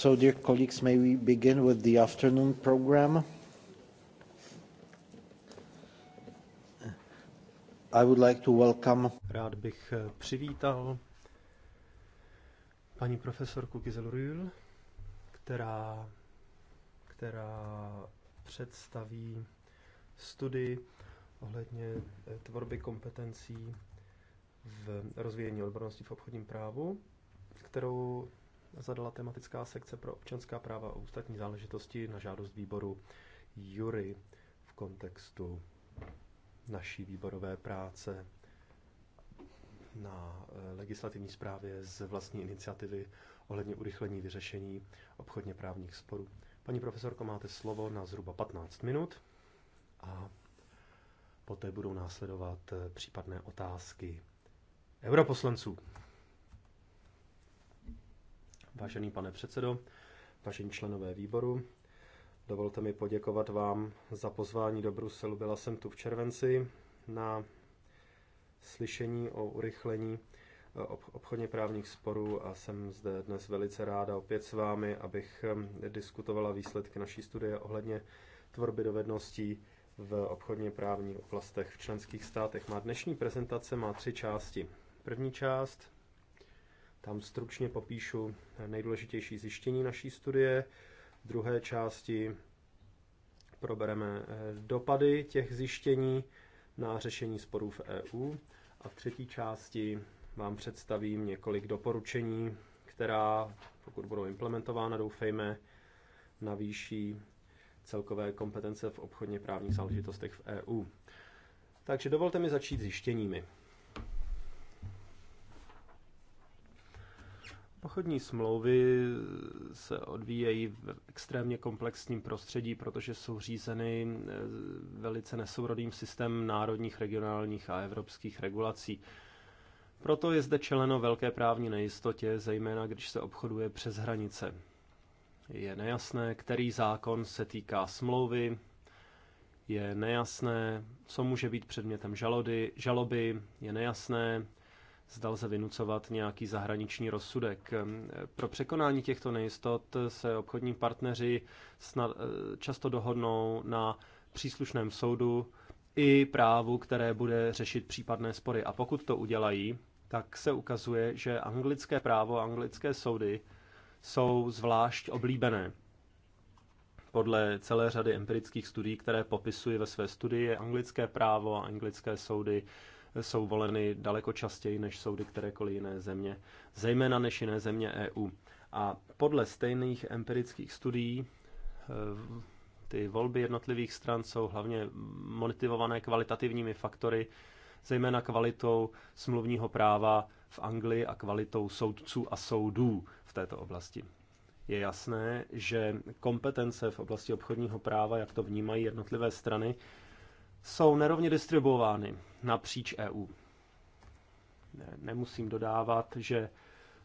So, dear colleagues, may we begin with the afternoon program? I would like to welcome. Rád bych eh, přivítal paní profesorku Gizelrühl, která, která představí studii ohledně eh, tvorby kompetencí v rozvíjení odbornosti v obchodním právu, kterou zadala tematická sekce pro občanská práva a ostatní záležitosti na žádost výboru Jury v kontextu naší výborové práce na eh, legislativní zprávě z vlastní iniciativy ohledně urychlení vyřešení obchodně právních sporů. Paní profesorko, máte slovo na zhruba 15 minut a poté budou následovat eh, případné otázky europoslanců. Vážený pane předsedo, vážení členové výboru, dovolte mi poděkovat vám za pozvání do Bruselu. Byla jsem tu v červenci na slyšení o urychlení eh, obchodně právních sporů a jsem zde dnes velice ráda opět s vámi, abych eh, diskutovala výsledky naší studie ohledně tvorby dovedností v obchodně právních oblastech v členských státech. Má dnešní prezentace má tři části. První část tam stručně popíšu nejdůležitější zjištění naší studie. V druhé části probereme eh, dopady těch zjištění na řešení sporů v EU. A v třetí části vám představím několik doporučení, která, pokud budou implementována, doufejme, navýší celkové kompetence v obchodně právních záležitostech v EU. Takže dovolte mi začít zjištěními. Pochodní smlouvy se odvíjejí v extrémně komplexním prostředí, protože jsou řízeny eh, velice nesourodým systémem národních, regionálních a evropských regulací. Proto je zde čeleno velké právní nejistotě, zejména když se obchoduje přes hranice. Je nejasné, který zákon se týká smlouvy, je nejasné, co může být předmětem žalody, žaloby, je nejasné, zdal se vynucovat nějaký zahraniční rozsudek. Pro překonání těchto nejistot se obchodní partneři snad, eh, často dohodnou na příslušném soudu i právu, které bude řešit případné spory. A pokud to udělají, tak se ukazuje, že anglické právo a anglické soudy jsou zvlášť oblíbené. Podle celé řady empirických studií, které popisují ve své studii, anglické právo a anglické soudy jsou voleny daleko častěji než soudy kterékoliv jiné země, zejména než jiné země EU. A podle stejných empirických studií eh, ty volby jednotlivých stran jsou hlavně motivované kvalitativními faktory, zejména kvalitou smluvního práva v Anglii a kvalitou soudců a soudů v této oblasti. Je jasné, že kompetence v oblasti obchodního práva, jak to vnímají jednotlivé strany, jsou nerovně distribuovány napříč EU. Ne, nemusím dodávat, že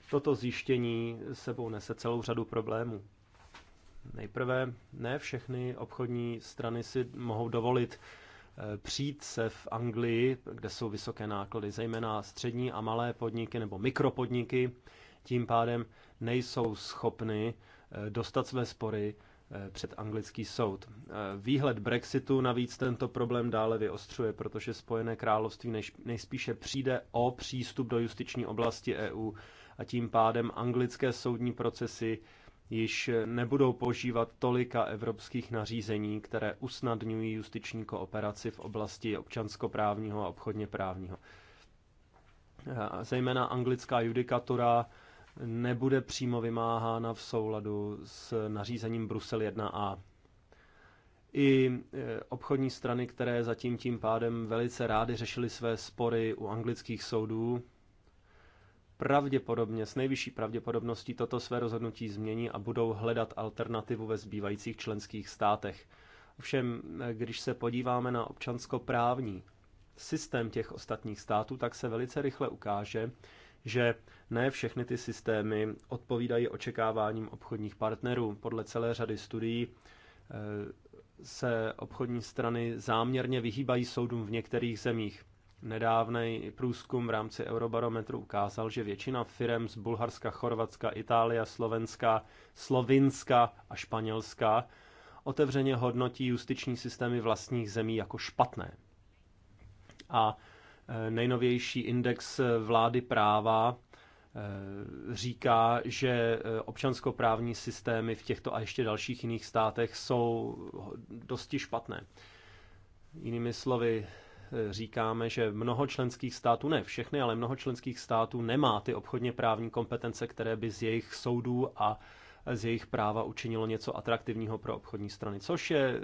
toto zjištění sebou nese celou řadu problémů. Nejprve, ne všechny obchodní strany si mohou dovolit eh, přijít se v Anglii, kde jsou vysoké náklady, zejména střední a malé podniky nebo mikropodniky, tím pádem nejsou schopny eh, dostat své spory Eh, před anglický soud. Eh, výhled Brexitu navíc tento problém dále vyostřuje, protože Spojené království nejspíše přijde o přístup do justiční oblasti EU a tím pádem anglické soudní procesy již nebudou požívat tolika evropských nařízení, které usnadňují justiční kooperaci v oblasti občanskoprávního a obchodně právního. Eh, zejména anglická judikatura nebude přímo vymáhána v souladu s nařízením Brusel 1a. I e, obchodní strany, které zatím tím pádem velice rády řešily své spory u anglických soudů, pravděpodobně, s nejvyšší pravděpodobností toto své rozhodnutí změní a budou hledat alternativu ve zbývajících členských státech. Ovšem, e, když se podíváme na občanskoprávní systém těch ostatních států, tak se velice rychle ukáže, že ne všechny ty systémy odpovídají očekáváním obchodních partnerů. Podle celé řady studií eh, se obchodní strany záměrně vyhýbají soudům v některých zemích. Nedávný průzkum v rámci Eurobarometru ukázal, že většina firm z Bulharska, Chorvatska, Itálie, Slovenska, Slovinska a Španělska otevřeně hodnotí justiční systémy vlastních zemí jako špatné. A Eh, nejnovější index vlády práva eh, říká, že eh, občanskoprávní systémy v těchto a ještě dalších jiných státech jsou dosti špatné. Jinými slovy, říkáme, že mnoho členských států, ne všechny, ale mnoho členských států nemá ty obchodně právní kompetence, které by z jejich soudů a z jejich práva učinilo něco atraktivního pro obchodní strany, což je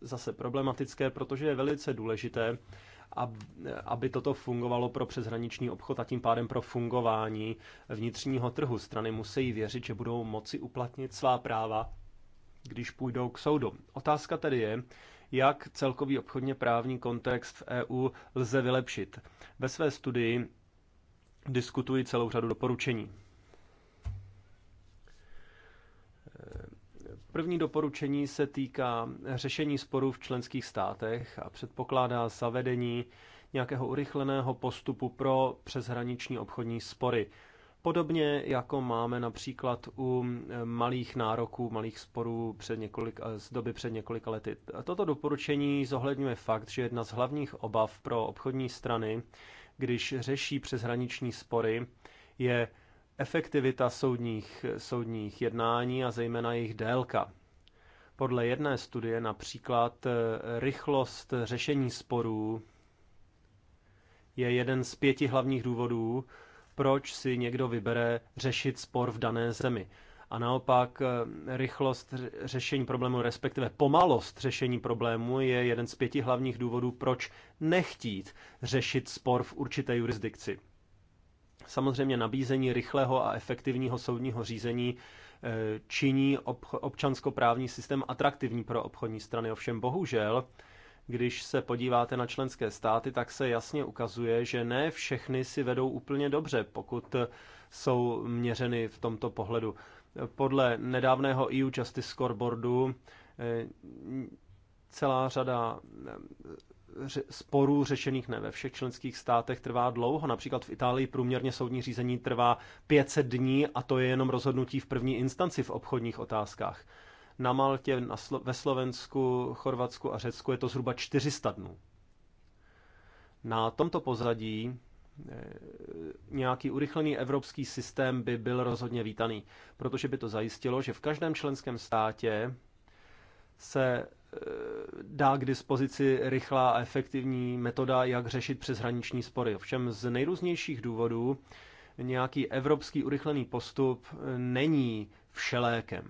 zase problematické, protože je velice důležité, aby toto fungovalo pro přeshraniční obchod a tím pádem pro fungování vnitřního trhu. Strany musí věřit, že budou moci uplatnit svá práva, když půjdou k soudu. Otázka tedy je, jak celkový obchodně právní kontext v EU lze vylepšit. Ve své studii diskutuji celou řadu doporučení. První doporučení se týká řešení sporů v členských státech a předpokládá zavedení nějakého urychleného postupu pro přeshraniční obchodní spory. Podobně jako máme například u malých nároků, malých sporů před několik, z doby před několika lety. Toto doporučení zohledňuje fakt, že jedna z hlavních obav pro obchodní strany, když řeší přeshraniční spory, je efektivita soudních, soudních jednání a zejména jejich délka. Podle jedné studie například eh, rychlost řešení sporů je jeden z pěti hlavních důvodů, proč si někdo vybere řešit spor v dané zemi. A naopak eh, rychlost řešení problému, respektive pomalost řešení problému, je jeden z pěti hlavních důvodů, proč nechtít řešit spor v určité jurisdikci. Samozřejmě nabízení rychlého a efektivního soudního řízení eh, činí občanskoprávní systém atraktivní pro obchodní strany. Ovšem bohužel, když se podíváte na členské státy, tak se jasně ukazuje, že ne všechny si vedou úplně dobře, pokud jsou měřeny v tomto pohledu. Podle nedávného EU Justice Scoreboardu eh, celá řada sporů řešených ne ve všech členských státech trvá dlouho. Například v Itálii průměrně soudní řízení trvá 500 dní a to je jenom rozhodnutí v první instanci v obchodních otázkách. Na Maltě, na Slo- ve Slovensku, Chorvatsku a Řecku je to zhruba 400 dnů. Na tomto pozadí e, nějaký urychlený evropský systém by byl rozhodně vítaný, protože by to zajistilo, že v každém členském státě se dá k dispozici rychlá a efektivní metoda, jak řešit přeshraniční spory. Ovšem z nejrůznějších důvodů nějaký evropský urychlený postup není všelékem.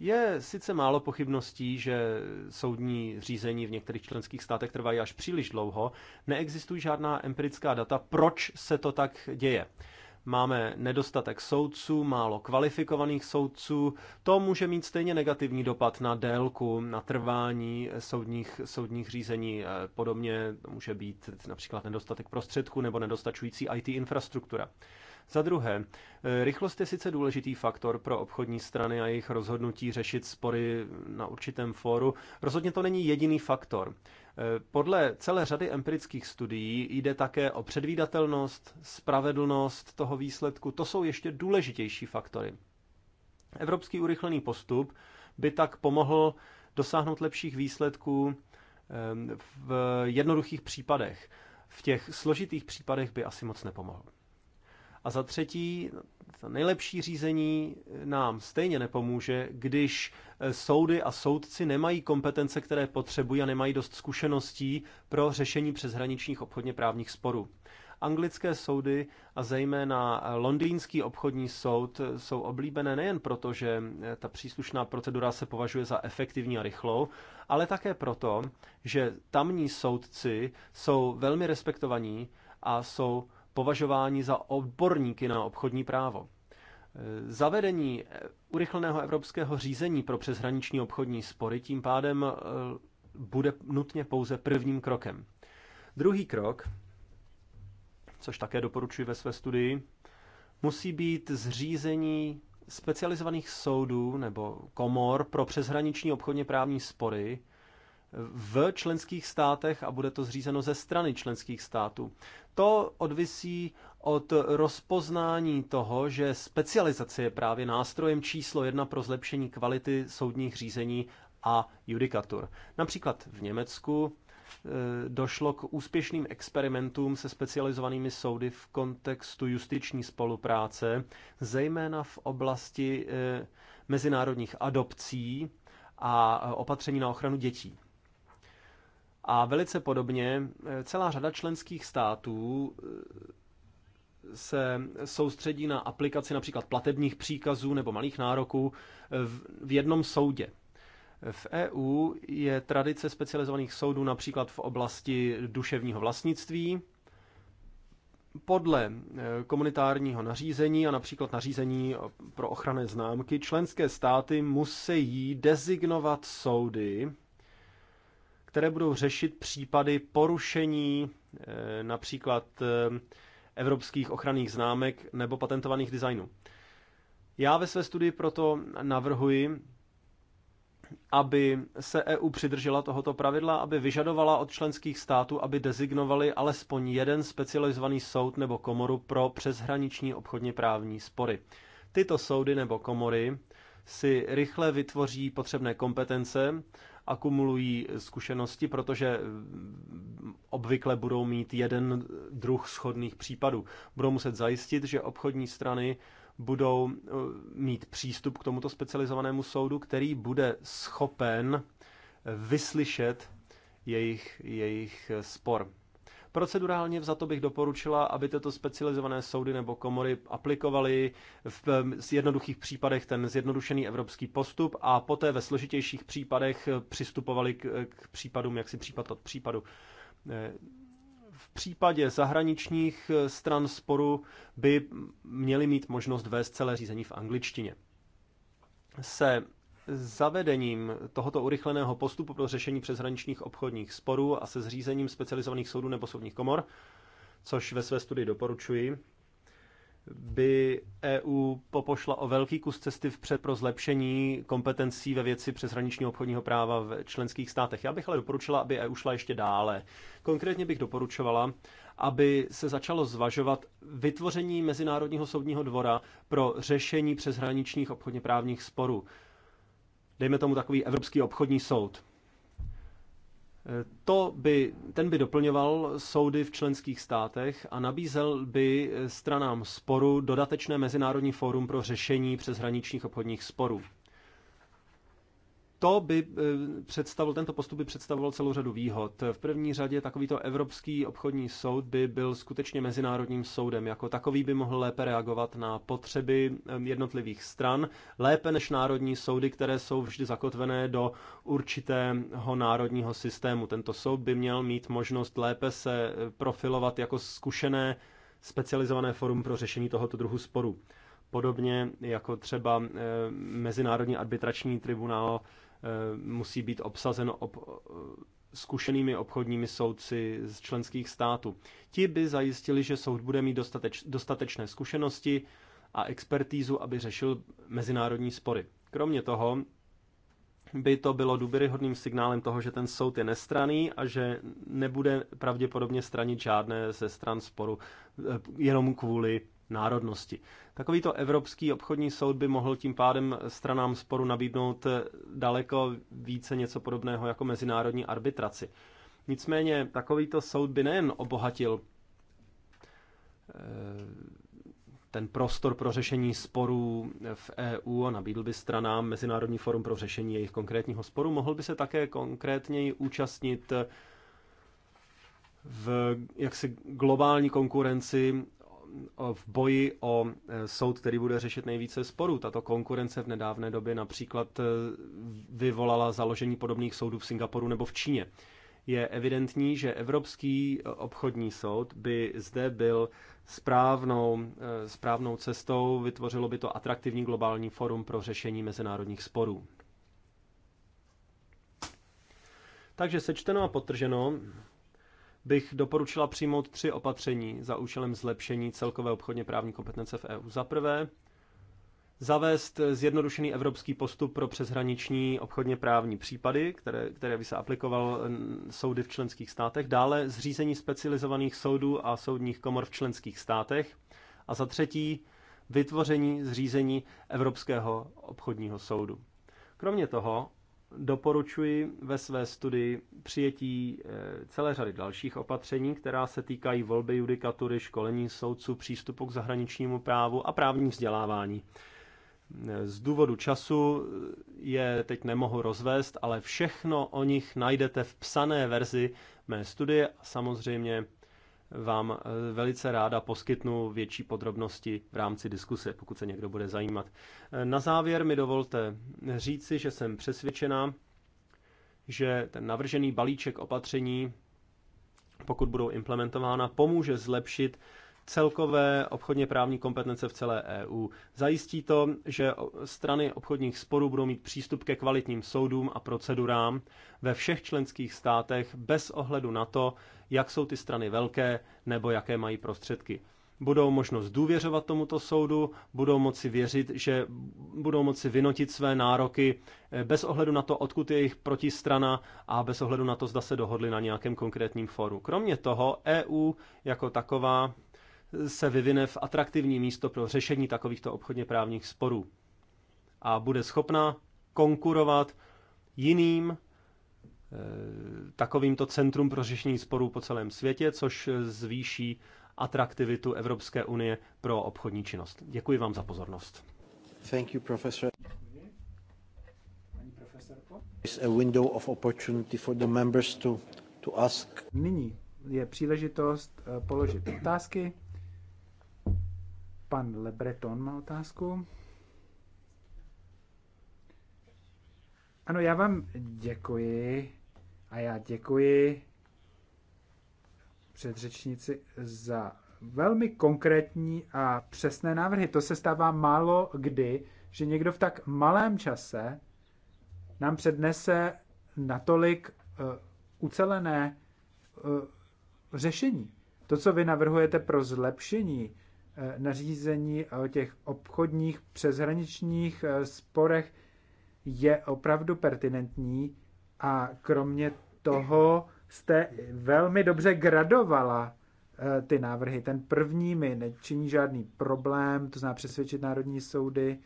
Je sice málo pochybností, že soudní řízení v některých členských státech trvají až příliš dlouho, neexistují žádná empirická data, proč se to tak děje. Máme nedostatek soudců, málo kvalifikovaných soudců. To může mít stejně negativní dopad na délku, na trvání soudních, soudních řízení. Eh, podobně může být například nedostatek prostředků nebo nedostačující IT infrastruktura. Za druhé, e, rychlost je sice důležitý faktor pro obchodní strany a jejich rozhodnutí řešit spory na určitém fóru, rozhodně to není jediný faktor. E, podle celé řady empirických studií jde také o předvídatelnost, spravedlnost toho výsledku. To jsou ještě důležitější faktory. Evropský urychlený postup by tak pomohl dosáhnout lepších výsledků e, v jednoduchých případech. V těch složitých případech by asi moc nepomohl. A za třetí, to nejlepší řízení nám stejně nepomůže, když eh, soudy a soudci nemají kompetence, které potřebují a nemají dost zkušeností pro řešení přeshraničních obchodně právních sporů. Anglické soudy a zejména eh, londýnský obchodní soud eh, jsou oblíbené nejen proto, že ta příslušná procedura se považuje za efektivní a rychlou, ale také proto, že tamní soudci jsou velmi respektovaní a jsou považováni za odborníky na obchodní právo. E, zavedení urychleného evropského řízení pro přeshraniční obchodní spory tím pádem e, bude nutně pouze prvním krokem. Druhý krok, což také doporučuji ve své studii, musí být zřízení specializovaných soudů nebo komor pro přeshraniční obchodně právní spory, v členských státech a bude to zřízeno ze strany členských států. To odvisí od rozpoznání toho, že specializace je právě nástrojem číslo jedna pro zlepšení kvality soudních řízení a judikatur. Například v Německu eh, došlo k úspěšným experimentům se specializovanými soudy v kontextu justiční spolupráce, zejména v oblasti eh, mezinárodních adopcí a eh, opatření na ochranu dětí. A velice podobně eh, celá řada členských států eh, se soustředí na aplikaci například platebních příkazů nebo malých nároků eh, v jednom soudě. V EU je tradice specializovaných soudů například v oblasti duševního vlastnictví. Podle komunitárního nařízení a například nařízení pro ochranné známky členské státy musí designovat soudy které budou řešit případy porušení eh, například eh, evropských ochranných známek nebo patentovaných designů. Já ve své studii proto navrhuji, aby se EU přidržela tohoto pravidla, aby vyžadovala od členských států, aby designovali alespoň jeden specializovaný soud nebo komoru pro přeshraniční obchodně právní spory. Tyto soudy nebo komory si rychle vytvoří potřebné kompetence, akumulují zkušenosti, protože obvykle budou mít jeden druh schodných případů. Budou muset zajistit, že obchodní strany budou eh, mít přístup k tomuto specializovanému soudu, který bude schopen vyslyšet jejich, jejich spor. Procedurálně to bych doporučila, aby tyto specializované soudy nebo komory aplikovaly v jednoduchých případech ten zjednodušený evropský postup a poté ve složitějších případech přistupovali k, k případům si případ od případu. Eh, v případě zahraničních eh, stran sporu by měli mít možnost vést celé řízení v angličtině. Se zavedením tohoto urychleného postupu pro řešení přeshraničních obchodních sporů a se zřízením specializovaných soudů nebo soudních komor, což ve své studii doporučuji, by EU popošla o velký kus cesty vpřed pro zlepšení kompetencí ve věci přeshraničního obchodního práva v členských státech. Já bych ale doporučila, aby EU šla ještě dále. Konkrétně bych doporučovala, aby se začalo zvažovat vytvoření Mezinárodního soudního dvora pro řešení přeshraničních obchodně právních sporů dejme tomu takový Evropský obchodní soud. E, to by, ten by doplňoval soudy v členských státech a nabízel by stranám sporu dodatečné mezinárodní fórum pro řešení přeshraničních obchodních sporů to by eh, představil, tento postup by představoval celou řadu výhod. V první řadě takovýto Evropský obchodní soud by byl skutečně mezinárodním soudem. Jako takový by mohl lépe reagovat na potřeby eh, jednotlivých stran, lépe než národní soudy, které jsou vždy zakotvené do určitého národního systému. Tento soud by měl mít možnost lépe se eh, profilovat jako zkušené specializované forum pro řešení tohoto druhu sporu podobně jako třeba Mezinárodní arbitrační tribunál Eh, musí být obsazeno ob- eh, zkušenými obchodními soudci z členských států. Ti by zajistili, že soud bude mít dostateč- dostatečné zkušenosti a expertízu, aby řešil mezinárodní spory. Kromě toho by to bylo důvěryhodným signálem toho, že ten soud je nestraný a že nebude pravděpodobně stranit žádné ze stran sporu eh, jenom kvůli národnosti. Takovýto Evropský obchodní soud by mohl tím pádem stranám sporu nabídnout daleko více něco podobného jako mezinárodní arbitraci. Nicméně takovýto soud by nejen obohatil eh, ten prostor pro řešení sporů v EU a nabídl by stranám Mezinárodní forum pro řešení jejich konkrétního sporu, mohl by se také konkrétněji účastnit v jaksi globální konkurenci v boji o e, soud, který bude řešit nejvíce sporů. Tato konkurence v nedávné době například e, vyvolala založení podobných soudů v Singapuru nebo v Číně. Je evidentní, že Evropský obchodní soud by zde byl správnou, e, správnou cestou, vytvořilo by to atraktivní globální forum pro řešení mezinárodních sporů. Takže sečteno a potrženo, bych doporučila přijmout tři opatření za účelem zlepšení celkové obchodně právní kompetence v EU. Za prvé, zavést zjednodušený evropský postup pro přeshraniční obchodně právní případy, které, které by se aplikoval soudy v členských státech, dále zřízení specializovaných soudů a soudních komor v členských státech a za třetí vytvoření zřízení Evropského obchodního soudu. Kromě toho doporučuji ve své studii přijetí eh, celé řady dalších opatření, která se týkají volby judikatury, školení soudců, přístupu k zahraničnímu právu a právní vzdělávání. Eh, z důvodu času eh, je teď nemohu rozvést, ale všechno o nich najdete v psané verzi mé studie a samozřejmě vám eh, velice ráda poskytnu větší podrobnosti v rámci diskuse, pokud se někdo bude zajímat. Eh, na závěr mi dovolte říci, že jsem přesvědčená, že ten navržený balíček opatření, pokud budou implementována, pomůže zlepšit celkové obchodně právní kompetence v celé EU. Zajistí to, že strany obchodních sporů budou mít přístup ke kvalitním soudům a procedurám ve všech členských státech bez ohledu na to, jak jsou ty strany velké nebo jaké mají prostředky budou možnost důvěřovat tomuto soudu, budou moci věřit, že budou moci vynotit své nároky eh, bez ohledu na to, odkud je jejich protistrana a bez ohledu na to, zda se dohodli na nějakém konkrétním foru. Kromě toho EU jako taková se vyvine v atraktivní místo pro řešení takovýchto obchodně právních sporů a bude schopna konkurovat jiným eh, takovýmto centrum pro řešení sporů po celém světě, což zvýší atraktivitu Evropské unie pro obchodní činnost. Děkuji vám za pozornost. Thank you, professor. A window of opportunity for the members to, to ask. Nyní je příležitost eh, položit otázky. Pan Lebreton má otázku. Ano, já vám děkuji a já děkuji předřečnici za velmi konkrétní a přesné návrhy. To se stává málo kdy, že někdo v tak malém čase nám přednese natolik uh, ucelené uh, řešení. To, co vy navrhujete pro zlepšení Eh, nařízení a o těch obchodních přeshraničních eh, sporech je opravdu pertinentní a kromě toho jste velmi dobře gradovala eh, ty návrhy. Ten první mi nečiní žádný problém, to zná přesvědčit národní soudy,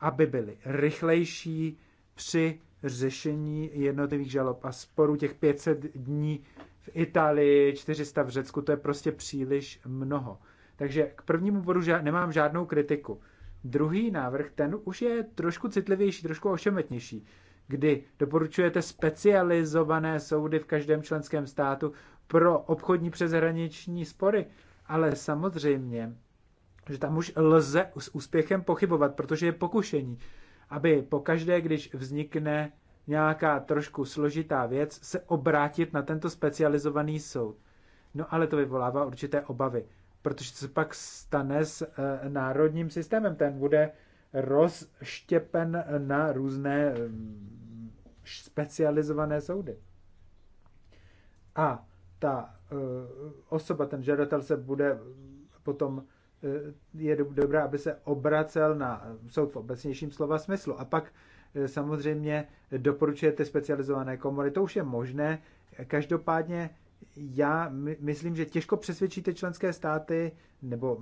aby byly rychlejší při řešení jednotlivých žalob a sporů těch 500 dní v Itálii, 400 v Řecku, to je prostě příliš mnoho. Takže k prvnímu bodu ža- nemám žádnou kritiku. Druhý návrh, ten už je trošku citlivější, trošku ošemetnější, kdy doporučujete specializované soudy v každém členském státu pro obchodní přeshraniční spory. Ale samozřejmě, že tam už lze s úspěchem pochybovat, protože je pokušení, aby po každé, když vznikne nějaká trošku složitá věc, se obrátit na tento specializovaný soud. No ale to vyvolává určité obavy protože se pak stane s eh, národním systémem. Ten bude rozštěpen na různé mm, specializované soudy. A ta eh, osoba, ten žadatel se bude mm, potom eh, je dobré, aby se obracel na soud v obecnějším slova smyslu. A pak samozřejmě doporučujete specializované komory. To už je možné. Každopádně já myslím, že těžko přesvědčíte členské státy, nebo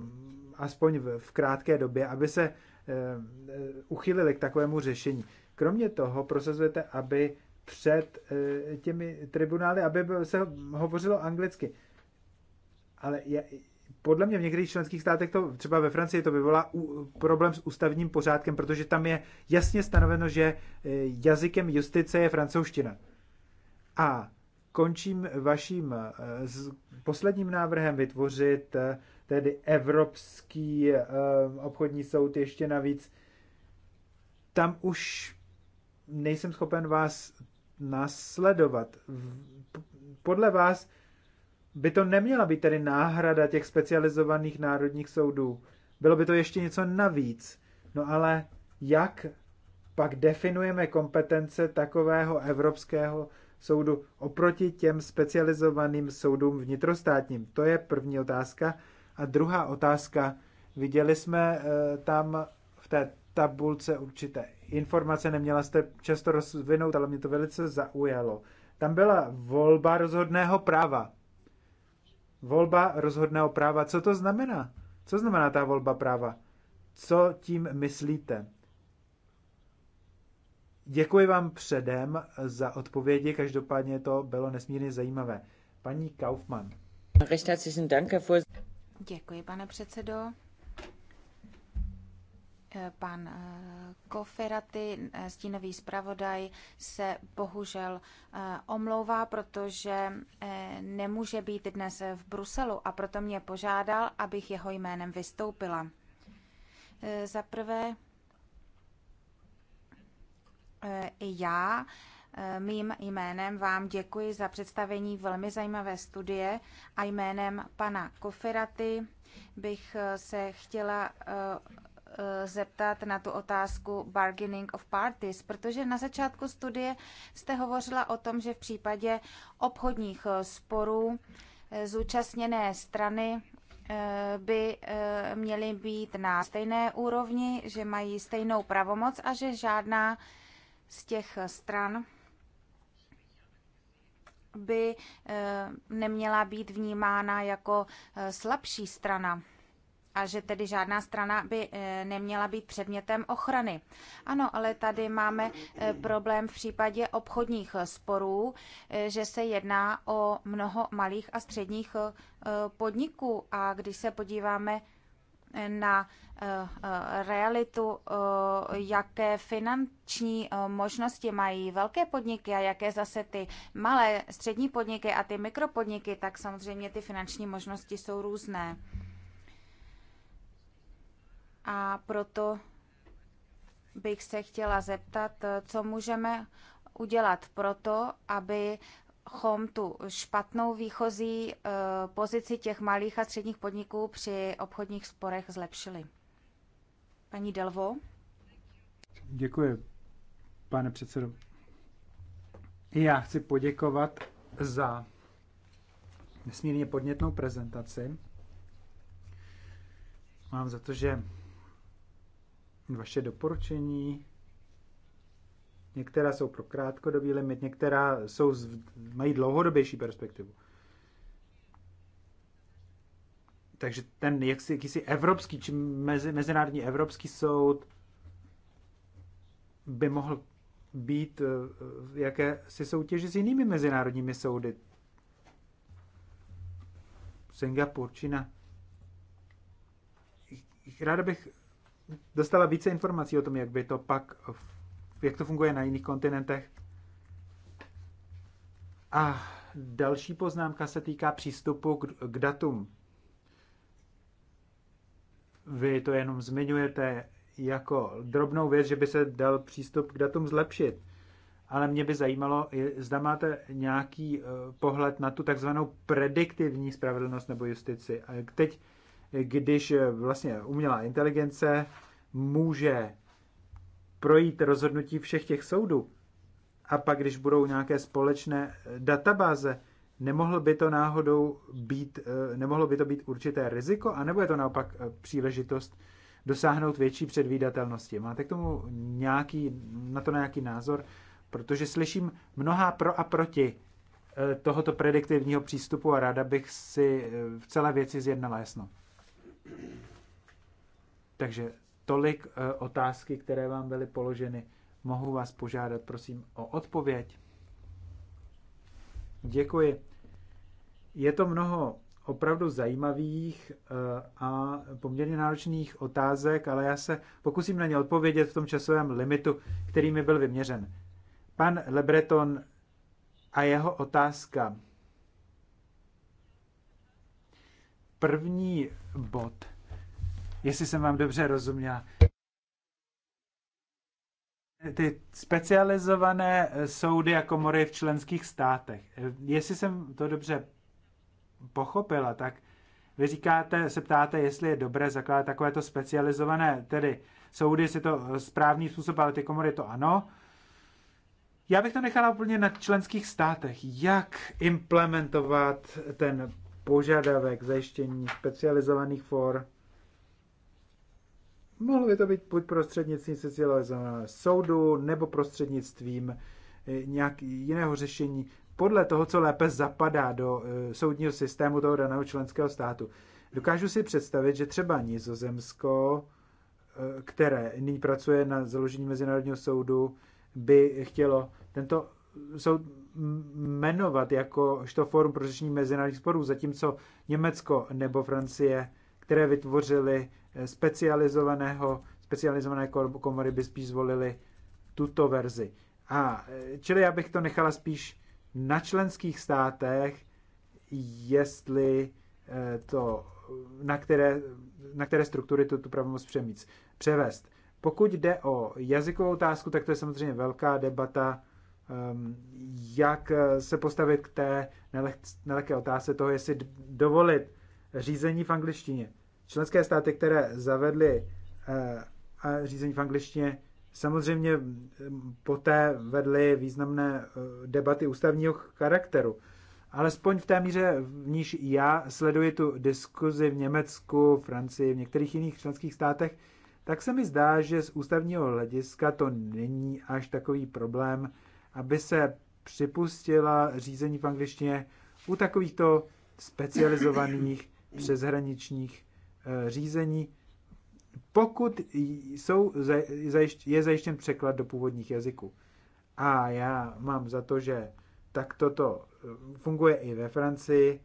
aspoň v, v krátké době, aby se e, uchylili k takovému řešení. Kromě toho prosazujete, aby před e, těmi tribunály, aby se hovořilo anglicky. Ale je, podle mě v některých členských státech to, třeba ve Francii, to vyvolá u, problém s ústavním pořádkem, protože tam je jasně stanoveno, že jazykem justice je francouzština. A končím vaším eh, posledním návrhem vytvořit eh, tedy Evropský eh, obchodní soud ještě navíc. Tam už nejsem schopen vás nasledovat. Podle vás by to neměla být tedy náhrada těch specializovaných národních soudů. Bylo by to ještě něco navíc. No ale jak pak definujeme kompetence takového evropského soudu oproti těm specializovaným soudům vnitrostátním? To je první otázka. A druhá otázka, viděli jsme eh, tam v té tabulce určité informace, neměla jste často rozvinout, ale mě to velice zaujalo. Tam byla volba rozhodného práva. Volba rozhodného práva. Co to znamená? Co znamená ta volba práva? Co tím myslíte? Děkuji vám předem za odpovědi, každopádně to bylo nesmírně zajímavé. Paní Kaufmann. Děkuji, pane předsedo. Eh, pan eh, Koferaty, eh, stínový zpravodaj, se bohužel omlouvá, protože nemůže být dnes v Bruselu a proto mě požádal, abych jeho jménem vystoupila. Za prvé i já e, mým jménem vám děkuji za představení velmi zajímavé studie a jménem pana Koferaty bych e, se chtěla e, zeptat na tu otázku bargaining of parties, protože na začátku studie jste hovořila o tom, že v případě obchodních sporů zúčastněné strany by měly být na stejné úrovni, že mají stejnou pravomoc a že žádná z těch stran by eh, neměla být vnímána jako eh, slabší strana a že tedy žádná strana by eh, neměla být předmětem ochrany. Ano, ale tady máme problém v případě obchodních sporů, že se jedná o mnoho malých a středních podniků a když se podíváme na eh, realitu, eh, jaké finanční eh, možnosti mají velké podniky a jaké zase ty malé střední podniky a ty mikropodniky, tak samozřejmě ty finanční možnosti jsou různé. A proto bych se chtěla zeptat, co můžeme udělat proto, aby bychom tu špatnou výchozí eh, pozici těch malých a středních podniků při obchodních sporech zlepšili. Paní Delvo. Děkuji, pane předsedo. Já chci poděkovat za nesmírně podnětnou prezentaci. Mám za to, že vaše doporučení Některá jsou pro krátkodobý limit, některá jsou, mají dlouhodobější perspektivu. Takže ten jaksi, jakýsi evropský, či mezi, mezinárodní evropský soud by mohl být v eh, si soutěži s jinými mezinárodními soudy. Singapur, Čína. Ráda bych dostala více informací o tom, jak by to pak jak to funguje na jiných kontinentech. A další poznámka se týká přístupu k, k datům. Vy to jenom zmiňujete jako drobnou věc, že by se dal přístup k datům zlepšit. Ale mě by zajímalo, zda máte nějaký eh, pohled na tu takzvanou prediktivní spravedlnost nebo justici. teď, když eh, vlastně umělá inteligence může projít rozhodnutí všech těch soudů. A pak, když budou nějaké společné eh, databáze, nemohlo by to náhodou být, eh, nemohlo by to být určité riziko, anebo je to naopak eh, příležitost dosáhnout větší předvídatelnosti. Máte k tomu nějaký, na to nějaký názor? Protože slyším mnohá pro a proti tohoto prediktivního přístupu a ráda bych si v celé věci zjednala jasno. Takže tolik eh, otázky, které vám byly položeny. Mohu vás požádat, prosím, o odpověď. Děkuji. Je to mnoho opravdu zajímavých eh, a poměrně náročných otázek, ale já se pokusím na ně odpovědět v tom časovém limitu, který mi byl vyměřen. Pan Lebreton a jeho otázka. První bod jestli jsem vám dobře rozuměla. Ty specializované soudy a komory v členských státech. Jestli jsem to dobře pochopila, tak vy říkáte, se ptáte, jestli je dobré zakládat takovéto specializované, tedy soudy, jestli to správný způsob, ale ty komory to ano. Já bych to nechala úplně na členských státech, jak implementovat ten požadavek zajištění specializovaných for Mohlo by to být buď prostřednictvím sociálního soudu, nebo prostřednictvím e, nějak jiného řešení, podle toho, co lépe zapadá do e, soudního systému toho daného členského státu. Dokážu si představit, že třeba Nizozemsko, e, které nyní pracuje na založení Mezinárodního soudu, by chtělo tento soud jmenovat jako, to forum pro řešení mezinárodních sporů, zatímco Německo nebo Francie které vytvořily eh, specializovaného, specializované komory, by spíš zvolili tuto verzi. A eh, čili já bych to nechala spíš na členských státech, jestli eh, to, na které, na které struktury tu, tu pravomoc přemíc, převést. Pokud jde o jazykovou otázku, tak to je samozřejmě velká debata, ehm, jak se postavit k té nelehké otázce toho, jestli dovolit řízení v angličtině. Členské státy, které zavedly eh, řízení v angličtině, samozřejmě poté vedly významné eh, debaty ústavního charakteru. Alespoň v té míře, v níž já sleduji tu diskuzi v Německu, Francii, v některých jiných členských státech, tak se mi zdá, že z ústavního hlediska to není až takový problém, aby se připustila řízení v angličtině u takovýchto specializovaných přeshraničních Eh, řízení, pokud jsou, je zajištěn překlad do původních jazyků. A já mám za to, že tak toto eh, funguje i ve Francii.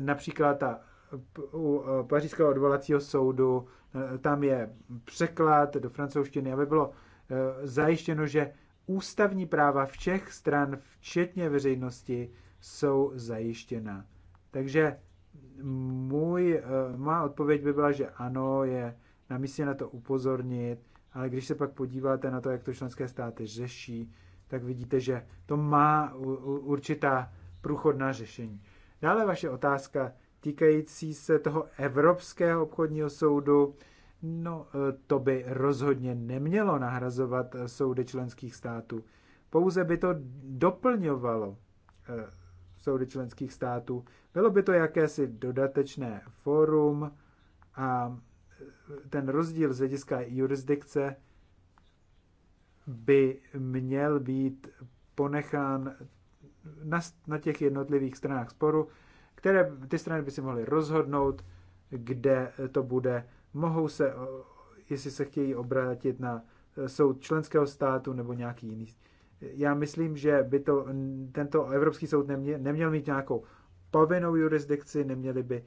Například ta, u eh, Pařížského odvolacího soudu, tam je překlad do francouzštiny, aby bylo zajištěno, že ústavní práva všech stran, včetně veřejnosti, jsou zajištěna. Takže můj, eh, má odpověď by byla, že ano, je na místě na to upozornit, ale když se pak podíváte na to, jak to členské státy řeší, tak vidíte, že to má určitá průchodná řešení. Dále vaše otázka týkající se toho Evropského obchodního soudu. No, eh, to by rozhodně nemělo nahrazovat soudy členských států. Pouze by to doplňovalo eh, soudy členských států. Bylo by to jakési dodatečné forum a ten rozdíl z hlediska jurisdikce by měl být ponechán na, na těch jednotlivých stranách sporu, které ty strany by si mohly rozhodnout, kde to bude. Mohou se, jestli se chtějí obrátit na soud členského státu nebo nějaký jiný já myslím, že by to, tento Evropský soud neměl, neměl mít nějakou povinnou jurisdikci, neměli by,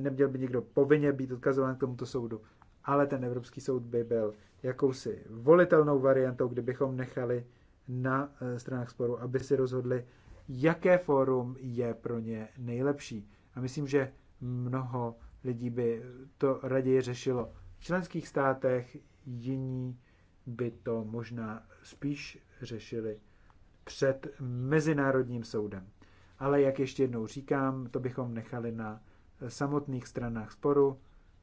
neměl by někdo povinně být odkazován k tomuto soudu, ale ten Evropský soud by byl jakousi volitelnou variantou, kdybychom nechali na e, stranách sporu, aby si rozhodli, jaké fórum je pro ně nejlepší. A myslím, že mnoho lidí by to raději řešilo v členských státech, jiní by to možná spíš řešili před Mezinárodním soudem. Ale jak ještě jednou říkám, to bychom nechali na samotných stranách sporu.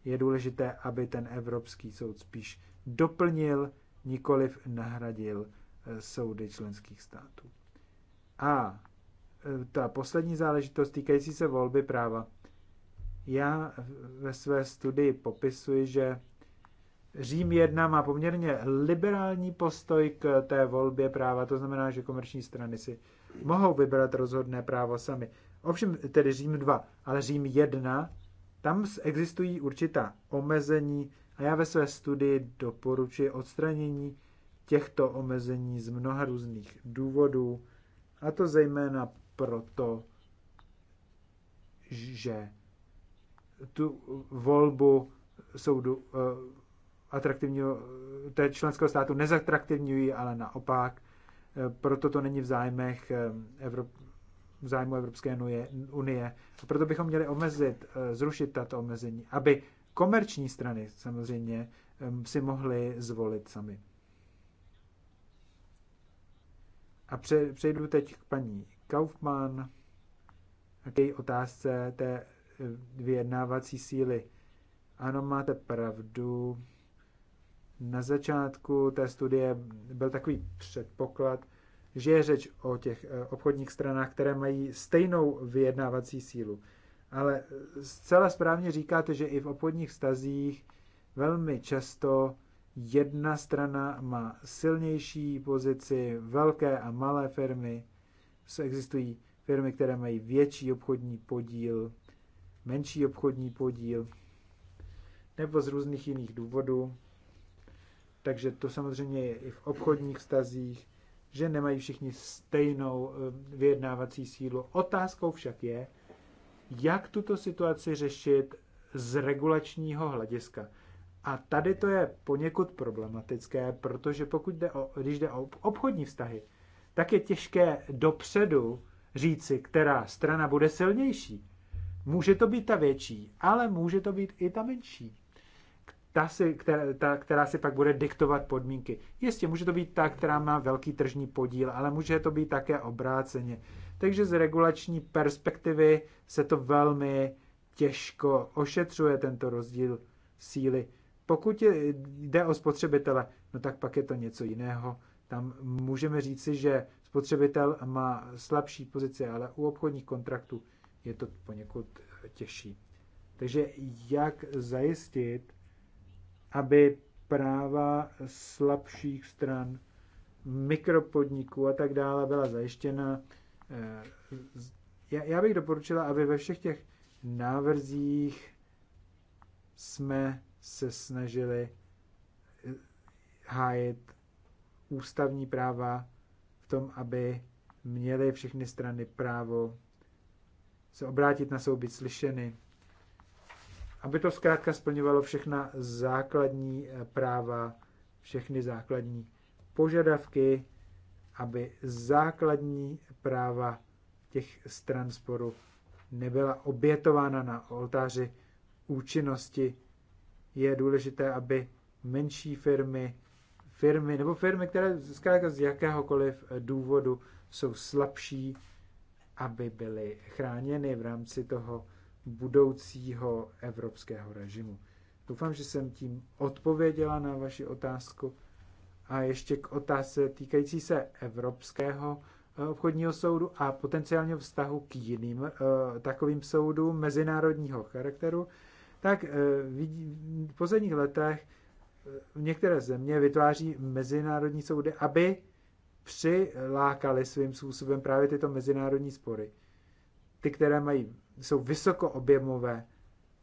Je důležité, aby ten Evropský soud spíš doplnil, nikoliv nahradil eh, soudy členských států. A eh, ta poslední záležitost týkající se volby práva. Já ve své studii popisuji, že Řím 1 má poměrně liberální postoj k té volbě práva, to znamená, že komerční strany si mohou vybrat rozhodné právo sami. Ovšem tedy Řím 2, ale Řím 1, tam existují určitá omezení a já ve své studii doporučuji odstranění těchto omezení z mnoha různých důvodů, a to zejména proto, že tu volbu soudu eh, atraktivního, eh, té členského státu nezatraktivňují, ale naopak. Eh, proto to není v zájmech eh, Evrop, v zájmu Evropské unie. A proto bychom měli omezit, zrušit tato omezení, aby komerční strany samozřejmě si mohly zvolit sami. A přejdu teď k paní Kaufmann a k její otázce té vyjednávací síly. Ano, máte pravdu na začátku té studie byl takový předpoklad, že je řeč o těch eh, obchodních stranách, které mají stejnou vyjednávací sílu. Ale zcela správně říkáte, že i v obchodních stazích velmi často jedna strana má silnější pozici, velké a malé firmy. Existují firmy, které mají větší obchodní podíl, menší obchodní podíl, nebo z různých jiných důvodů. Takže to samozřejmě je i v obchodních stazích, že nemají všichni stejnou eh, vyjednávací sílu. Otázkou však je, jak tuto situaci řešit z regulačního hlediska. A tady to je poněkud problematické, protože pokud jde o, když jde o obchodní vztahy, tak je těžké dopředu říci, která strana bude silnější. Může to být ta větší, ale může to být i ta menší ta, si, která, ta, která si pak bude diktovat podmínky. Jistě, může to být ta, která má velký tržní podíl, ale může to být také obráceně. Takže z regulační perspektivy se to velmi těžko ošetřuje, tento rozdíl síly. Pokud jde o spotřebitele, no tak pak je to něco jiného. Tam můžeme říci, že spotřebitel má slabší pozici, ale u obchodních kontraktů je to poněkud těžší. Takže jak zajistit, aby práva slabších stran, mikropodniků a tak dále byla zajištěna. Eh, já bych doporučila, aby ve všech těch návrzích jsme se snažili eh, hájit ústavní práva v tom, aby měly všechny strany právo se obrátit na soubit slyšeny, aby to zkrátka splňovalo všechna základní eh, práva, všechny základní požadavky, aby základní práva těch stran sporu nebyla obětována na oltáři účinnosti. Je důležité, aby menší firmy, firmy nebo firmy, které zkrátka z jakéhokoliv eh, důvodu jsou slabší, aby byly chráněny v rámci toho budoucího evropského režimu. Doufám, že jsem tím odpověděla na vaši otázku. A ještě k otázce týkající se Evropského eh, obchodního soudu a potenciálního vztahu k jiným eh, takovým soudům mezinárodního charakteru, tak eh, v posledních letech některé země vytváří mezinárodní soudy, aby přilákali svým způsobem právě tyto mezinárodní spory. Ty, které mají jsou vysokoobjemové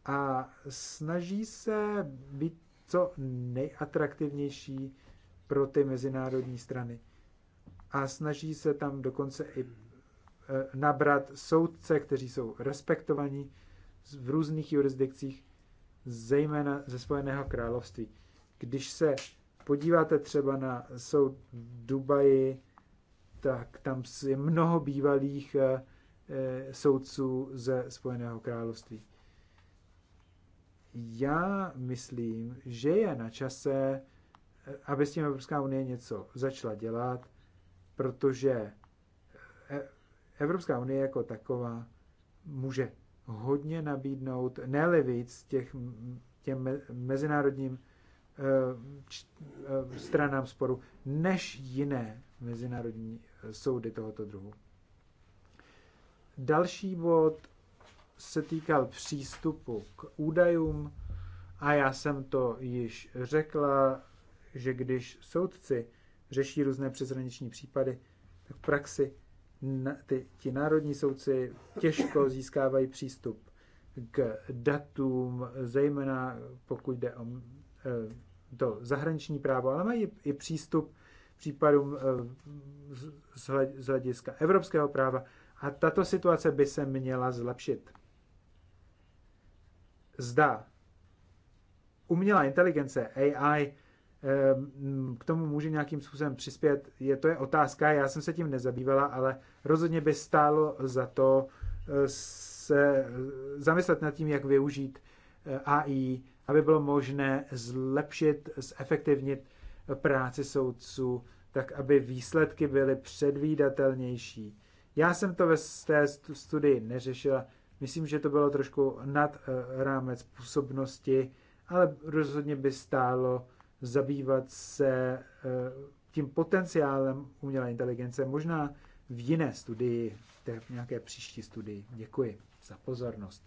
a snaží se být co nejatraktivnější pro ty mezinárodní strany. A snaží se tam dokonce i e, nabrat soudce, kteří jsou respektovaní v různých jurisdikcích, zejména ze Spojeného království. Když se podíváte třeba na soud v Dubaji, tak tam je mnoho bývalých e, Eh, soudců ze Spojeného království. Já myslím, že je na čase, eh, aby s tím Evropská unie něco začala dělat, protože eh, Evropská unie jako taková může hodně nabídnout, ne víc těch, těm mezinárodním stranám sporu, než jiné mezinárodní soudy tohoto druhu. Další bod se týkal přístupu k údajům a já jsem to již řekla, že když soudci řeší různé přeshraniční případy, tak v praxi na, ty, ti národní soudci těžko získávají přístup k datům, zejména pokud jde o eh, to zahraniční právo, ale mají i přístup případům eh, z hlediska evropského práva a tato situace by se měla zlepšit. Zda umělá inteligence, AI, ehm, k tomu může nějakým způsobem přispět, je to je otázka, já jsem se tím nezabývala, ale rozhodně by stálo za to eh, se eh, zamyslet nad tím, jak využít eh, AI, aby bylo možné zlepšit, zefektivnit práci soudců, tak aby výsledky byly předvídatelnější já jsem to ve té studii neřešila. Myslím, že to bylo trošku nad eh, rámec působnosti, ale rozhodně by stálo zabývat se eh, tím potenciálem umělé inteligence, možná v jiné studii, v nějaké příští studii. Děkuji za pozornost.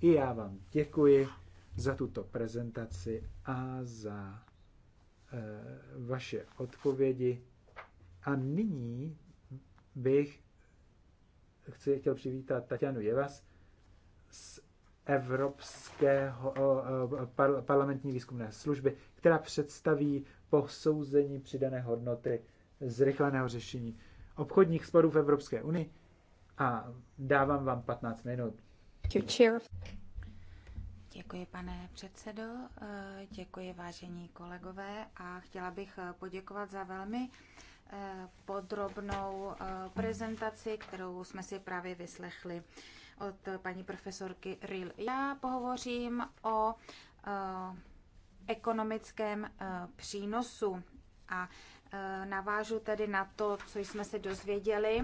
I já vám děkuji za tuto prezentaci a za eh, vaše odpovědi. A nyní bych chci, chtěl přivítat Tatianu Jevas z Evropského eh, eh, par, parlamentní výzkumné služby, která představí posouzení přidané hodnoty zrychleného řešení obchodních sporů v Evropské unii a dávám vám 15 minut. Děkuji, pane předsedo, eh, děkuji, vážení kolegové, a chtěla bych poděkovat za velmi podrobnou eh, prezentaci, kterou jsme si právě vyslechli od paní profesorky Ril. Já pohovořím o eh, ekonomickém eh, přínosu a navážu tedy na to, co jsme se dozvěděli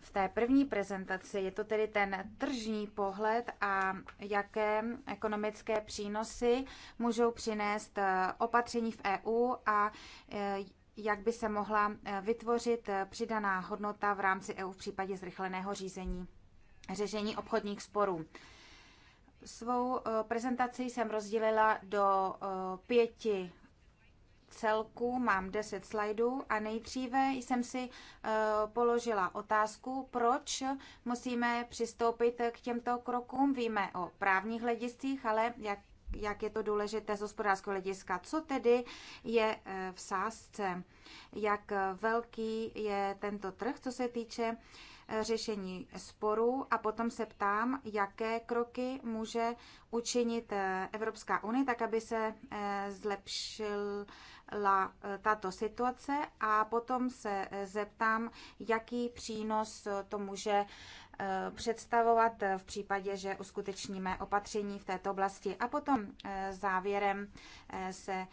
v té první prezentaci. Je to tedy ten tržní pohled a jaké ekonomické přínosy můžou přinést opatření v EU a jak by se mohla eh, vytvořit eh, přidaná hodnota v rámci EU v případě zrychleného řízení řešení obchodních sporů. Svou eh, prezentaci jsem rozdělila do pěti celků. mám deset slajdů a nejdříve jsem si položila otázku, proč musíme přistoupit k těmto krokům. Víme o právních hlediscích, ale jak jak je to důležité z hospodářského hlediska. Co tedy je eh, v sázce? Jak velký je tento trh, co se týče eh, řešení sporů a potom se ptám, jaké kroky může učinit eh, Evropská unie, tak aby se zlepšila tato situace a potom se zeptám, jaký přínos to může Eh, představovat v případě, že uskutečníme opatření v této oblasti. A potom eh, závěrem eh, se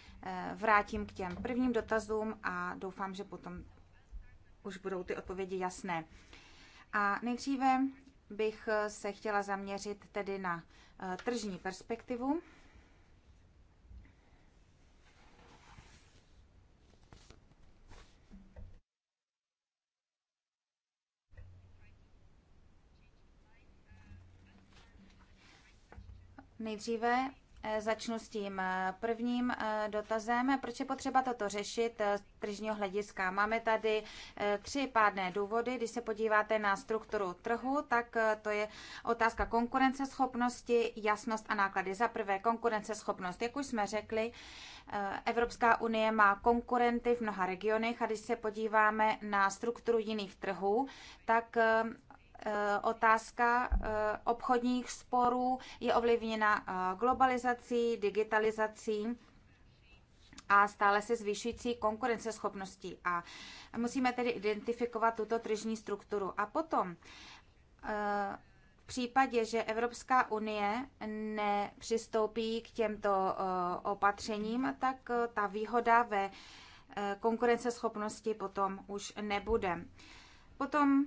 vrátím k těm prvním dotazům a doufám, že potom už budou ty odpovědi jasné. A nejdříve bych se chtěla zaměřit tedy na tržní perspektivu. Nejdříve eh, začnu s tím eh, prvním eh, dotazem, proč je potřeba toto řešit z tržního hlediska. Máme tady tři pádné důvody. Když se podíváte na strukturu trhu, tak to je otázka konkurenceschopnosti, jasnost a náklady. Za prvé konkurenceschopnost. Jak už jsme řekli, Evropská unie má konkurenty v mnoha regionech a když se podíváme na strukturu jiných trhů, tak Eh, otázka eh, obchodních sporů je ovlivněna eh, globalizací, digitalizací a stále se zvyšující konkurenceschopností. A musíme tedy identifikovat tuto tržní strukturu. A potom v případě, že Evropská unie nepřistoupí k těmto opatřením, tak ta výhoda ve konkurenceschopnosti potom už nebude. Potom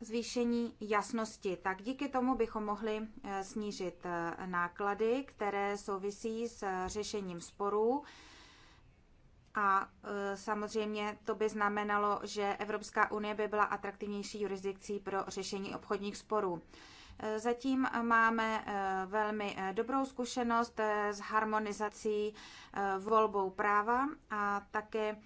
zvýšení jasnosti, tak díky tomu bychom mohli eh, snížit eh, náklady, které souvisí s eh, řešením sporů. A samozřejmě to by znamenalo, že Evropská unie by byla atraktivnější jurisdikcí pro řešení obchodních sporů. Zatím máme velmi dobrou zkušenost s harmonizací volbou práva a také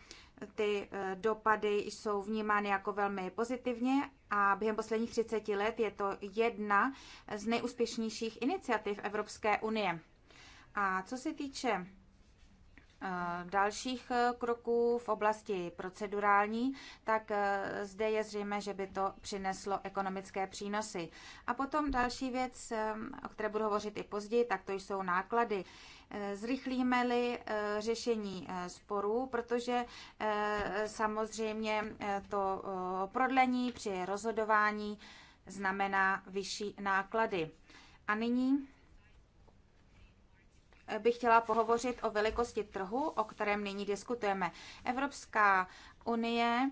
ty eh, dopady jsou vnímány jako velmi pozitivně a během posledních 30 let je to jedna z nejúspěšnějších iniciativ Evropské unie. A co se týče eh, dalších eh, kroků v oblasti procedurální, tak zde je zřejmé, že by to přineslo ekonomické přínosy. A potom další věc, o které budu hovořit i později, tak to jsou náklady. Zrychlíme-li eh, řešení eh, sporů, protože eh, samozřejmě to prodlení při rozhodování znamená vyšší náklady. A nyní bych chtěla pohovořit o velikosti trhu, o kterém nyní diskutujeme. Evropská unie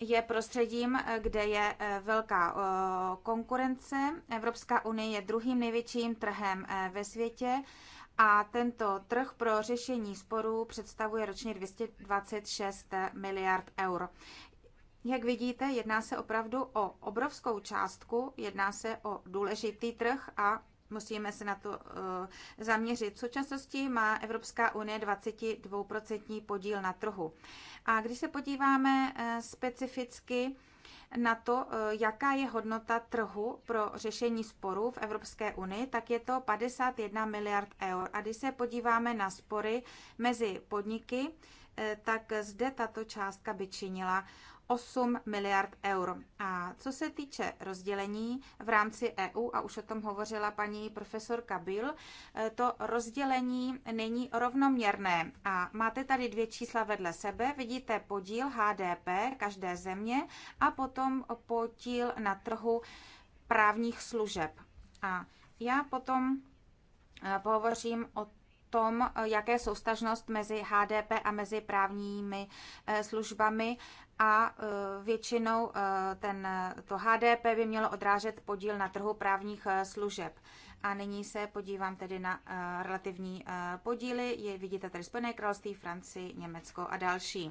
je prostředím, kde je velká konkurence. Evropská unie je druhým největším trhem ve světě a tento trh pro řešení sporů představuje ročně 226 miliard eur. Jak vidíte, jedná se opravdu o obrovskou částku, jedná se o důležitý trh a musíme se na to uh, zaměřit. V současnosti má Evropská unie 22% podíl na trhu. A když se podíváme uh, specificky na to, eh, jaká je hodnota trhu pro řešení sporů v Evropské unii, tak je to 51 miliard eur. A když se podíváme na spory mezi podniky, eh, tak zde tato částka by činila 8 miliard eur. A co se týče rozdělení v rámci EU, a už o tom hovořila paní profesorka Bill, eh, to rozdělení není rovnoměrné. A máte tady dvě čísla vedle sebe. Vidíte podíl HDP každé země a potom podíl na trhu právních služeb. A já potom eh, pohovořím o tom, jaké je soustažnost mezi HDP a mezi právními eh, službami a eh, většinou eh, ten, to HDP by mělo odrážet podíl na trhu právních služeb. A nyní se podívám tedy na relativní podíly. Je, vidíte tady Spojené království, Francii, Německo a další.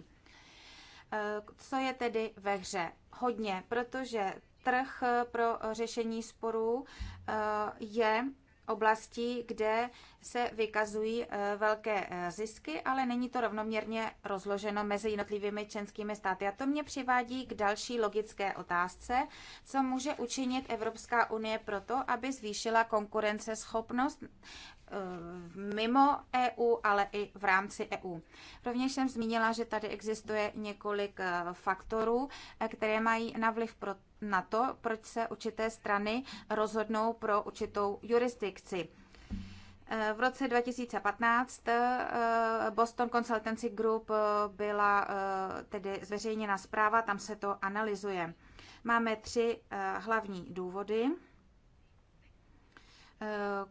Co je tedy ve hře? Hodně, protože trh pro řešení sporů je oblastí, kde se vykazují eh, velké eh, zisky, ale není to rovnoměrně rozloženo mezi jednotlivými členskými státy. A to mě přivádí k další logické otázce, co může učinit Evropská unie proto, aby zvýšila konkurenceschopnost Eh, mimo EU, ale i v rámci EU. Rovněž jsem zmínila, že tady existuje několik eh, faktorů, eh, které mají na vliv pro, na to, proč se určité strany rozhodnou pro určitou jurisdikci. V roce 2015 Boston Consultancy Group byla tedy zveřejněna zpráva, tam se to analyzuje. Máme tři hlavní důvody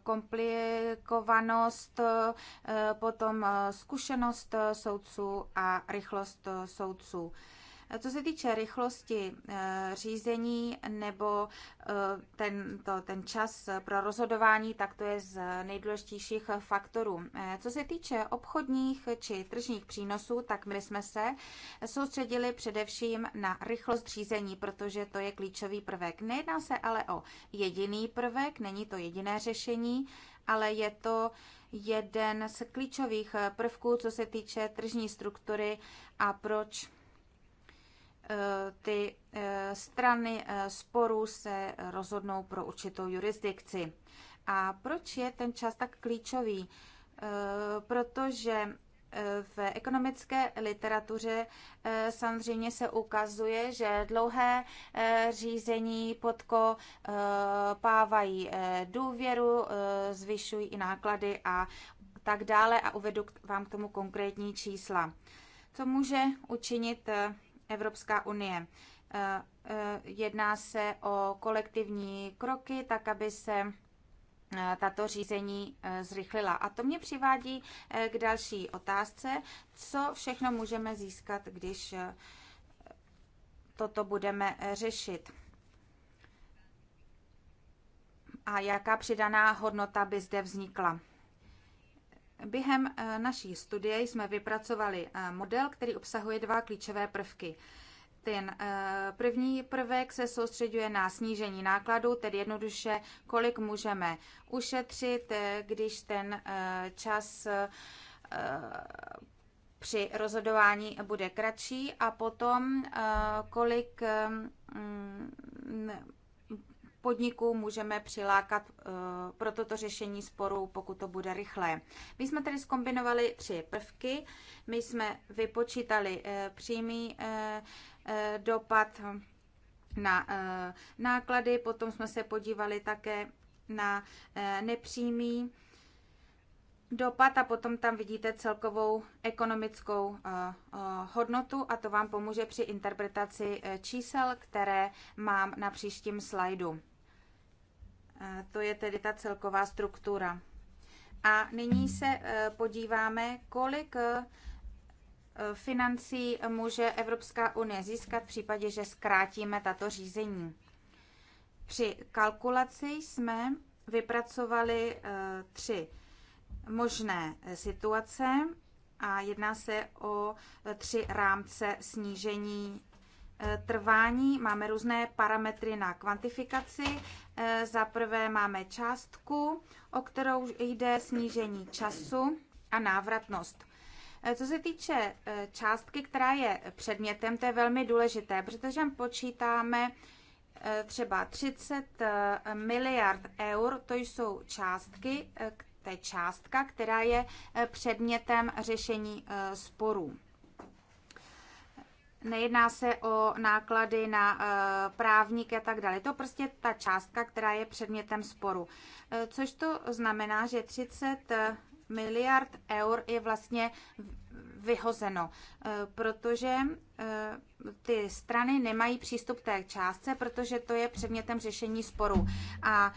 komplikovanost, eh, potom eh, zkušenost eh, soudců a rychlost soudců. Eh, co se týče rychlosti eh, řízení nebo eh, ten, to, ten čas pro rozhodování, tak to je z nejdůležitějších faktorů. Co se týče obchodních či tržních přínosů, tak my jsme se soustředili především na rychlost řízení, protože to je klíčový prvek. Nejedná se ale o jediný prvek, není to jediné řešení, ale je to jeden z klíčových prvků, co se týče tržní struktury a proč Eh, ty eh, strany eh, sporů se rozhodnou pro určitou jurisdikci. A proč je ten čas tak klíčový? Protože v ekonomické literatuře samozřejmě se ukazuje, že dlouhé řízení podkopávají důvěru, zvyšují i náklady a tak dále a uvedu vám k tomu konkrétní čísla. Co může učinit Evropská unie. Eh, eh, jedná se o kolektivní kroky, tak aby se eh, tato řízení zrychlila. A to mě přivádí k další otázce, co všechno můžeme získat, když toto budeme řešit. A jaká přidaná hodnota by zde vznikla? Během eh, naší studie jsme vypracovali eh, model, který obsahuje dva klíčové prvky. Ten eh, první prvek se soustředuje na snížení nákladů, tedy jednoduše, kolik můžeme ušetřit, když ten čas při rozhodování bude kratší a potom kolik podniků můžeme přilákat eh, pro toto řešení sporů, pokud to bude rychlé. My jsme tedy skombinovali tři prvky. My jsme vypočítali eh, přímý eh, dopad na náklady, potom jsme se podívali také na nepřímý dopad a potom tam vidíte celkovou ekonomickou hodnotu a to vám pomůže při interpretaci čísel, které mám na příštím slajdu. To je tedy ta celková struktura. A nyní se e, podíváme, kolik e, financí může Evropská unie získat v případě, že zkrátíme tato řízení. Při kalkulaci jsme vypracovali e, tři možné situace a jedná se o tři rámce snížení Eh, trvání máme různé parametry na kvantifikaci. Eh, za prvé máme částku, o kterou jde snížení času a návratnost. Eh, co se týče částky, která je předmětem, to je velmi důležité, protože počítáme třeba 30 miliard eur, to jsou částky, to je částka, která je předmětem řešení sporů. Nejedná se o náklady na eh, právníky a tak dále. To prostě ta částka, která je předmětem sporu. Eh, což to znamená, že 30 eh, miliard eur je vlastně vyhozeno, protože ty strany nemají přístup k té částce, protože to je předmětem řešení sporu. A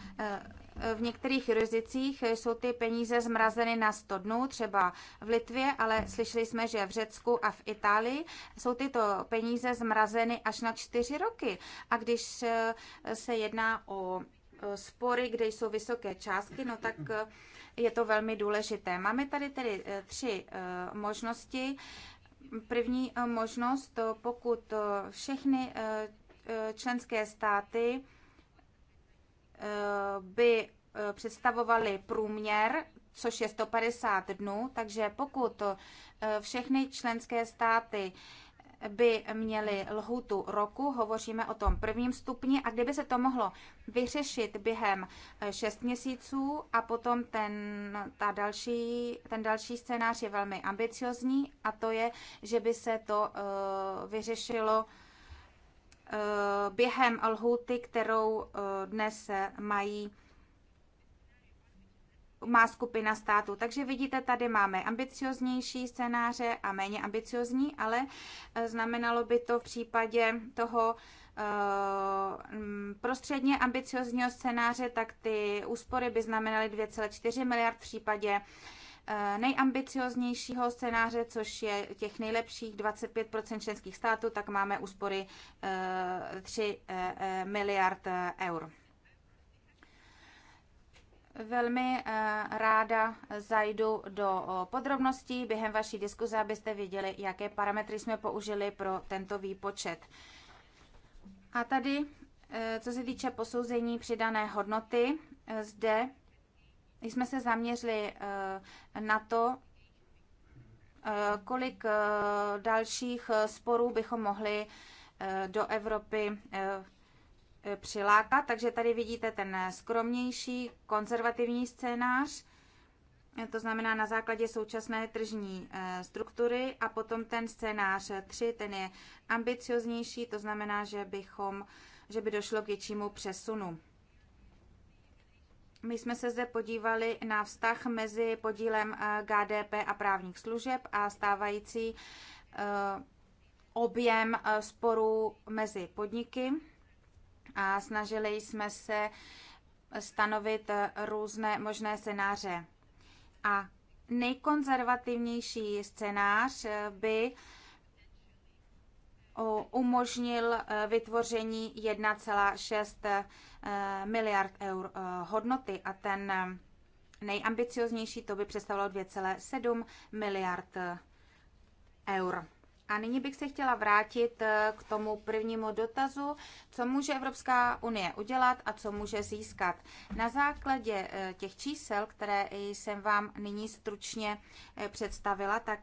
v některých jurisdicích jsou ty peníze zmrazeny na 100 dnů, třeba v Litvě, ale slyšeli jsme, že v Řecku a v Itálii jsou tyto peníze zmrazeny až na 4 roky. A když eh, se jedná o eh, spory, kde jsou vysoké částky, no tak eh, je to velmi důležité. Máme tady tedy tři možnosti. První možnost, pokud všechny členské státy Eh, by eh, představovaly průměr, což je 150 dnů, takže pokud eh, všechny členské státy by měly lhůtu roku, hovoříme o tom prvním stupni a kdyby se to mohlo vyřešit během 6 měsíců a potom ten, ta další, ten další scénář je velmi ambiciozní a to je, že by se to uh, vyřešilo Eh, během lhuty, kterou eh, dnes mají má skupina států. Takže vidíte, tady máme ambicioznější scénáře a méně ambiciozní, ale eh, znamenalo by to v případě toho prostředně ambiciozního scénáře, tak ty úspory by znamenaly 2,4 miliard v případě Eh, nejambicioznějšího scénáře, což je těch nejlepších 25 členských států, tak máme úspory 3 eh, eh, miliard eur. Velmi ráda zajdu do podrobností během vaší diskuze, abyste viděli, jaké parametry jsme použili pro tento výpočet. A tady, co se týče posouzení přidané hodnoty, zde když jsme se zaměřili eh, na to, eh, kolik eh, dalších sporů bychom mohli do Evropy přilákat. Takže tady vidíte ten skromnější, konzervativní scénář, to znamená na základě současné tržní struktury a potom ten scénář 3, ten je ambicioznější, to znamená, že bychom že by došlo k většímu přesunu. My jsme se zde podívali na vztah mezi podílem eh, GDP a právních služeb a stávající eh, objem eh, sporů mezi podniky a snažili jsme se stanovit různé možné scénáře. A nejkonzervativnější scénář by umožnil eh, vytvoření 1,6 eh, miliard eur eh, hodnoty a ten nejambicioznější to by představilo 2,7 miliard eur. A nyní bych se chtěla vrátit eh, k tomu prvnímu dotazu, co může Evropská unie udělat a co může získat. Na základě eh, těch čísel, které jsem vám nyní stručně eh, představila, tak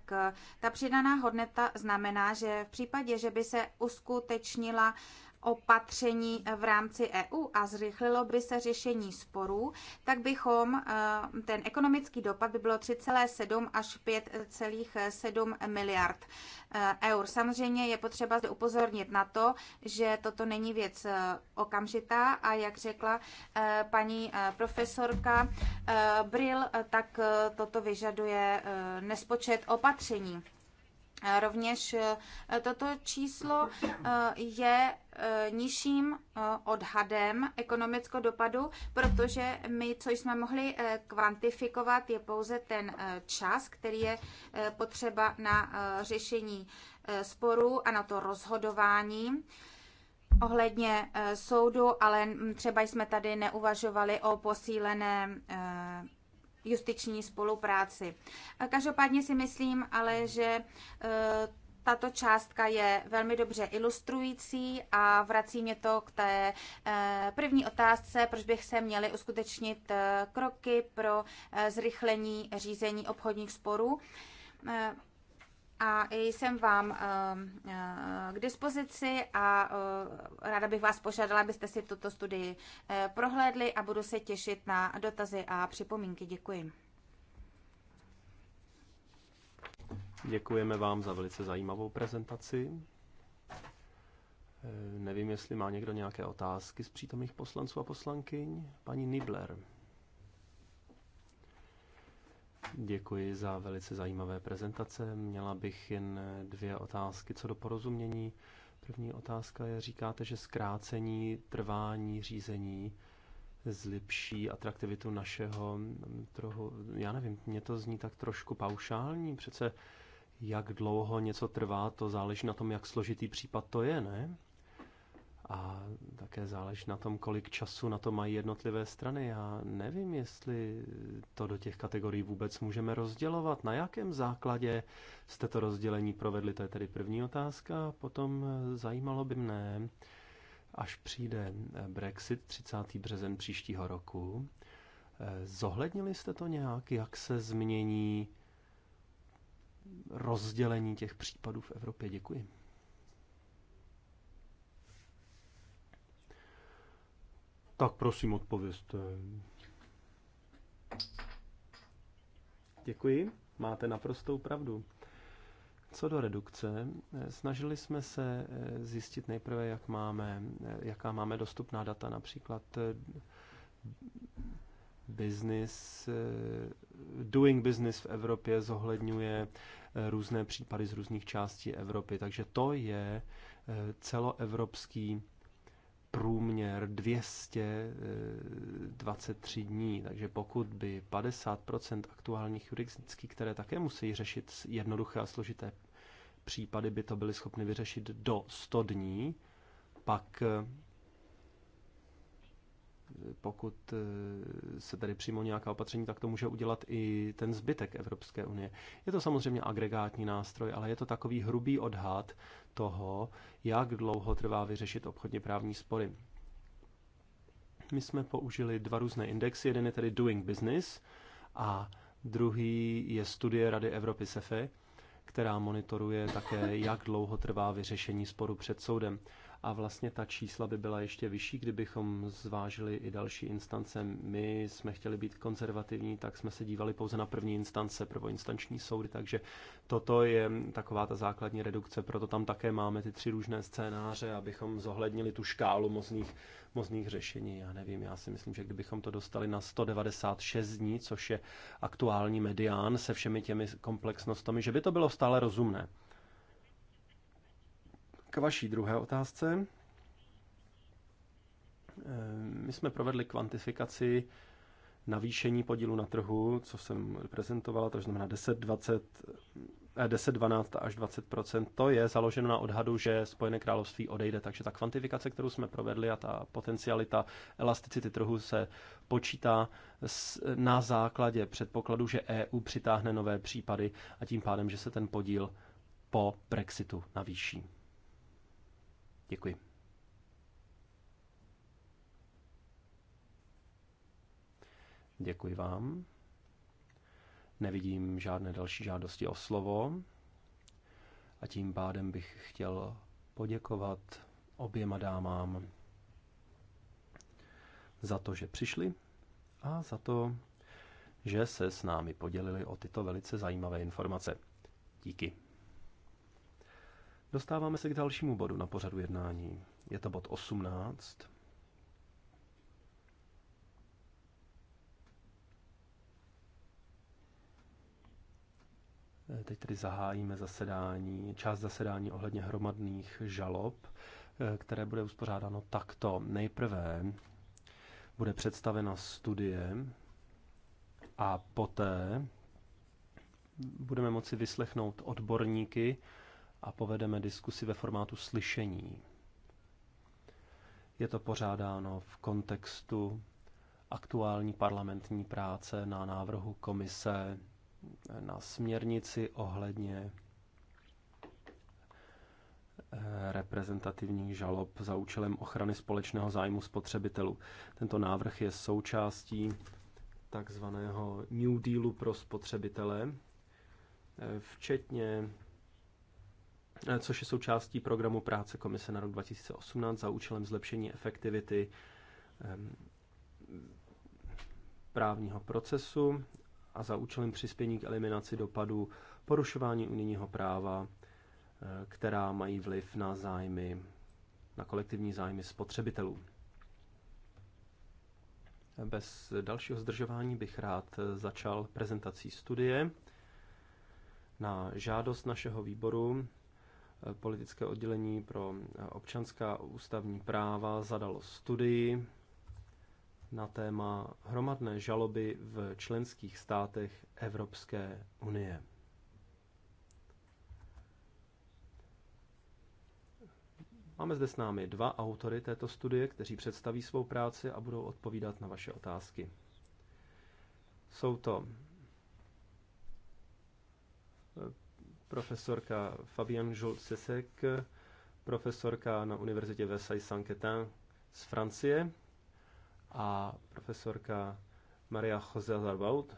ta přidaná hodnota znamená, že v případě, že by se uskutečnila opatření v rámci EU a zrychlilo by se řešení sporů, tak bychom eh, ten ekonomický dopad by bylo 3,7 až 5,7 miliard eh, eur. Samozřejmě je potřeba zde upozornit na to, že toto není věc eh, okamžitá a jak řekla paní profesorka Bril, tak toto vyžaduje nespočet opatření rovněž e, toto číslo e, je e, nižším odhadem ekonomického dopadu, protože my, co jsme mohli kvantifikovat, je pouze ten čas, který je potřeba na řešení sporu a na to rozhodování ohledně soudu, ale třeba jsme tady neuvažovali o posílené justiční spolupráci. Každopádně si myslím ale, že e, tato částka je velmi dobře ilustrující a vrací mě to k té e, první otázce, proč bych se měly uskutečnit e, kroky pro zrychlení řízení obchodních sporů a jsem vám ehm, eh, k dispozici a eh, ráda bych vás požádala, abyste si tuto studii eh, prohlédli a budu se těšit na dotazy a připomínky. Děkuji. Děkujeme vám za velice zajímavou prezentaci. Nevím, jestli má někdo nějaké otázky z přítomných poslanců a poslankyň. Paní Nibler. Děkuji za velice zajímavé prezentace. Měla bych jen dvě otázky co do porozumění. První otázka je, říkáte, že zkrácení trvání řízení zlepší atraktivitu našeho mm, trhu. Já nevím, mě to zní tak trošku paušální. Přece jak dlouho něco trvá, to záleží na tom, jak složitý případ to je, ne? A také záleží na tom, kolik času na to mají jednotlivé strany. Já nevím, jestli to do těch kategorií vůbec můžeme rozdělovat. Na jakém základě jste to rozdělení provedli? To je tedy první otázka. Potom eh, zajímalo by mne, až přijde eh, Brexit 30. březen příštího roku, eh, zohlednili jste to nějak, jak se změní rozdělení těch případů v Evropě? Děkuji. Tak prosím, odpovězte. Děkuji, máte naprostou pravdu. Co do redukce, eh, snažili jsme se eh, zjistit nejprve, jak máme, eh, jaká máme dostupná data, například business, doing business v Evropě zohledňuje různé případy z různých částí Evropy, takže to je celoevropský průměr 223 eh, dní. Takže pokud by 50% aktuálních jurisdikcí, které také musí řešit jednoduché a složité případy, by to byly schopny vyřešit do 100 dní, pak eh, pokud eh, se tady přijmou nějaká opatření, tak to může udělat i ten zbytek Evropské unie. Je to samozřejmě agregátní nástroj, ale je to takový hrubý odhad toho, jak dlouho trvá vyřešit obchodně právní spory. My jsme použili dva různé indexy, jeden je tedy Doing Business a druhý je studie Rady Evropy SEFE, která monitoruje také, jak dlouho trvá vyřešení sporu před soudem a vlastně ta čísla by byla ještě vyšší, kdybychom zvážili i další instance. My jsme chtěli být konzervativní, tak jsme se dívali pouze na první instance, prvoinstanční soudy, takže toto je taková ta základní redukce, proto tam také máme ty tři různé scénáře, abychom zohlednili tu škálu mozných, mozných řešení. Já nevím, já si myslím, že kdybychom to dostali na 196 dní, což je aktuální medián se všemi těmi komplexnostmi, že by to bylo stále rozumné vaší druhé otázce. Eh, my jsme provedli kvantifikaci navýšení podílu na trhu, co jsem prezentovala, to znamená 10, 20, 10, 12 až 20 To je založeno na odhadu, že Spojené království odejde, takže ta kvantifikace, kterou jsme provedli a ta potencialita elasticity trhu se počítá na základě předpokladu, že EU přitáhne nové případy a tím pádem, že se ten podíl po Brexitu navýší. Děkuji. Děkuji vám. Nevidím žádné další žádosti o slovo a tím pádem bych chtěl poděkovat oběma dámám za to, že přišli a za to, že se s námi podělili o tyto velice zajímavé informace. Díky. Dostáváme se k dalšímu bodu na pořadu jednání. Je to bod 18. Eh, teď tedy zahájíme zasedání, část zasedání ohledně hromadných žalob, eh, které bude uspořádáno takto. Nejprve bude představena studie a poté budeme moci vyslechnout odborníky, a povedeme diskusi ve formátu slyšení. Je to pořádáno v kontextu aktuální parlamentní práce na návrhu komise na směrnici ohledně eh, reprezentativních žalob za účelem ochrany společného zájmu spotřebitelů. Tento návrh je součástí takzvaného New Dealu pro spotřebitele, eh, včetně Eh, což je součástí programu práce Komise na rok 2018 za účelem zlepšení efektivity ehm, právního procesu a za účelem přispění k eliminaci dopadů porušování unijního práva, eh, která mají vliv na zájmy, na kolektivní zájmy spotřebitelů. Bez dalšího zdržování bych rád eh, začal prezentací studie. Na žádost našeho výboru politické oddělení pro občanská ústavní práva zadalo studii na téma hromadné žaloby v členských státech Evropské unie. Máme zde s námi dva autory této studie, kteří představí svou práci a budou odpovídat na vaše otázky. Jsou to profesorka Fabienne Jules Sesek, profesorka na univerzitě Versailles-Saint-Quentin z Francie a profesorka Maria José Zarbaut,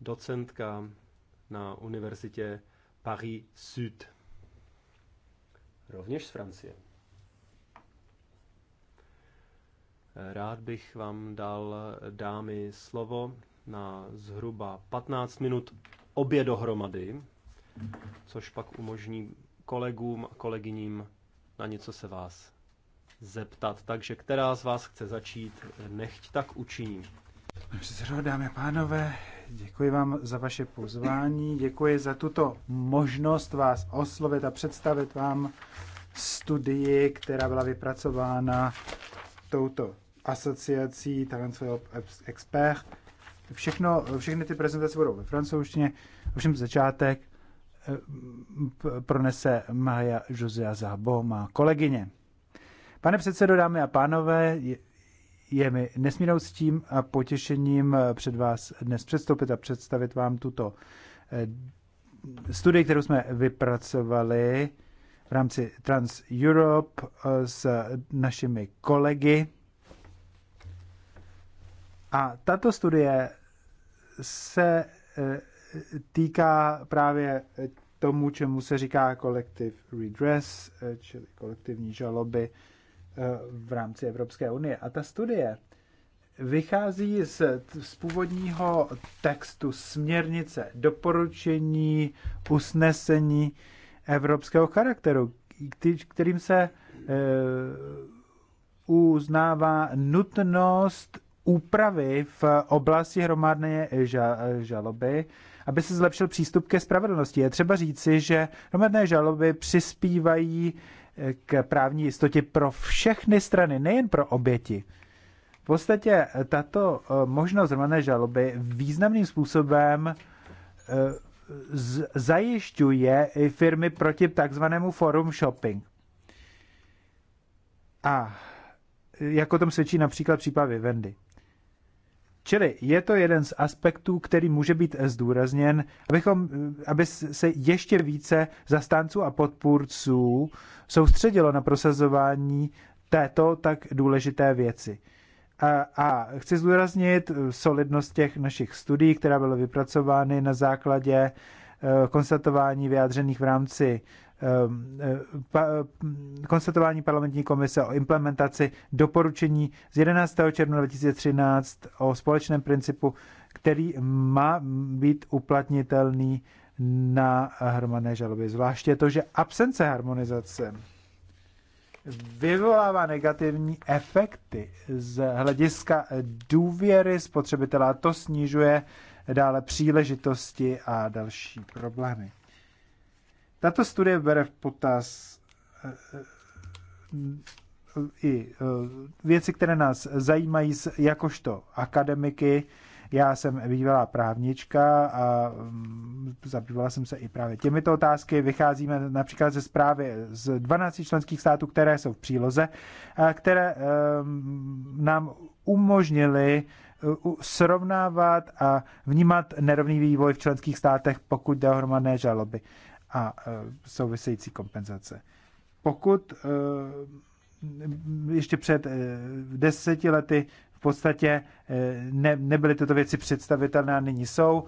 docentka na univerzitě Paris Sud, rovněž z Francie. Rád bych vám dal, dámy, slovo na zhruba 15 minut obě dohromady, což pak umožní kolegům a kolegyním na něco se vás zeptat. Takže která z vás chce začít, nechť tak učiním. Pane předsedo, dámy a pánové, děkuji vám za vaše pozvání, děkuji za tuto možnost vás oslovit a představit vám studii, která byla vypracována touto asociací Talent Expert Všechno, všechny ty prezentace budou ve francouzštině, ovšem začátek eh, pronese Maja Josia Zabo, má kolegyně. Pane předsedo, dámy a pánové, je mi nesmírnou s tím a potěšením eh, před vás dnes předstoupit a představit vám tuto eh, studii, kterou jsme vypracovali v rámci Trans Europe s našimi kolegy. A tato studie se e, týká právě tomu, čemu se říká collective redress, e, čili kolektivní žaloby e, v rámci Evropské unie. A ta studie vychází z, z původního textu směrnice, doporučení, usnesení evropského charakteru, kterým se uznává nutnost úpravy v oblasti hromadné žaloby, aby se zlepšil přístup ke spravedlnosti. Je třeba říci, že hromadné žaloby přispívají eh, k právní jistotě pro všechny strany, nejen pro oběti. V podstatě eh, tato eh, možnost hromadné žaloby významným způsobem zajišťuje i firmy proti takzvanému forum shopping. A jako tom svědčí například případ Vivendi. Čili je to jeden z aspektů, který může být zdůrazněn, abychom, aby se ještě více zastánců a podpůrců soustředilo na prosazování této tak důležité věci. A, a chci zdůraznit solidnost těch našich studií, která byla vypracovány na základě eh, konstatování vyjádřených v rámci Ehm, e, konstatování parlamentní komise o implementaci doporučení z 11. června 2013 o společném principu, který má být uplatnitelný na hromadné žaloby. Zvláště to, že absence harmonizace vyvolává negativní efekty z hlediska důvěry spotřebitela. To snižuje dále příležitosti a další problémy. Tato studie bere v potaz eh, eh, i eh, věci, které nás zajímají jakožto akademiky. Já jsem bývalá právnička a mm, zabývala jsem se i právě těmito otázky. Vycházíme například ze zprávy z 12 členských států, které jsou v příloze, které nám umožnily srovnávat a vnímat nerovný vývoj v členských státech, pokud jde o hromadné žaloby a e, související kompenzace. Pokud e, ještě před e, deseti lety v podstatě ne, nebyly tyto věci představitelné a nyní jsou.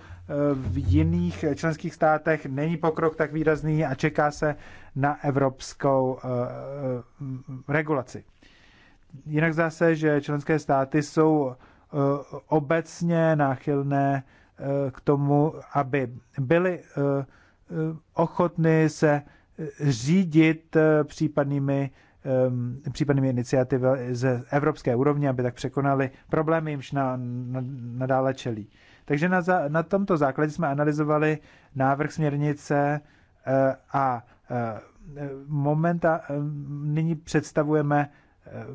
V jiných členských státech není pokrok tak výrazný a čeká se na evropskou regulaci. Jinak zdá se, že členské státy jsou obecně náchylné k tomu, aby byly Eh, ochotny se eh, řídit eh, případnými, případnými iniciativy ze evropské úrovně, aby tak překonali problémy, jimž na, na, nadále čelí. Takže na, na tomto základě jsme analyzovali návrh směrnice a momenta nyní představujeme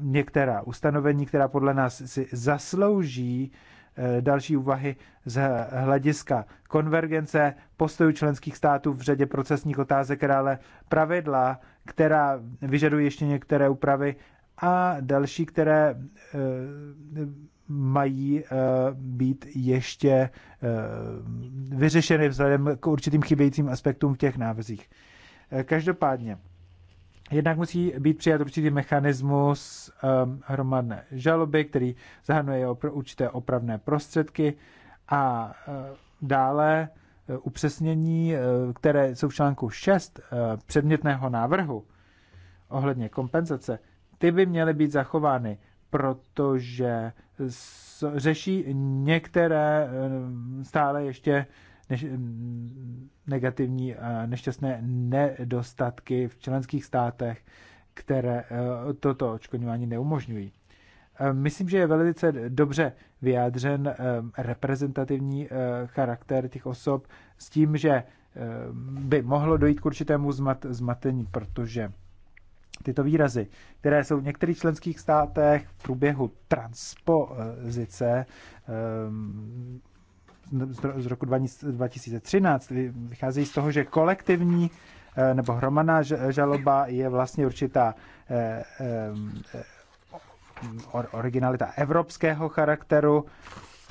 některá ustanovení, která podle nás si zaslouží Eh, další úvahy z hlediska konvergence postojů členských států v řadě procesních otázek, ale pravidla, která vyžadují ještě některé úpravy a další, které eh, mají eh, být ještě vyřešeny vzhledem k určitým chybějícím aspektům v těch návrzích. Každopádně, Jednak musí být přijat určitý mechanismus ehm, hromadné žaloby, který zahrnuje určité opravné prostředky a eh, dále eh, upřesnění, eh, které jsou v článku 6 předmětného návrhu ohledně kompenzace, ty by měly být zachovány, protože řeší některé stále ještě než, mm, negativní a nešťastné nedostatky v členských státech, které eh, toto očkodňování neumožňují. Eh, myslím, že je velice dobře vyjádřen eh, reprezentativní charakter těch osob s tím, že by mohlo dojít k určitému zmat, zmatení, protože tyto výrazy, které jsou v některých členských státech v průběhu transpozice z roku 2013 vycházejí z toho, že kolektivní eh, nebo hromadná žaloba je vlastně určitá eh, eh, originalita evropského charakteru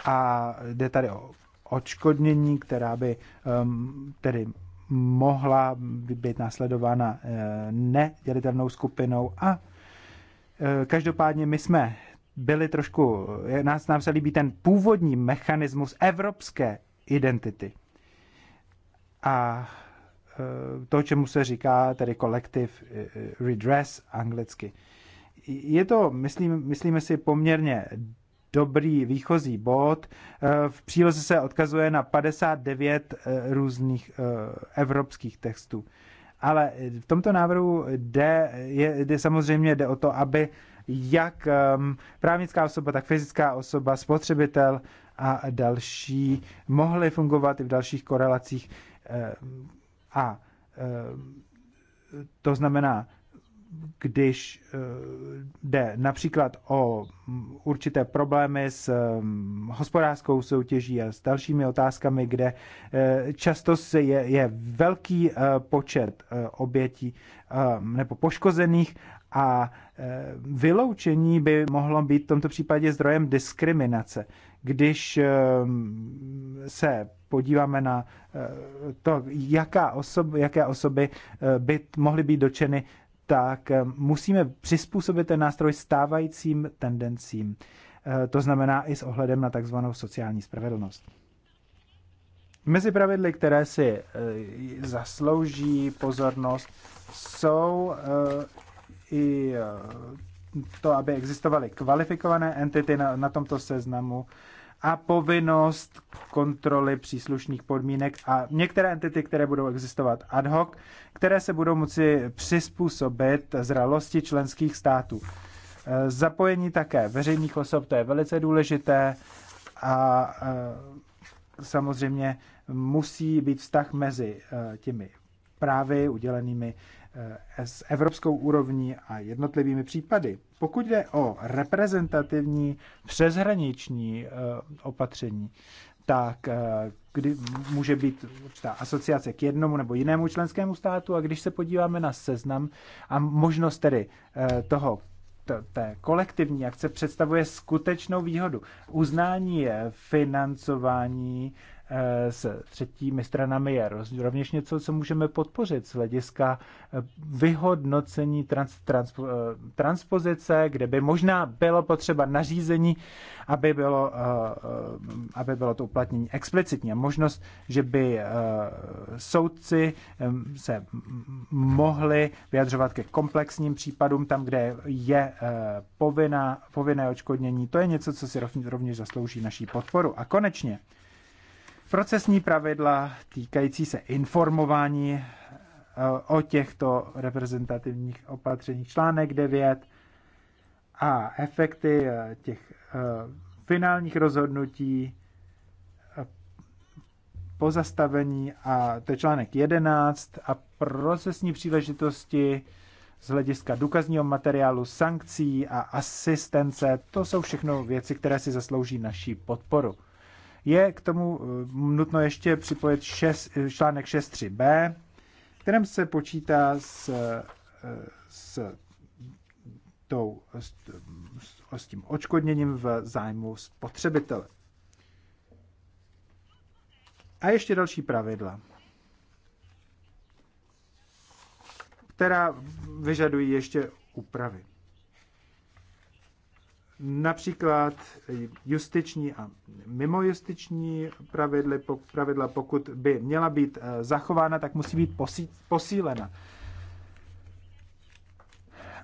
a jde tady o odškodnění, která by ehm, tedy mohla být následována nedělitelnou skupinou a Každopádně my jsme byli trošku, eh, nás, nám se líbí ten původní mechanismus evropské identity. A eh, to, čemu se říká tedy collective eh, redress anglicky. Je to, myslím, myslíme si, poměrně dobrý výchozí bod. V příloze se odkazuje na 59 různých evropských textů. Ale v tomto návrhu jde, je, jde samozřejmě jde o to, aby jak ehm, právnická osoba, tak fyzická osoba, spotřebitel a další mohly fungovat i v dalších korelacích. Ehm, a ehm, to znamená, když jde například o určité problémy s hospodářskou soutěží a s dalšími otázkami, kde často se je, je velký počet obětí nebo poškozených a e, vyloučení by mohlo být v tomto případě zdrojem diskriminace. Když e, se podíváme na e, to, jaká osob, jaké osoby by mohly být dočeny, tak musíme přizpůsobit ten nástroj stávajícím tendencím. To znamená i s ohledem na takzvanou sociální spravedlnost. Mezi pravidly, které si zaslouží pozornost, jsou i eh, to, aby existovaly kvalifikované entity na, na tomto seznamu a povinnost kontroly příslušných podmínek a některé entity, které budou existovat ad hoc, které se budou moci přizpůsobit zralosti členských států. Eh, zapojení také veřejných osob, to je velice důležité a eh, samozřejmě musí být vztah mezi těmi právy udělenými Eh, s evropskou úrovní a jednotlivými případy. Pokud jde o reprezentativní přeshraniční eh, opatření, tak eh, kdy může být určitá asociace k jednomu nebo jinému členskému státu a když se podíváme na seznam a možnost tedy toho té kolektivní akce představuje skutečnou výhodu. Uznání je financování Eh, s třetími stranami je rovněž něco, co můžeme podpořit z hlediska eh, vyhodnocení trans, trans, eh, transpozice, kde by možná bylo potřeba nařízení, aby bylo, aby bylo to uplatnění explicitně. Možnost, že by soudci se mohli vyjadřovat ke komplexním případům tam, kde je povinná, povinné očkodnění. To je něco, co si rovněž zaslouží naší podporu. A konečně, procesní pravidla týkající se informování eh, o těchto reprezentativních opatřeních. Článek 9 a efekty eh, těch eh, finálních rozhodnutí pozastavení a to je článek 11 a procesní příležitosti z hlediska důkazního materiálu, sankcí a asistence, to jsou všechno věci, které si zaslouží naší podporu je k tomu eh, nutno ještě připojit šest, eh, článek 6.3b, kterém se počítá s, eh, s, tou, s, s tím očkodněním v zájmu spotřebitele. A ještě další pravidla, která vyžadují ještě úpravy například justiční a mimojustiční pravidly, pravidla, pokud by měla být eh, zachována, tak musí být posílena.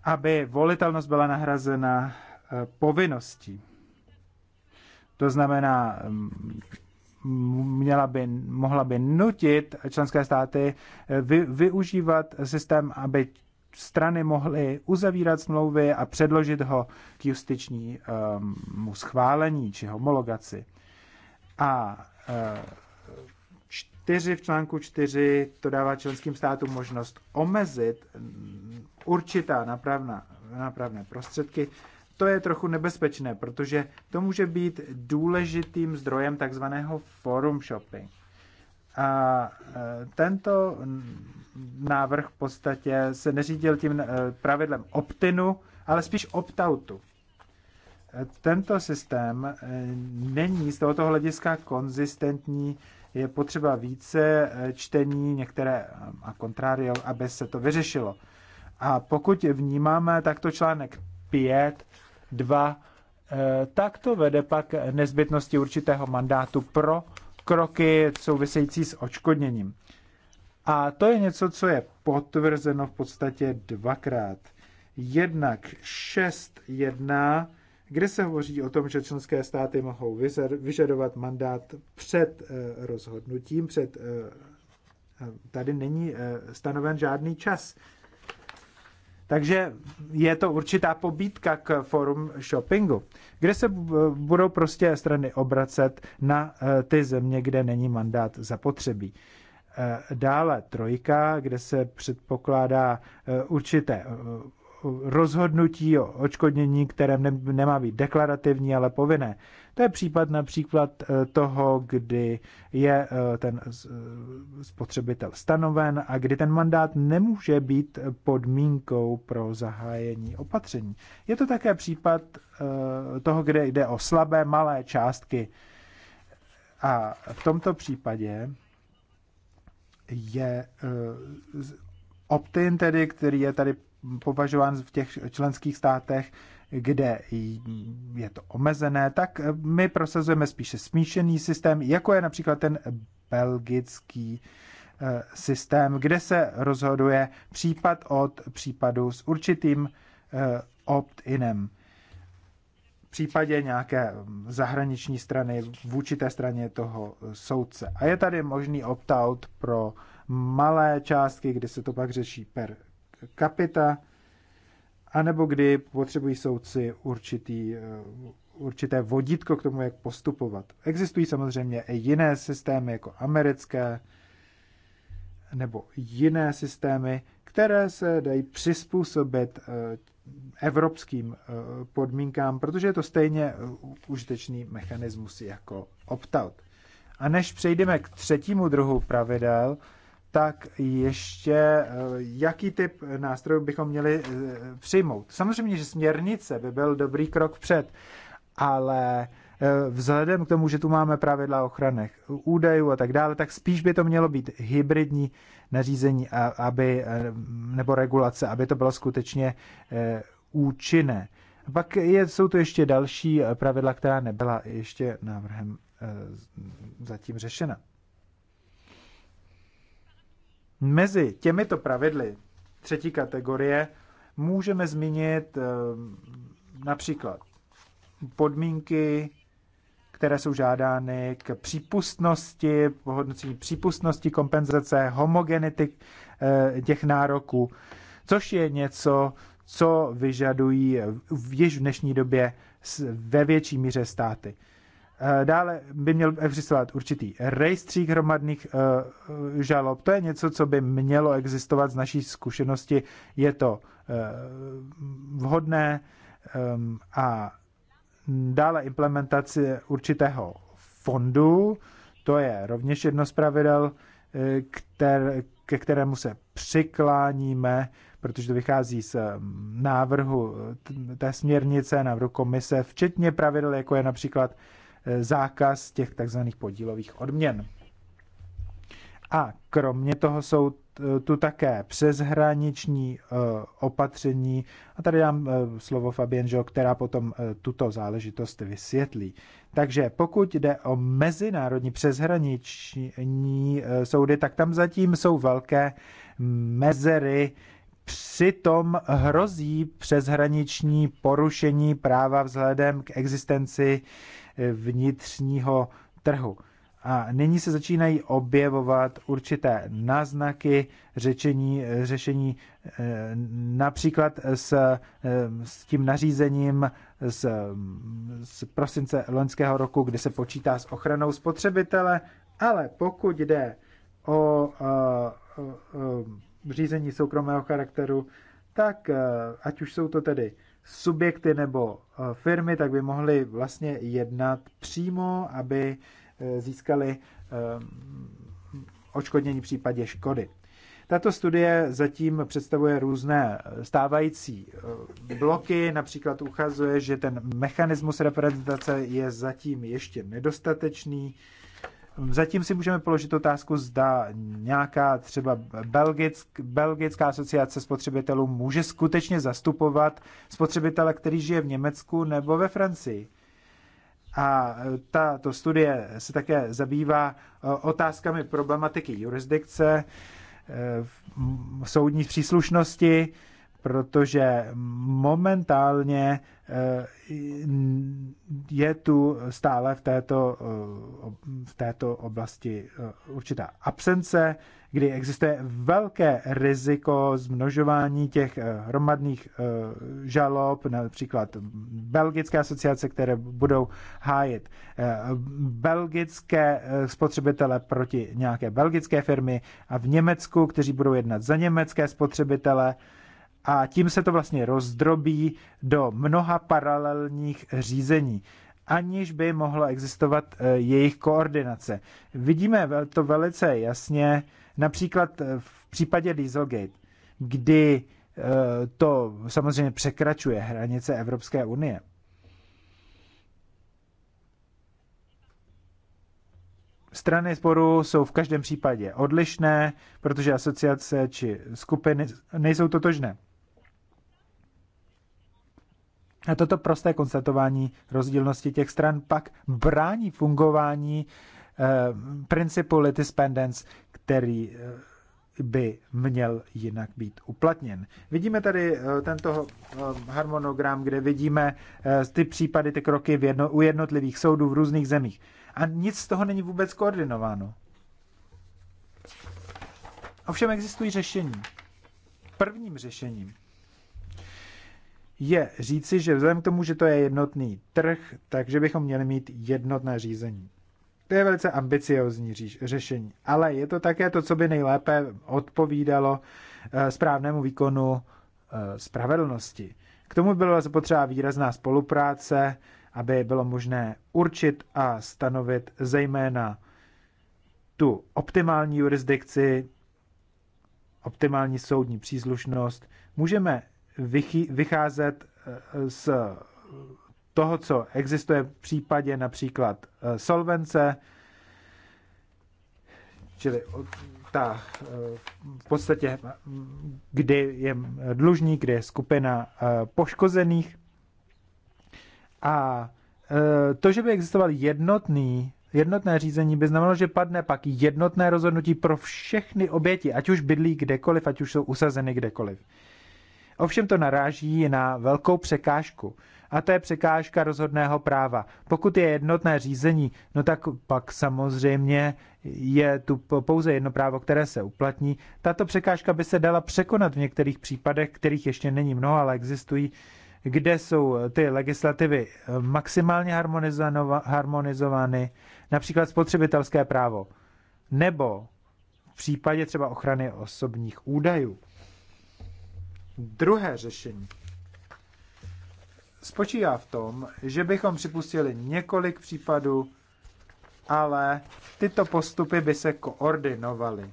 Aby volitelnost byla nahrazena eh, povinností. To znamená, mm, měla by, mohla by nutit členské státy eh, vy, využívat systém, aby strany mohly uzavírat smlouvy a předložit ho k justičnímu schválení či homologaci. A eh, čtyři v článku 4 to dává členským státům možnost omezit určitá napravna, napravné prostředky. To je trochu nebezpečné, protože to může být důležitým zdrojem takzvaného forum shopping. A e, tento návrh v podstatě se neřídil tím e, pravidlem optinu, ale spíš optautu. E, tento systém není z tohoto hlediska konzistentní, je potřeba více čtení, některé a kontrário, aby se to vyřešilo. A pokud vnímáme takto článek 5, 2, tak to vede pak nezbytnosti určitého mandátu pro kroky související s očkodněním. A to je něco, co je potvrzeno v podstatě dvakrát. Jednak 6.1, kde se hovoří o tom, že členské státy mohou vyžadovat mandát před eh, rozhodnutím, před eh, eh, tady není stanoven žádný čas takže je to určitá pobídka k forum shoppingu, kde se budou prostě strany obracet na eh, ty země, kde není mandát zapotřebí. Eh, dále trojka, kde se předpokládá eh, určité rozhodnutí o očkodnění, které nemá být deklarativní, ale povinné. To je případ například eh, toho, kdy je eh, ten eh, spotřebitel stanoven a kdy ten mandát nemůže být podmínkou pro zahájení opatření. Je to také případ toho, kde jde o slabé malé částky. A v tomto případě je opt-in tedy, který je tady považován v těch členských státech kde je to omezené, tak eh, my prosazujeme spíše smíšený systém, jako je například ten belgický eh, systém, kde se rozhoduje případ od případu s určitým eh, opt-inem. V případě nějaké zahraniční strany vůči té straně toho soudce. A je tady možný opt-out pro malé částky, kde se to pak řeší per capita, anebo kdy potřebují soudci určitý, eh, určité vodítko k tomu, jak postupovat. Existují samozřejmě i jiné systémy, jako americké, nebo jiné systémy, které se dají přizpůsobit eh, evropským eh, podmínkám, protože je to stejně užitečný mechanismus jako opt-out. A než přejdeme k třetímu druhu pravidel, tak ještě eh, jaký typ nástrojů bychom měli eh, přijmout. Samozřejmě, že směrnice by byl dobrý krok před, ale eh, vzhledem k tomu, že tu máme pravidla ochranných údajů a tak dále, tak spíš by to mělo být hybridní nařízení aby, nebo regulace, aby to bylo skutečně účinné. Pak je, jsou tu ještě další pravidla, která nebyla ještě návrhem zatím řešena. Mezi těmito pravidly třetí kategorie můžeme zmínit eh, například podmínky, které jsou žádány k přípustnosti, pohodnocení přípustnosti kompenzace, homogenity eh, těch nároků, což je něco, co vyžadují již v dnešní době ve větší míře státy. Eh, dále by měl existovat určitý rejstřík hromadných eh, eh, žalob. To je něco, co by mělo existovat z naší zkušenosti. Je to vhodné ehm, a dále implementace určitého fondu. To je rovněž jedno z pravidel, kter, ke kterému se přikláníme, protože to vychází z návrhu té směrnice, návrhu komise, včetně pravidel, jako je například Eh, zákaz těch takzvaných podílových odměn. A kromě toho jsou eh, tu také přeshraniční eh, opatření. A tady dám slovo Fabienžo, která potom tuto záležitost vysvětlí. Takže pokud jde o mezinárodní přeshraniční soudy, tak tam zatím jsou velké mezery. Přitom hrozí přeshraniční porušení práva vzhledem k existenci vnitřního trhu. A nyní se začínají objevovat určité náznaky řečení, řešení eh, například s, eh, s tím nařízením z, z prosince loňského roku, kdy se počítá s ochranou spotřebitele, ale pokud jde o, o, eh, o, o řízení soukromého charakteru, tak ať už jsou to tedy subjekty nebo eh, firmy, tak by mohly vlastně jednat přímo, aby eh, získali eh, očkodnění v případě škody. Tato studie zatím představuje různé stávající bloky, například ukazuje, že ten mechanismus reprezentace je zatím ještě nedostatečný, Zatím si můžeme položit otázku, zda nějaká třeba belgick, belgická asociace spotřebitelů může skutečně zastupovat spotřebitele, který žije v Německu nebo ve Francii. A tato studie se také zabývá e, otázkami problematiky jurisdikce, e, soudní příslušnosti, protože momentálně eh, je tu stále v této, eh, v této oblasti eh, určitá absence, kdy existuje velké riziko zmnožování těch hromadných žalob, například belgické asociace, které budou hájit belgické spotřebitele proti nějaké belgické firmy a v Německu, kteří budou jednat za německé spotřebitele, a tím se to vlastně rozdrobí do mnoha paralelních řízení, aniž by mohla existovat eh, jejich koordinace. Vidíme to velice jasně například eh, v případě Dieselgate, kdy eh, to samozřejmě překračuje hranice Evropské unie. Strany sporu jsou v každém případě odlišné, protože asociace či skupiny nejsou totožné. A toto prosté konstatování rozdílnosti těch stran pak brání fungování eh, principu litis pendens, který eh, by měl jinak být uplatněn. Vidíme tady eh, tento eh, harmonogram, kde vidíme eh, ty případy, ty kroky v jedno, u jednotlivých soudů v různých zemích. A nic z toho není vůbec koordinováno. Ovšem existují řešení. Prvním řešením je říci, že vzhledem k tomu, že to je jednotný trh, takže bychom měli mít jednotné řízení. To je velice ambiciozní řešení, ale je to také to, co by nejlépe odpovídalo eh, správnému výkonu eh, spravedlnosti. K tomu byla zapotřeba výrazná spolupráce, aby bylo možné určit a stanovit zejména tu optimální jurisdikci, optimální soudní příslušnost. Můžeme vycházet eh, z toho, co existuje v případě například eh, solvence, čili ta eh, v podstatě, kdy je dlužník, kdy je skupina poškozených. A to, že by existoval jednotný, jednotné řízení, by znamenalo, že padne pak jednotné rozhodnutí pro všechny oběti, ať už bydlí kdekoliv, ať už jsou usazeny kdekoliv. Ovšem to naráží na velkou překážku. A to je překážka rozhodného práva. Pokud je jednotné řízení, no tak pak samozřejmě je tu pouze jedno právo, které se uplatní. Tato překážka by se dala překonat v některých případech, kterých ještě není mnoho, ale existují, kde jsou ty legislativy eh, maximálně harmonizovány, například spotřebitelské právo, nebo v případě třeba ochrany osobních údajů. Druhé řešení spočívá v tom, že bychom připustili několik případů, ale tyto postupy by se koordinovaly.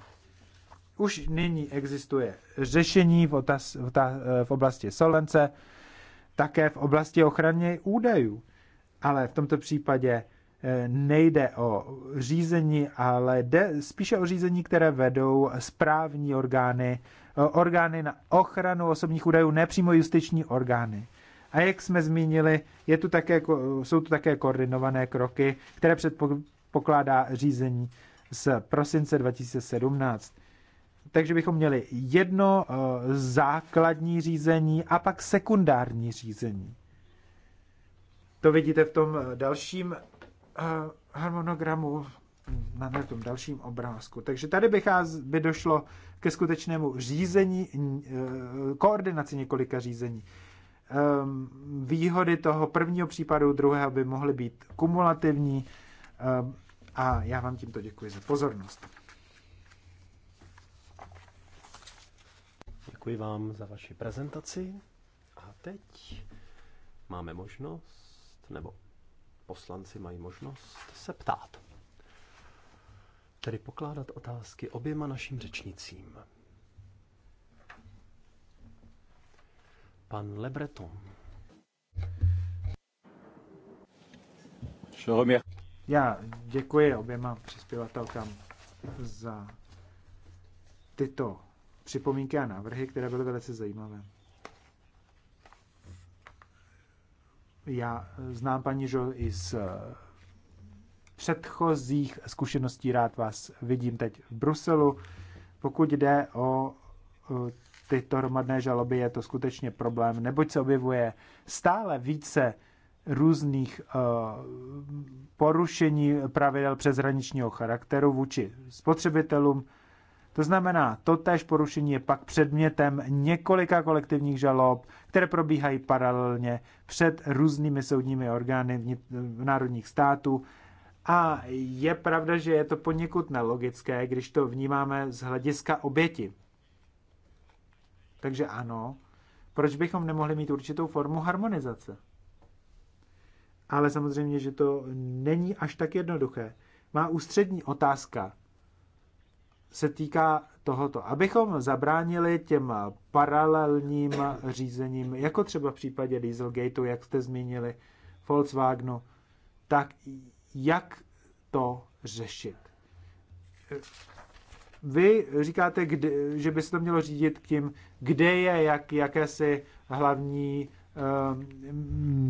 Už nyní existuje řešení v, otaz, v, ta, v oblasti solence, také v oblasti ochrany údajů. Ale v tomto případě eh, nejde o řízení, ale jde spíše o řízení, které vedou správní orgány E, orgány na ochranu osobních údajů, nepřímo justiční orgány. A jak jsme zmínili, je tu také, jsou tu také koordinované kroky, které předpokládá řízení z prosince 2017. Takže bychom měli jedno e, základní řízení a pak sekundární řízení. To vidíte v tom e, dalším harmonogramu na tom dalším obrázku. Takže tady bych, by došlo ke skutečnému řízení, eh, koordinaci několika řízení. Ehm, výhody toho prvního případu, druhého by mohly být kumulativní ehm, a já vám tímto děkuji za pozornost. Děkuji vám za vaši prezentaci a teď máme možnost, nebo poslanci mají možnost se ptát tedy pokládat otázky oběma našim řečnicím. Pan Lebreton. Já děkuji oběma přispěvatelkám za tyto připomínky a návrhy, které byly velice zajímavé. Já znám paní Žo i z předchozích zkušeností. Rád vás vidím teď v Bruselu. Pokud jde o tyto hromadné žaloby, je to skutečně problém, neboť se objevuje stále více různých e, porušení pravidel přeshraničního charakteru vůči spotřebitelům. To znamená, totéž porušení je pak předmětem několika kolektivních žalob, které probíhají paralelně před různými soudními orgány v národních států a je pravda, že je to poněkud nelogické, když to vnímáme z hlediska oběti. Takže ano, proč bychom nemohli mít určitou formu harmonizace? Ale samozřejmě, že to není až tak jednoduché. Má ústřední otázka se týká tohoto, abychom zabránili těm paralelním řízením, jako třeba v případě Dieselgateu, jak jste zmínili, Volkswagenu, tak jak to řešit. Vy říkáte, že by se to mělo řídit k tím, kde je jak, jakési hlavní ehm,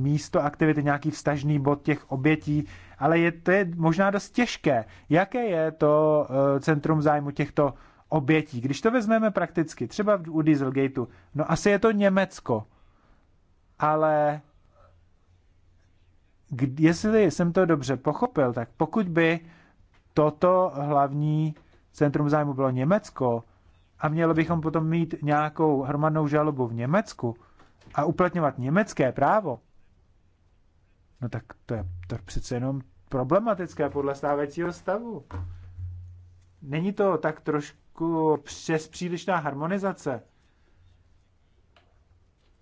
místo aktivity, nějaký vstažný bod těch obětí, ale je to je možná dost těžké. Jaké je to eh, centrum zájmu těchto obětí? Když to vezmeme prakticky, třeba u Dieselgateu, no asi je to Německo, ale jestli jsem to dobře pochopil, tak pokud by toto hlavní centrum zájmu bylo Německo a měli bychom potom mít nějakou hromadnou žalobu v Německu a uplatňovat německé právo, no tak to je, to je přece jenom problematické podle stávajícího stavu. Není to tak trošku přes přílišná harmonizace?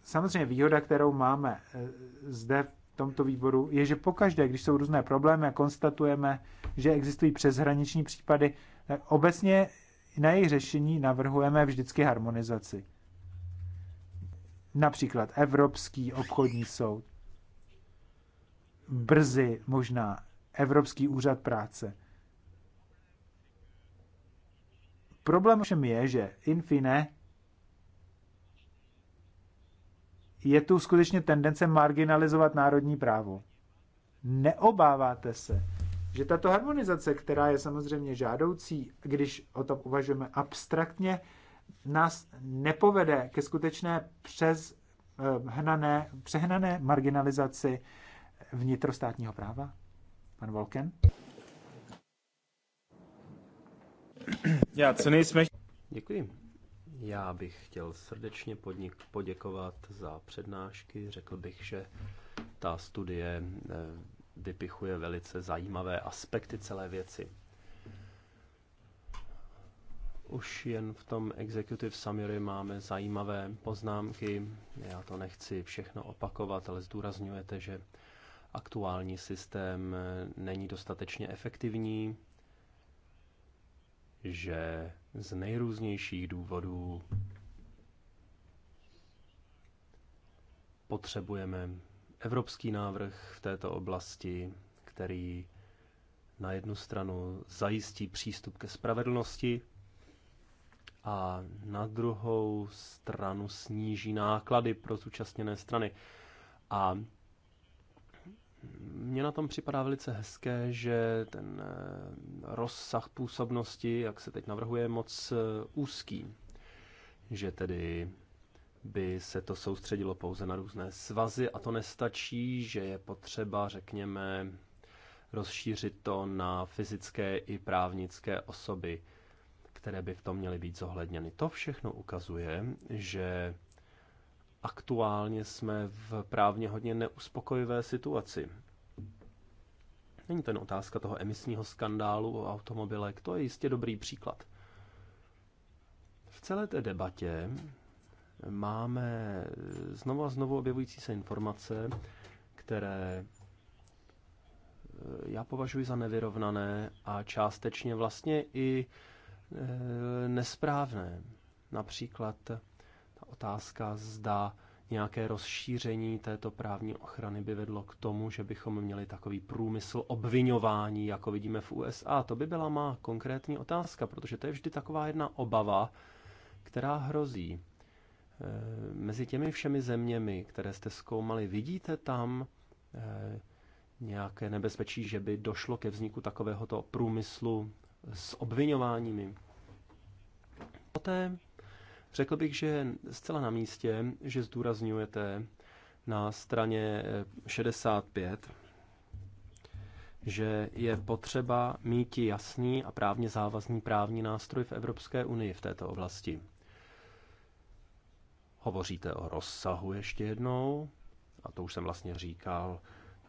Samozřejmě výhoda, kterou máme eh, zde tomto výboru, je, že pokaždé, když jsou různé problémy a konstatujeme, že existují přeshraniční případy, obecně na jejich řešení navrhujeme vždycky harmonizaci. Například Evropský obchodní soud, brzy možná Evropský úřad práce. Problém všem je, že infine je tu skutečně tendence marginalizovat národní právo. Neobáváte se, že tato harmonizace, která je samozřejmě žádoucí, když o tom uvažujeme abstraktně, nás nepovede ke skutečné přes eh, hnané, přehnané marginalizaci vnitrostátního práva? Pan Volken? Já ceny jsme... Děkuji. Já bych chtěl srdečně podnik, poděkovat za přednášky. Řekl bych, že ta studie eh, vypichuje velice zajímavé aspekty celé věci. Už jen v tom Executive Summary máme zajímavé poznámky. Já to nechci všechno opakovat, ale zdůrazňujete, že aktuální systém eh, není dostatečně efektivní, že z nejrůznějších důvodů potřebujeme evropský návrh v této oblasti, který na jednu stranu zajistí přístup ke spravedlnosti a na druhou stranu sníží náklady pro zúčastněné strany. A mně na tom připadá velice hezké, že ten eh, rozsah působnosti, jak se teď navrhuje, je moc eh, úzký. Že tedy by se to soustředilo pouze na různé svazy a to nestačí, že je potřeba, řekněme, rozšířit to na fyzické i právnické osoby, které by v tom měly být zohledněny. To všechno ukazuje, že aktuálně jsme v právně hodně neuspokojivé situaci. Není to jen otázka toho emisního skandálu o automobilek, to je jistě dobrý příklad. V celé té debatě máme znovu a znovu objevující se informace, které eh, já považuji za nevyrovnané a částečně vlastně i eh, nesprávné. Například otázka, zda nějaké rozšíření této právní ochrany by vedlo k tomu, že bychom měli takový průmysl obvinování, jako vidíme v USA. To by byla má konkrétní otázka, protože to je vždy taková jedna obava, která hrozí. Eh, mezi těmi všemi zeměmi, které jste zkoumali, vidíte tam eh, nějaké nebezpečí, že by došlo ke vzniku takovéhoto průmyslu s obvinováními? Poté Řekl bych, že je zcela na místě, že zdůrazňujete na straně 65, eh, že je potřeba mít jasný a právně závazný právní nástroj v Evropské unii v této oblasti. Hovoříte o rozsahu ještě jednou, a to už jsem vlastně říkal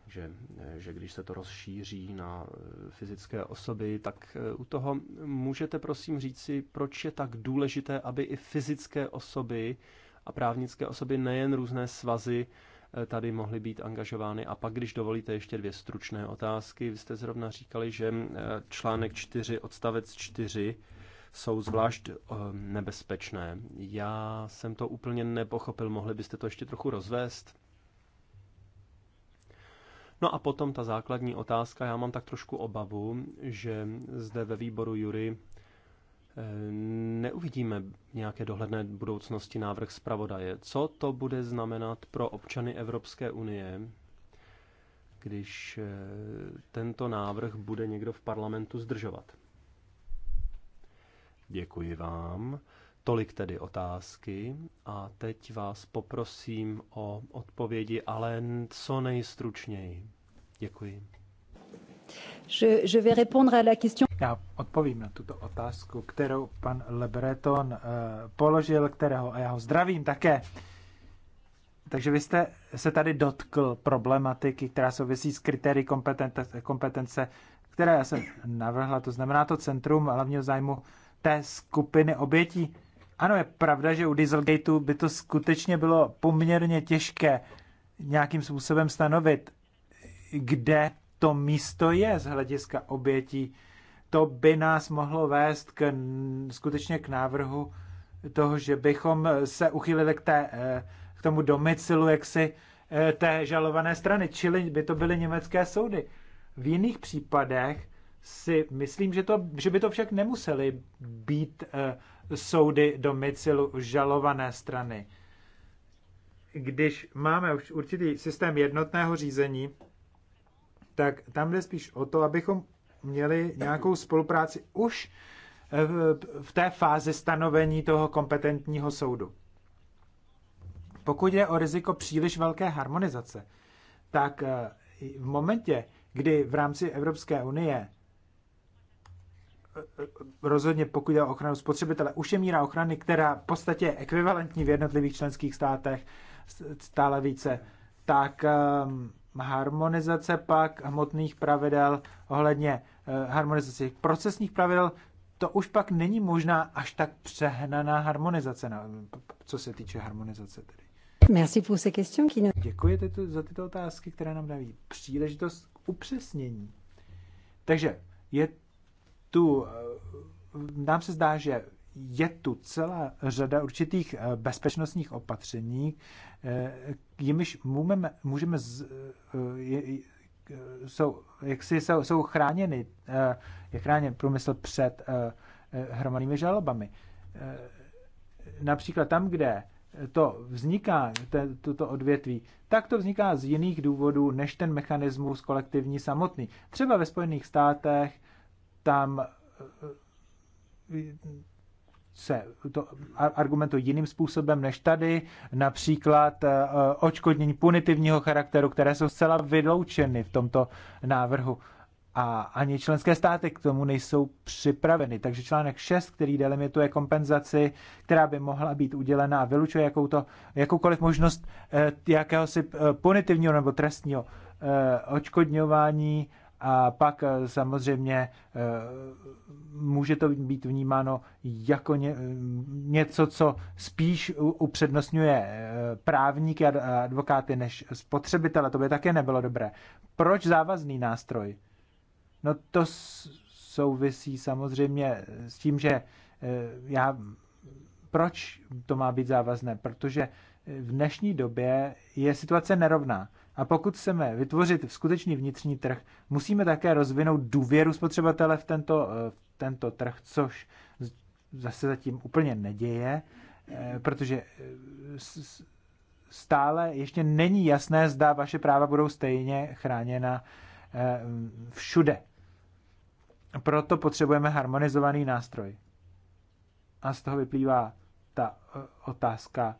že, že když se to rozšíří na eh, fyzické osoby, tak eh, u toho můžete prosím říci, proč je tak důležité, aby i fyzické osoby a právnické osoby, nejen různé svazy, eh, tady mohly být angažovány. A pak, když dovolíte ještě dvě stručné otázky, vy jste zrovna říkali, že článek 4, odstavec 4 jsou zvlášť nebezpečné. Já jsem to úplně nepochopil, mohli byste to ještě trochu rozvést? No a potom ta základní otázka, já mám tak trošku obavu, že zde ve výboru Jury eh, neuvidíme nějaké dohledné budoucnosti návrh zpravodaje. Co to bude znamenat pro občany Evropské unie, když eh, tento návrh bude někdo v parlamentu zdržovat? Děkuji vám. Tolik tedy otázky a teď vás poprosím o odpovědi, ale co nejstručněji. Děkuji. Je, je vais répondre à la question. Já odpovím na tuto otázku, kterou pan Lebreton uh, eh, položil, kterého a já ho zdravím také. Takže vy jste se tady dotkl problematiky, která souvisí s kritérií kompetence, kompetence které já jsem navrhla, to znamená to centrum hlavního zájmu té skupiny obětí. Ano, je pravda, že u Dieselgateu by to skutečně bylo poměrně těžké nějakým způsobem stanovit, kde to místo je z hlediska obětí. To by nás mohlo vést k, skutečně k návrhu toho, že bychom se uchylili k, té, eh, k tomu domicilu jaksi eh, té žalované strany, čili by to byly německé soudy. V jiných případech si myslím, že, to, že by to však nemuseli být eh, soudy do domicilu žalované strany. Když máme už určitý systém jednotného řízení, tak tam jde spíš o to, abychom měli nějakou spolupráci už v té fázi stanovení toho kompetentního soudu. Pokud je o riziko příliš velké harmonizace, tak eh, v momentě, kdy v rámci Evropské unie rozhodně pokud je o ochranu spotřebitele, už je míra ochrany, která v podstatě je ekvivalentní v jednotlivých členských státech stále více, tak ehm, harmonizace pak hmotných pravidel ohledně eh, harmonizace procesních pravidel, to už pak není možná až tak přehnaná harmonizace, co se týče harmonizace tedy. Merci pour ces questions qui... Děkuji tyto, za tyto otázky, které nám dají příležitost k upřesnění. Takže je tu, eh, nám se zdá, že je tu celá řada určitých eh, bezpečnostních opatření, eh, jimiž můžeme, můžeme z, jsou, jak si jsou, jsou chráněny, je chráněn průmysl před hromadnými žalobami. Například tam, kde to vzniká, toto odvětví, tak to vzniká z jiných důvodů, než ten mechanismus kolektivní samotný. Třeba ve Spojených státech tam eh, eh, se to argumentuje jiným způsobem než tady, například eh, očkodnění punitivního charakteru, které jsou zcela vyloučeny v tomto návrhu. A ani členské státy k tomu nejsou připraveny. Takže článek 6, který delimituje kompenzaci, která by mohla být udělená a vylučuje jakou to, jakoukoliv možnost jakéhosi punitivního nebo trestního očkodňování, a pak eh, samozřejmě eh, může to být vnímáno jako hm, něco, co spíš upřednostňuje eh, právníky a advokáty než spotřebitele. To by také nebylo dobré. Proč závazný nástroj? No to souvisí samozřejmě s tím, že já proč to má být závazné? Protože v dnešní době je situace nerovná. A pokud chceme vytvořit skutečný vnitřní trh, musíme také rozvinout důvěru spotřebatele v tento, eh, v tento trh, což zase zatím úplně neděje, eh, protože eh, stále ještě není jasné, zda vaše práva budou stejně chráněna všude. Proto potřebujeme harmonizovaný nástroj. A z toho vyplývá ta otázka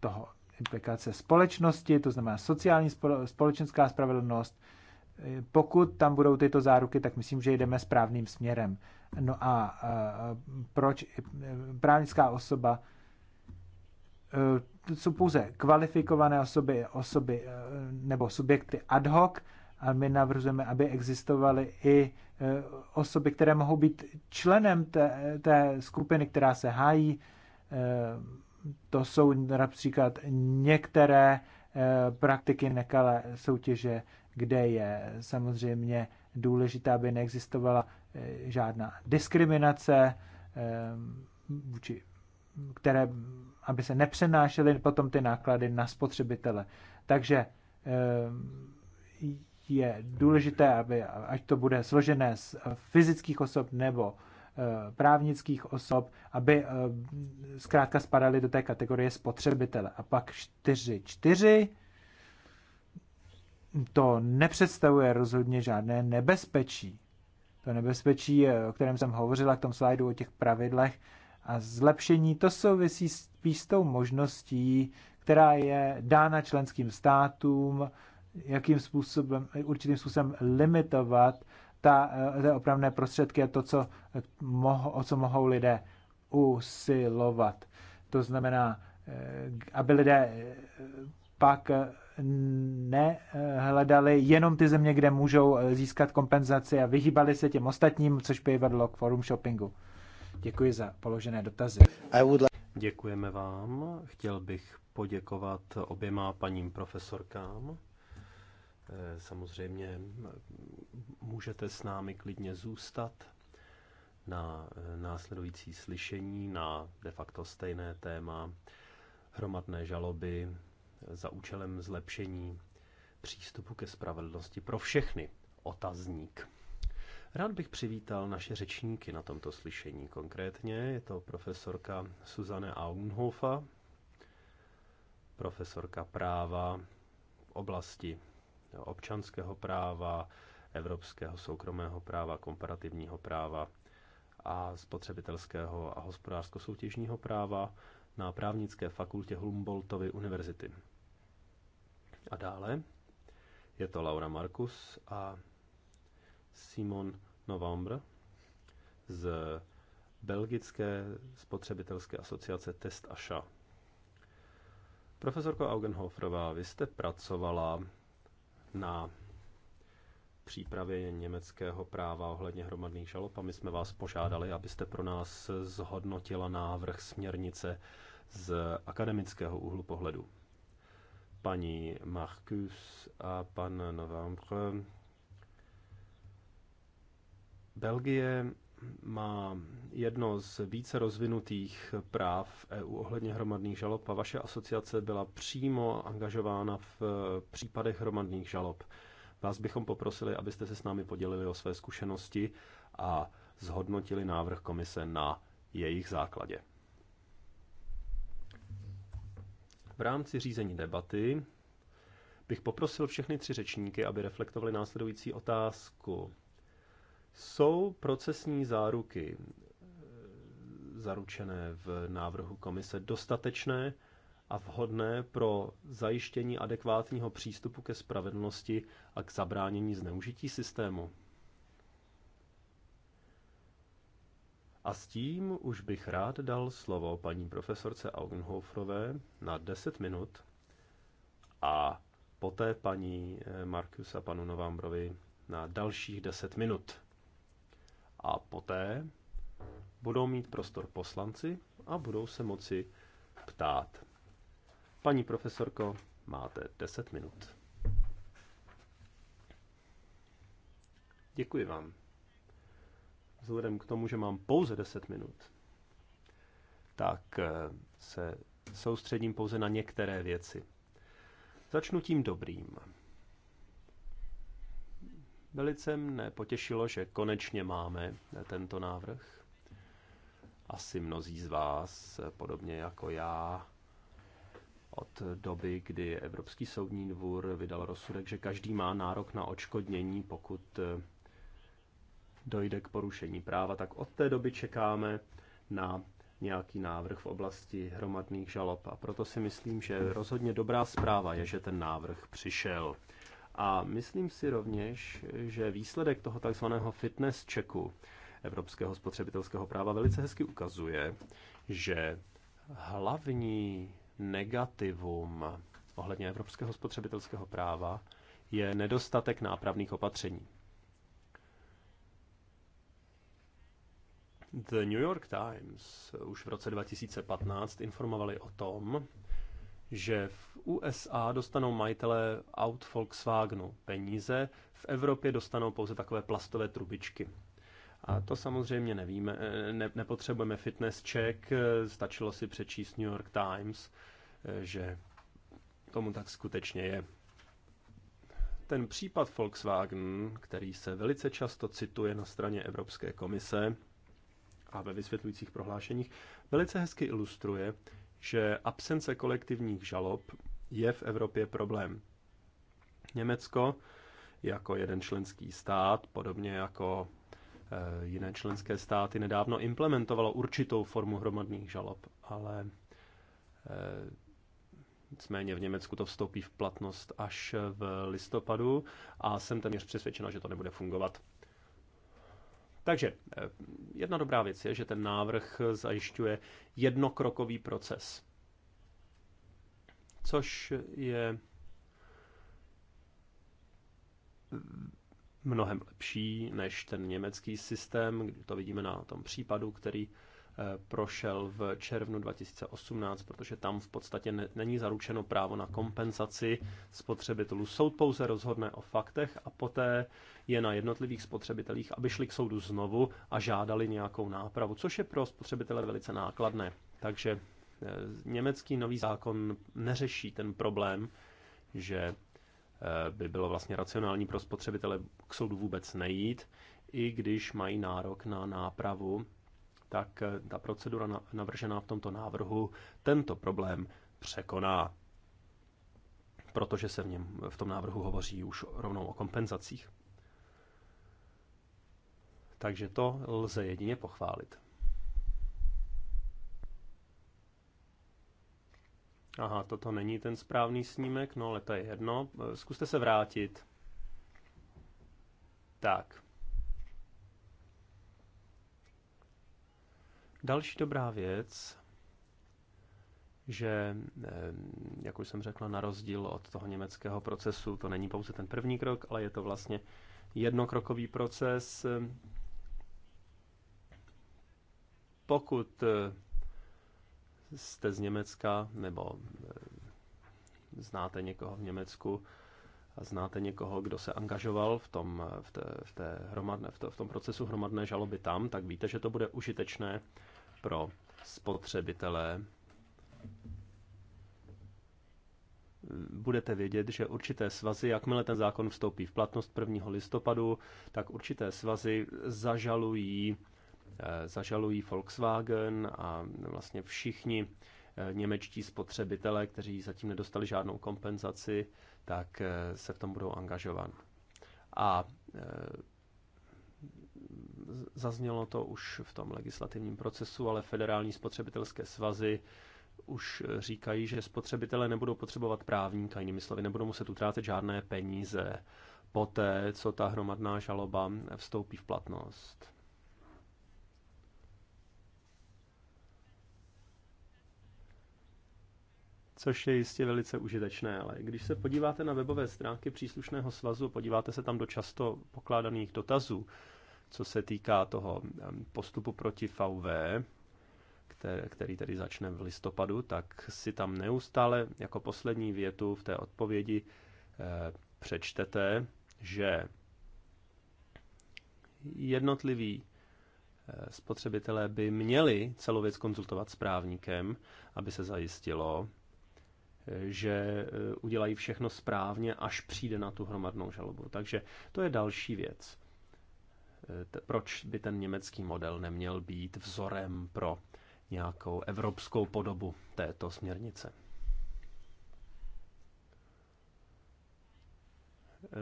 toho implikace společnosti, to znamená sociální společenská spravedlnost. Pokud tam budou tyto záruky, tak myslím, že jdeme správným směrem. No a proč e, právnická osoba to e, jsou pouze kvalifikované osoby, osoby e, nebo subjekty ad hoc, a my navrhujeme, aby existovaly i osoby, které mohou být členem té, té skupiny, která se hájí, to jsou například některé eh, praktiky nekalé soutěže, kde je samozřejmě důležité, aby neexistovala eh, žádná diskriminace, eh, které, aby se nepřenášely potom ty náklady na spotřebitele. Takže je důležité, aby, ať to bude složené z fyzických osob nebo Eh, právnických osob, aby eh, zkrátka spadaly do té kategorie spotřebitele. A pak 4 To nepředstavuje rozhodně žádné nebezpečí. To nebezpečí, eh, o kterém jsem hovořila k tom slajdu o těch pravidlech a zlepšení, to souvisí spíš s tou možností, která je dána členským státům, jakým způsobem, určitým způsobem limitovat ta, eh, ty opravné prostředky a to, co eh, moho, o co mohou lidé usilovat. To znamená, eh, aby lidé pak nehledali jenom ty země, kde můžou získat kompenzaci a vyhýbali se těm ostatním, což by vedlo k forum shoppingu. Děkuji za položené dotazy. Děkujeme vám. Chtěl bych poděkovat oběma paním profesorkám. Eh, samozřejmě eh, můžete s námi klidně zůstat na eh, následující slyšení na de facto stejné téma hromadné žaloby za účelem zlepšení přístupu ke spravedlnosti pro všechny. Otazník. Rád bych přivítal naše řečníky na tomto slyšení. Konkrétně je to profesorka Suzanne Augenhofa, profesorka práva v oblasti občanského práva, evropského soukromého práva, komparativního práva a spotřebitelského a hospodářsko-soutěžního práva na právnické fakultě Humboldtovy univerzity. A dále je to Laura Markus a Simon Novembre z Belgické spotřebitelské asociace Test Aša. Profesorko Augenhoferová, vy jste pracovala na přípravě německého práva ohledně hromadných žalob a my jsme vás požádali, abyste pro nás zhodnotila návrh směrnice z akademického úhlu pohledu. Paní Marcus a pan Novembre. Belgie má jedno z více rozvinutých práv EU ohledně hromadných žalob a vaše asociace byla přímo angažována v eh, případech hromadných žalob. Vás bychom poprosili, abyste se s námi podělili o své zkušenosti a zhodnotili návrh komise na jejich základě. V rámci řízení debaty bych poprosil všechny tři řečníky, aby reflektovali následující otázku. Jsou procesní záruky eh, zaručené v návrhu komise dostatečné a vhodné pro zajištění adekvátního přístupu ke spravedlnosti a k zabránění zneužití systému? A s tím už bych rád dal slovo paní profesorce Augenhoferové na 10 minut a poté paní eh, Markusa panu Novámbrovi na dalších 10 minut. A poté budou mít prostor poslanci a budou se moci ptát. Paní profesorko, máte 10 minut. Děkuji vám. Vzhledem k tomu, že mám pouze 10 minut, tak eh, se soustředím pouze na některé věci. Začnu tím dobrým. Velice mne potěšilo, že konečně máme tento návrh. Asi mnozí z vás, podobně jako já, od doby, kdy Evropský soudní dvůr vydal rozsudek, že každý má nárok na očkodnění, pokud eh, dojde k porušení práva, tak od té doby čekáme na nějaký návrh v oblasti hromadných žalob. A proto si myslím, že rozhodně dobrá zpráva je, že ten návrh přišel. A myslím si rovněž, že výsledek toho takzvaného fitness checku Evropského spotřebitelského práva velice hezky ukazuje, že hlavní negativum ohledně Evropského spotřebitelského práva je nedostatek nápravných opatření. The New York Times už v roce 2015 informovali o tom, že v USA dostanou majitele aut Volkswagenu peníze, v Evropě dostanou pouze takové plastové trubičky. A to samozřejmě nevíme, eh, ne, nepotřebujeme fitness check, eh, stačilo si přečíst New York Times, eh, že tomu tak skutečně je. Ten případ Volkswagen, který se velice často cituje na straně Evropské komise a ve vysvětlujících prohlášeních, velice hezky ilustruje, že absence kolektivních žalob je v Evropě problém. Německo jako jeden členský stát, podobně jako eh, jiné členské státy, nedávno implementovalo určitou formu hromadných žalob, ale eh, Nicméně v Německu to vstoupí v platnost až v listopadu a jsem téměř přesvědčena, že to nebude fungovat. Takže eh, jedna dobrá věc je, že ten návrh zajišťuje jednokrokový proces, což je mnohem lepší než ten německý systém, kdy to vidíme na tom případu, který Eh, prošel v červnu 2018, protože tam v podstatě není zaručeno právo na kompenzaci spotřebitelů. Soud pouze rozhodne o faktech a poté je na jednotlivých spotřebitelích, aby šli k soudu znovu a žádali nějakou nápravu, což je pro spotřebitele velice nákladné. Takže eh, německý nový zákon neřeší ten problém, že eh, by bylo vlastně racionální pro spotřebitele k soudu vůbec nejít, i když mají nárok na nápravu tak eh, ta procedura navržená v tomto návrhu tento problém překoná, protože se v, něm, v tom návrhu hovoří už rovnou o kompenzacích. Takže to lze jedině pochválit. Aha, toto není ten správný snímek, no ale to je jedno. Eh, zkuste se vrátit. Tak. Další dobrá věc, že, eh, jak už jsem řekla, na rozdíl od toho německého procesu, to není pouze ten první krok, ale je to vlastně jednokrokový proces. Pokud eh, jste z Německa nebo eh, znáte někoho v Německu a znáte někoho, kdo se angažoval v tom, v té, v té hromadné, v, to, v tom procesu hromadné žaloby tam, tak víte, že to bude užitečné pro spotřebitele, budete vědět, že určité svazy, jakmile ten zákon vstoupí v platnost 1. listopadu, tak určité svazy zažalují, eh, zažalují Volkswagen a vlastně všichni eh, němečtí spotřebitelé, kteří zatím nedostali žádnou kompenzaci, tak eh, se v tom budou angažovat. A Zaznělo to už v tom legislativním procesu, ale federální spotřebitelské svazy už říkají, že spotřebitelé nebudou potřebovat právníka, jinými slovy, nebudou muset utrácet žádné peníze poté, co ta hromadná žaloba vstoupí v platnost. což je jistě velice užitečné, ale když se podíváte na webové stránky příslušného svazu, podíváte se tam do často pokládaných dotazů, co se týká toho postupu proti VV, který tedy začne v listopadu, tak si tam neustále jako poslední větu v té odpovědi eh, přečtete, že jednotliví eh, spotřebitelé by měli celou věc konzultovat s právníkem, aby se zajistilo, eh, že udělají všechno správně, až přijde na tu hromadnou žalobu. Takže to je další věc proč by ten německý model neměl být vzorem pro nějakou evropskou podobu této směrnice.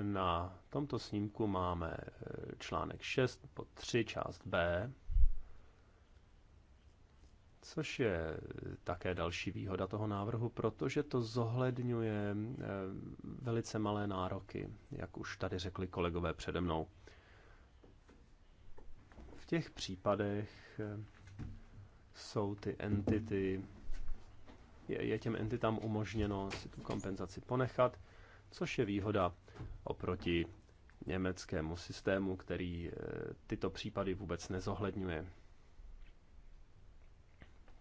Na tomto snímku máme e, článek 6 pod 3 část B, což je e, také další výhoda toho návrhu, protože to zohledňuje e, velice malé nároky, jak už tady řekli kolegové přede mnou těch případech eh, jsou ty entity, je, je těm entitám umožněno si tu kompenzaci ponechat, což je výhoda oproti německému systému, který eh, tyto případy vůbec nezohledňuje.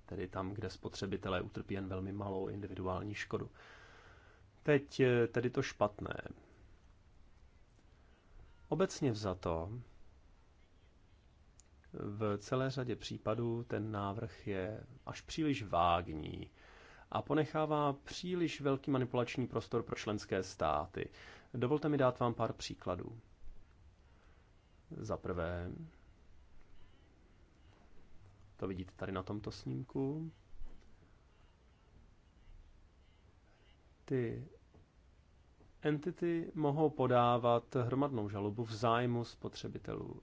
Tedy tam, kde spotřebitelé utrpí jen velmi malou individuální škodu. Teď eh, tedy to špatné. Obecně vzato, v celé řadě případů ten návrh je až příliš vágní a ponechává příliš velký manipulační prostor pro členské státy. Dovolte mi dát vám pár příkladů. Za prvé, to vidíte tady na tomto snímku, ty entity mohou podávat hromadnou žalobu v zájmu spotřebitelů.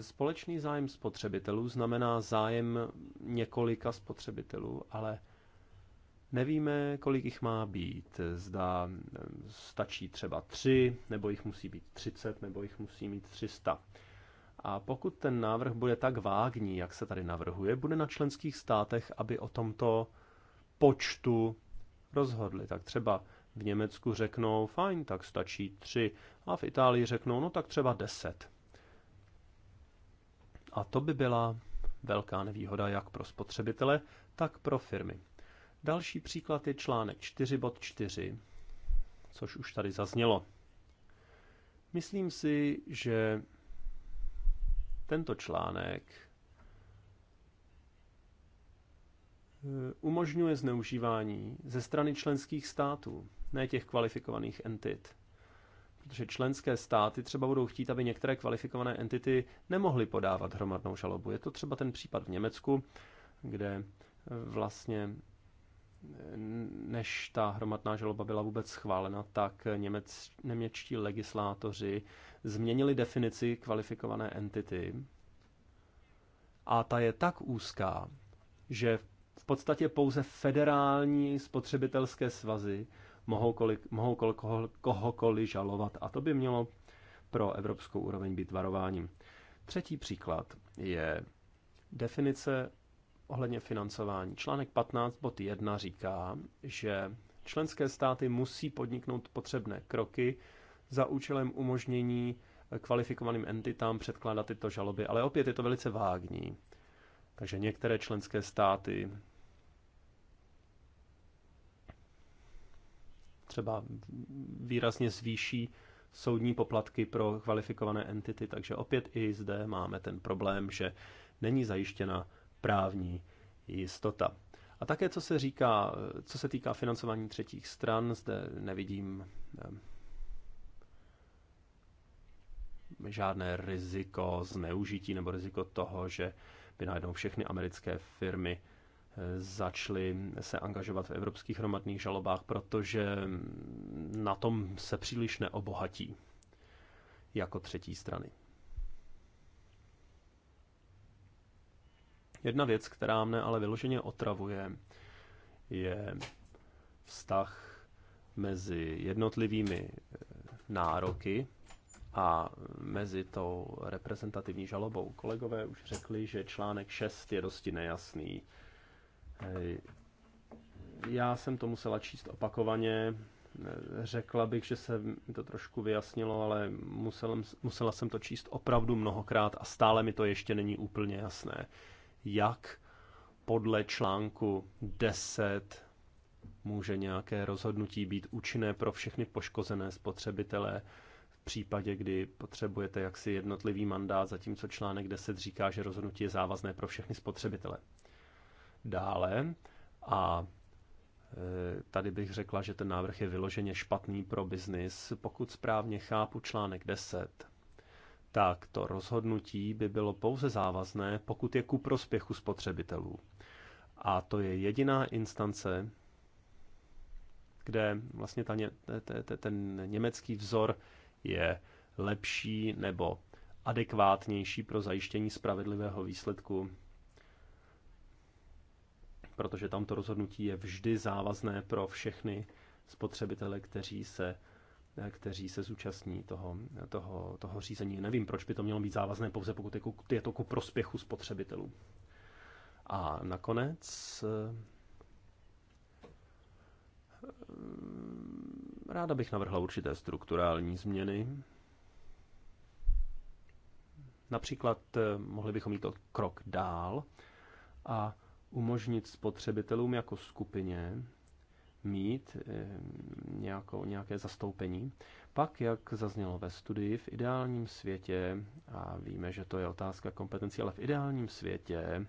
Společný zájem spotřebitelů znamená zájem několika spotřebitelů, ale nevíme, kolik jich má být. Zda eh, stačí třeba tři, nebo jich musí být třicet, nebo jich musí mít třista. A pokud ten návrh bude tak vágní, jak se tady navrhuje, bude na členských státech, aby o tomto počtu rozhodli. Tak třeba v Německu řeknou, fajn, tak stačí tři. A v Itálii řeknou, no tak třeba deset. A to by byla velká nevýhoda jak pro spotřebitele, tak pro firmy. Další příklad je článek 4.4, bod což už tady zaznělo. Myslím si, že tento článek eh, umožňuje zneužívání ze strany členských států, ne těch kvalifikovaných entit protože členské státy třeba budou chtít, aby některé kvalifikované entity nemohly podávat hromadnou žalobu. Je to třeba ten případ v Německu, kde eh, vlastně eh, než ta hromadná žaloba byla vůbec schválena, tak němec, němečtí legislátoři změnili definici kvalifikované entity a ta je tak úzká, že v podstatě pouze federální spotřebitelské svazy mohou, kolik, mohou kol, koho, kohokoliv žalovat. A to by mělo pro evropskou úroveň být varováním. Třetí příklad je definice ohledně financování. Článek 15 bod 1 říká, že členské státy musí podniknout potřebné kroky za účelem umožnění kvalifikovaným entitám předkládat tyto žaloby, ale opět je to velice vágní. Takže některé členské státy třeba výrazně zvýší soudní poplatky pro kvalifikované entity, takže opět i zde máme ten problém, že není zajištěna právní jistota. A také, co se říká, co se týká financování třetích stran, zde nevidím ehm, žádné riziko zneužití nebo riziko toho, že by najednou všechny americké firmy začali se angažovat v evropských hromadných žalobách, protože na tom se příliš neobohatí jako třetí strany. Jedna věc, která mne ale vyloženě otravuje, je vztah mezi jednotlivými eh, nároky a mezi tou reprezentativní žalobou. Kolegové už řekli, že článek 6 je dosti nejasný já jsem to musela číst opakovaně. Řekla bych, že se mi to trošku vyjasnilo, ale musel, musela jsem to číst opravdu mnohokrát a stále mi to ještě není úplně jasné, jak podle článku 10 může nějaké rozhodnutí být účinné pro všechny poškozené spotřebitele v případě, kdy potřebujete jaksi jednotlivý mandát, zatímco článek 10 říká, že rozhodnutí je závazné pro všechny spotřebitele dále. A e, tady bych řekla, že ten návrh je vyloženě špatný pro biznis. Pokud správně chápu článek 10, tak to rozhodnutí by bylo pouze závazné, pokud je ku prospěchu spotřebitelů. A to je jediná instance, kde vlastně ta, ten německý vzor je lepší nebo adekvátnější pro zajištění spravedlivého výsledku protože tam to rozhodnutí je vždy závazné pro všechny spotřebitele, kteří se, kteří se zúčastní toho, toho, toho řízení. Nevím, proč by to mělo být závazné pouze, pokud je to ku prospěchu spotřebitelů. A nakonec eh, ráda bych navrhla určité strukturální změny. Například eh, mohli bychom jít o krok dál a umožnit spotřebitelům jako skupině mít eh, nějakou, nějaké zastoupení. Pak, jak zaznělo ve studii, v ideálním světě, a víme, že to je otázka kompetencí, ale v ideálním světě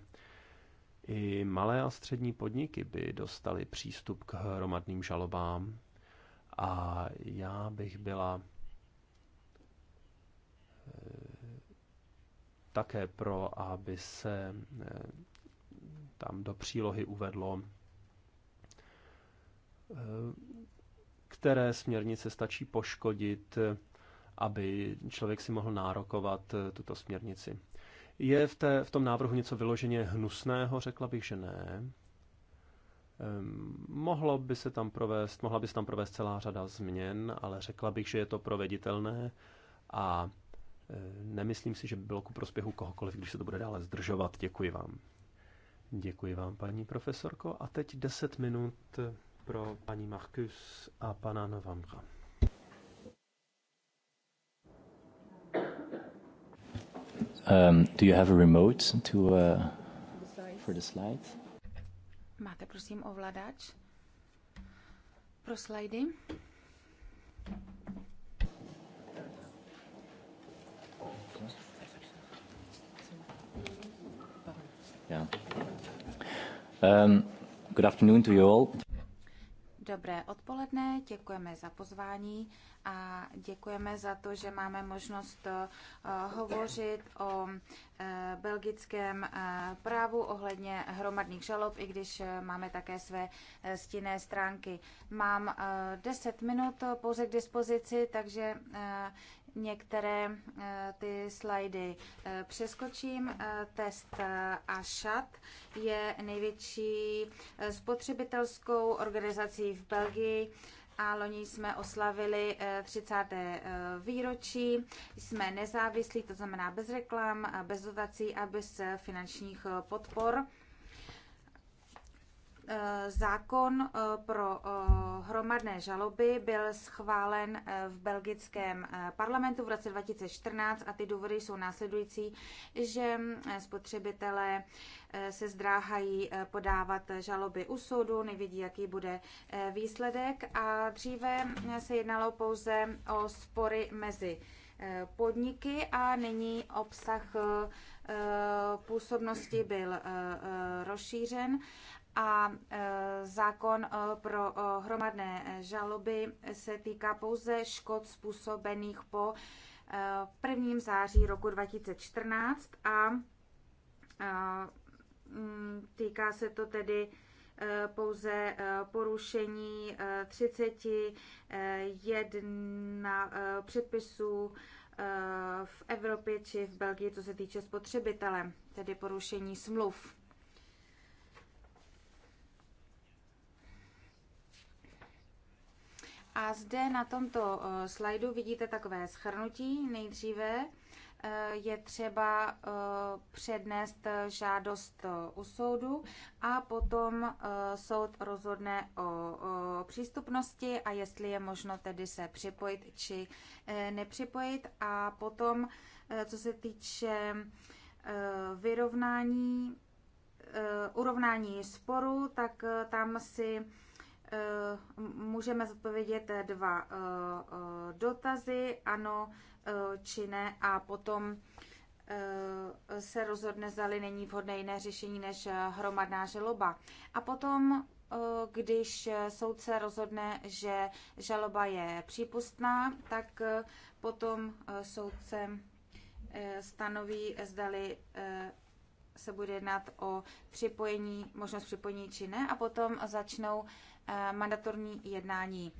i malé a střední podniky by dostaly přístup k hromadným žalobám. A já bych byla eh, také pro, aby se eh, tam do přílohy uvedlo, eh, které směrnice stačí poškodit, aby člověk si mohl nárokovat eh, tuto směrnici. Je v, té, v tom návrhu něco vyloženě hnusného? Řekla bych, že ne. Ehm, mohlo by se tam provést, mohla by se tam provést celá řada změn, ale řekla bych, že je to proveditelné a eh, nemyslím si, že by bylo ku prospěchu kohokoliv, když se to bude dále zdržovat. Děkuji vám. Děkuji vám, paní profesorko. A teď 10 minut pro paní Marcus a pana Novamra. Um, do you have a remote to, uh, for the slides? Máte prosím ovladač pro slidy? Yeah. Um, good afternoon to you all. Dobré odpoledne, děkujeme za pozvání a děkujeme za to, že máme možnost uh, hovořit o uh, belgickém uh, právu ohledně hromadných žalob, i když máme také své stinné stránky. Mám 10 minut pouze k dispozici, takže Některé eh, ty slajdy eh, přeskočím. Eh, test šat je největší spotřebitelskou organizací v Belgii a loni jsme oslavili 30. výročí. Jsme nezávislí, to znamená bez reklam, bez dotací a bez finančních podpor. Eh, zákon eh, pro eh, hromadné žaloby byl schválen v belgickém parlamentu v roce 2014 a ty důvody jsou následující, že mm, spotřebitelé se zdráhají podávat žaloby u soudu, nevidí, jaký bude výsledek a dříve mm, se jednalo pouze o spory mezi podniky a nyní obsah Eh, působnosti byl eh, eh, rozšířen a zákon pro hromadné žaloby se týká pouze škod způsobených po 1. září roku 2014 a mm, týká se to tedy pouze porušení 31 předpisů Eh, v Evropě či v Belgii, co se týče spotřebitele, tedy porušení smluv. A zde na tomto eh, slajdu vidíte takové schrnutí nejdříve Eh, je třeba eh, přednést eh, žádost u soudu a potom soud rozhodne o přístupnosti a jestli je možno tedy se připojit či nepřipojit. A potom, co se týče vyrovnání, urovnání sporu, tak tam si můžeme zodpovědět dva dotazy. Ano, Eh, či ne a potom eh, se rozhodne, zdali není vhodné jiné řešení než eh, hromadná žaloba. A potom, když soudce rozhodne, že žaloba je přípustná, tak potom soudce stanoví, zdali se bude jednat o připojení, možnost připojení či ne, a potom začnou mandatorní jednání.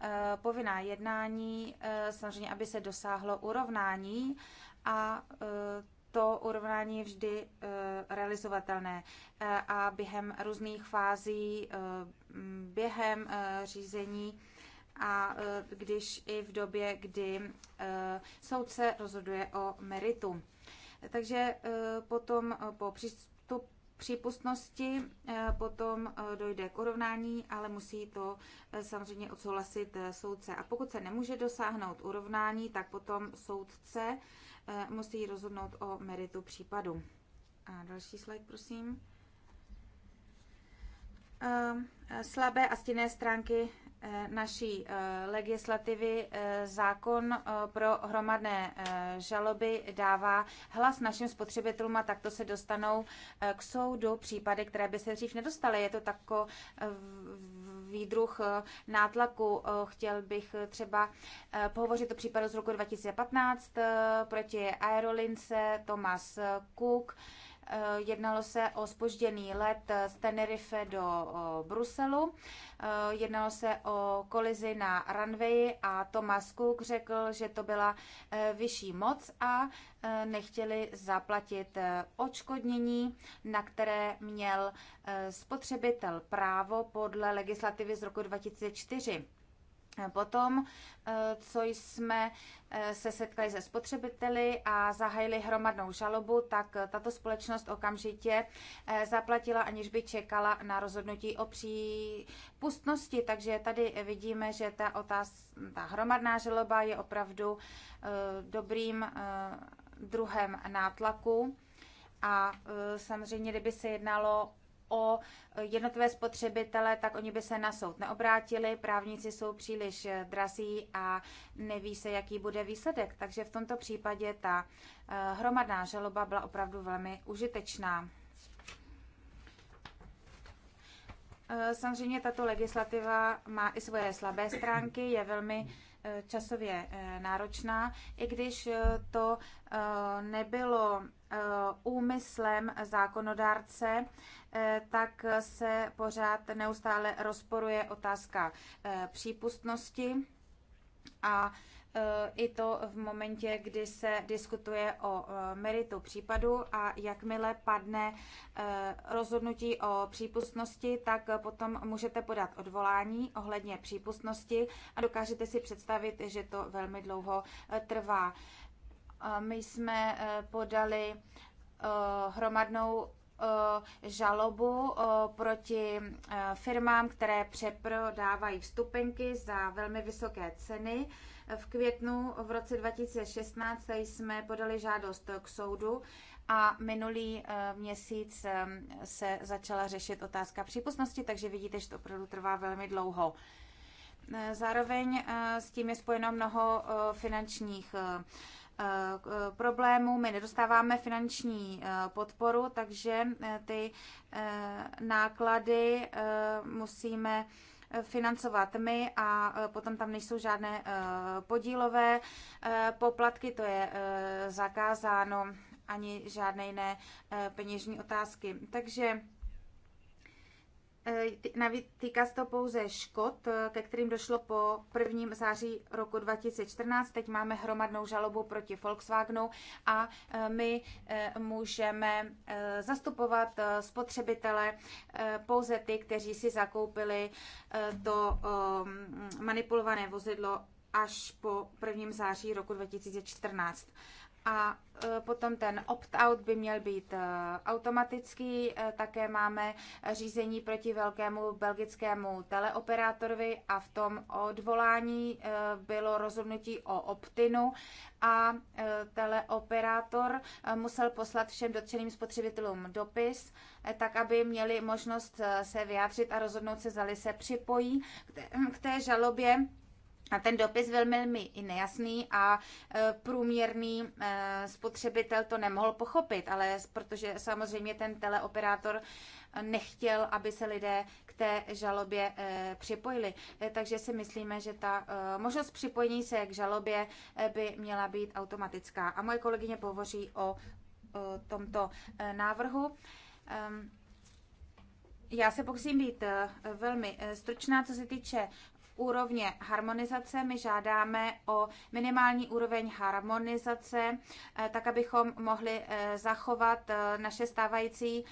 Eh, povinná jednání, eh, samozřejmě, aby se dosáhlo urovnání a eh, to urovnání je vždy realizovatelné a během různých fází, během řízení a když i v době, kdy soudce rozhoduje o meritu. Takže potom po přípustnosti, eh, potom eh, dojde k urovnání, ale musí to eh, samozřejmě odsouhlasit soudce. A pokud se nemůže dosáhnout urovnání, tak potom soudce musí rozhodnout o meritu případu. A další slide, prosím. Slabé a stinné stránky Eh, naší eh, legislativy eh, zákon pro hromadné žaloby dává hlas našim spotřebitelům a takto se dostanou k soudu případy, které by se dřív nedostaly. Je to takový výdruh nátlaku. Chtěl bych třeba pohovořit o případu z roku 2015 proti aerolince Thomas Cook, Eh, jednalo se o spožděný let eh, z Tenerife do eh, Bruselu, jednalo se o kolizi na runway a Thomas Cook řekl, že to byla vyšší moc a nechtěli zaplatit očkodnění, na které měl spotřebitel právo podle legislativy z roku 2004. Potom, eh, co jsme eh, se setkali se spotřebiteli a zahájili hromadnou žalobu, tak eh, tato společnost okamžitě zaplatila, aniž by čekala na rozhodnutí o přípustnosti. Takže tady vidíme, že ta, otáz, ta hromadná žaloba je opravdu dobrým druhem nátlaku. A samozřejmě, kdyby se jednalo o jednotlivé spotřebitele, tak oni by se na soud neobrátili, právníci jsou příliš drazí a neví se, jaký bude výsledek. Takže v tomto případě ta eh, hromadná žaloba byla opravdu velmi užitečná. Eh, samozřejmě tato legislativa má i svoje slabé stránky, je velmi eh, časově náročná, i když to nebylo Eh, úmyslem zákonodárce, eh, tak se pořád neustále rozporuje otázka eh, přípustnosti a i to v momentě, kdy se diskutuje o meritu případu a jakmile padne rozhodnutí o přípustnosti, tak potom můžete podat odvolání ohledně přípustnosti a dokážete si představit, že to velmi dlouho trvá. My jsme eh, podali eh, hromadnou eh, žalobu proti firmám, které přeprodávají vstupenky za velmi vysoké ceny. V květnu v roce 2016 jsme podali žádost k soudu a minulý měsíc se začala řešit otázka přípustnosti, takže vidíte, že to opravdu trvá velmi dlouho. Zároveň s tím je spojeno mnoho finančních Eh, problémů. My nedostáváme finanční eh, podporu, takže eh, ty náklady musíme financovat my a potom tam nejsou žádné podílové poplatky, to je zakázáno ani žádné jiné peněžní otázky. Takže Týká se to pouze škod, eh, ke kterým došlo po 1. září roku 2014. Teď máme hromadnou žalobu proti Volkswagenu a eh, my eh, můžeme zastupovat spotřebitele pouze ty, kteří si zakoupili to manipulované vozidlo až po 1. září roku 2014 a e, Potom ten opt-out by měl být e, automatický. E, také máme řízení proti velkému belgickému teleoperátorovi a v tom odvolání bylo rozhodnutí o optinu a teleoperátor musel poslat všem dotčeným spotřebitelům dopis, tak aby měli možnost se vyjádřit a rozhodnout se, zali se připojí k té žalobě a ten dopis byl velmi nejasný a e, průměrný e, spotřebitel to nemohl pochopit, ale protože samozřejmě ten teleoperátor e, nechtěl, aby se lidé k té žalobě připojili. Takže si myslíme, že ta možnost připojení se k žalobě by měla být automatická. A moje kolegyně pohovoří o tomto návrhu. Ehm, já se pokusím být velmi stručná, co se týče úrovně harmonizace. My žádáme o minimální úroveň harmonizace, eh, tak abychom mohli eh, zachovat eh, naše stávající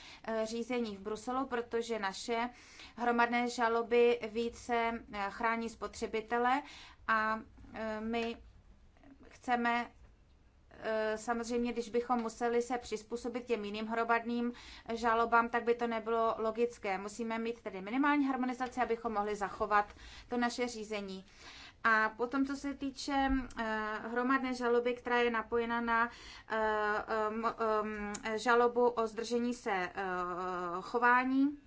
řízení v Bruselu, protože naše hromadné žaloby více chrání spotřebitele a my chceme Eh, samozřejmě, když bychom museli se přizpůsobit těm jiným hromadným žalobám, tak by to nebylo logické. Musíme mít tedy minimální harmonizaci, abychom mohli zachovat to naše řízení. A potom, co se týče eh, hromadné žaloby, která je napojena na eh, žalobu o zdržení se chování,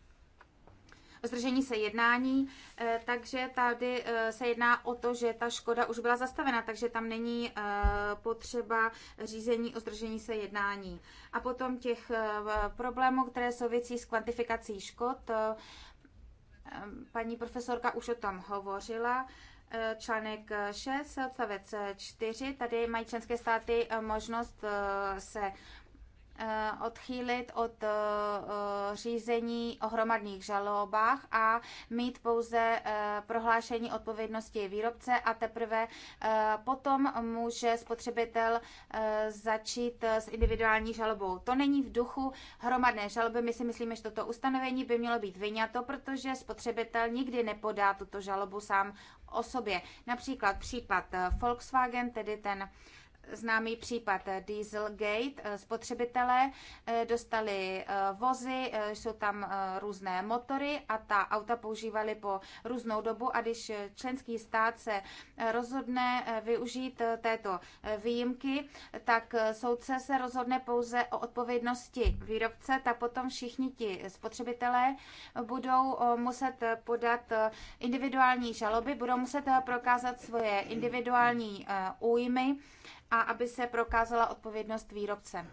zdržení se jednání, eh, takže tady eh, se jedná o to, že ta škoda už byla zastavena, takže tam není eh, potřeba řízení o zdržení se jednání. A potom těch problémů, které souvisí s kvantifikací škod, paní profesorka už o tom hovořila, článek 6, odstavec 4. Tady mají členské státy možnost se Eh, odchýlit od eh, eh, řízení o hromadných žalobách a mít pouze prohlášení odpovědnosti výrobce a teprve potom může spotřebitel začít s individuální žalobou. To není v duchu hromadné žaloby. My si myslíme, že toto ustanovení by mělo být vyňato, protože spotřebitel nikdy nepodá tuto žalobu sám o sobě. Například případ Volkswagen, tedy ten uh, známý případ Dieselgate. Eh, spotřebitelé eh, dostali eh, vozy, jsou tam různé motory a ta auta používali po různou dobu a když členský stát se rozhodne využít této výjimky, tak soudce se rozhodne pouze o odpovědnosti výrobce, tak potom všichni ti spotřebitelé budou muset podat individuální žaloby, budou muset prokázat svoje individuální újmy, a aby se prokázala odpovědnost výrobce.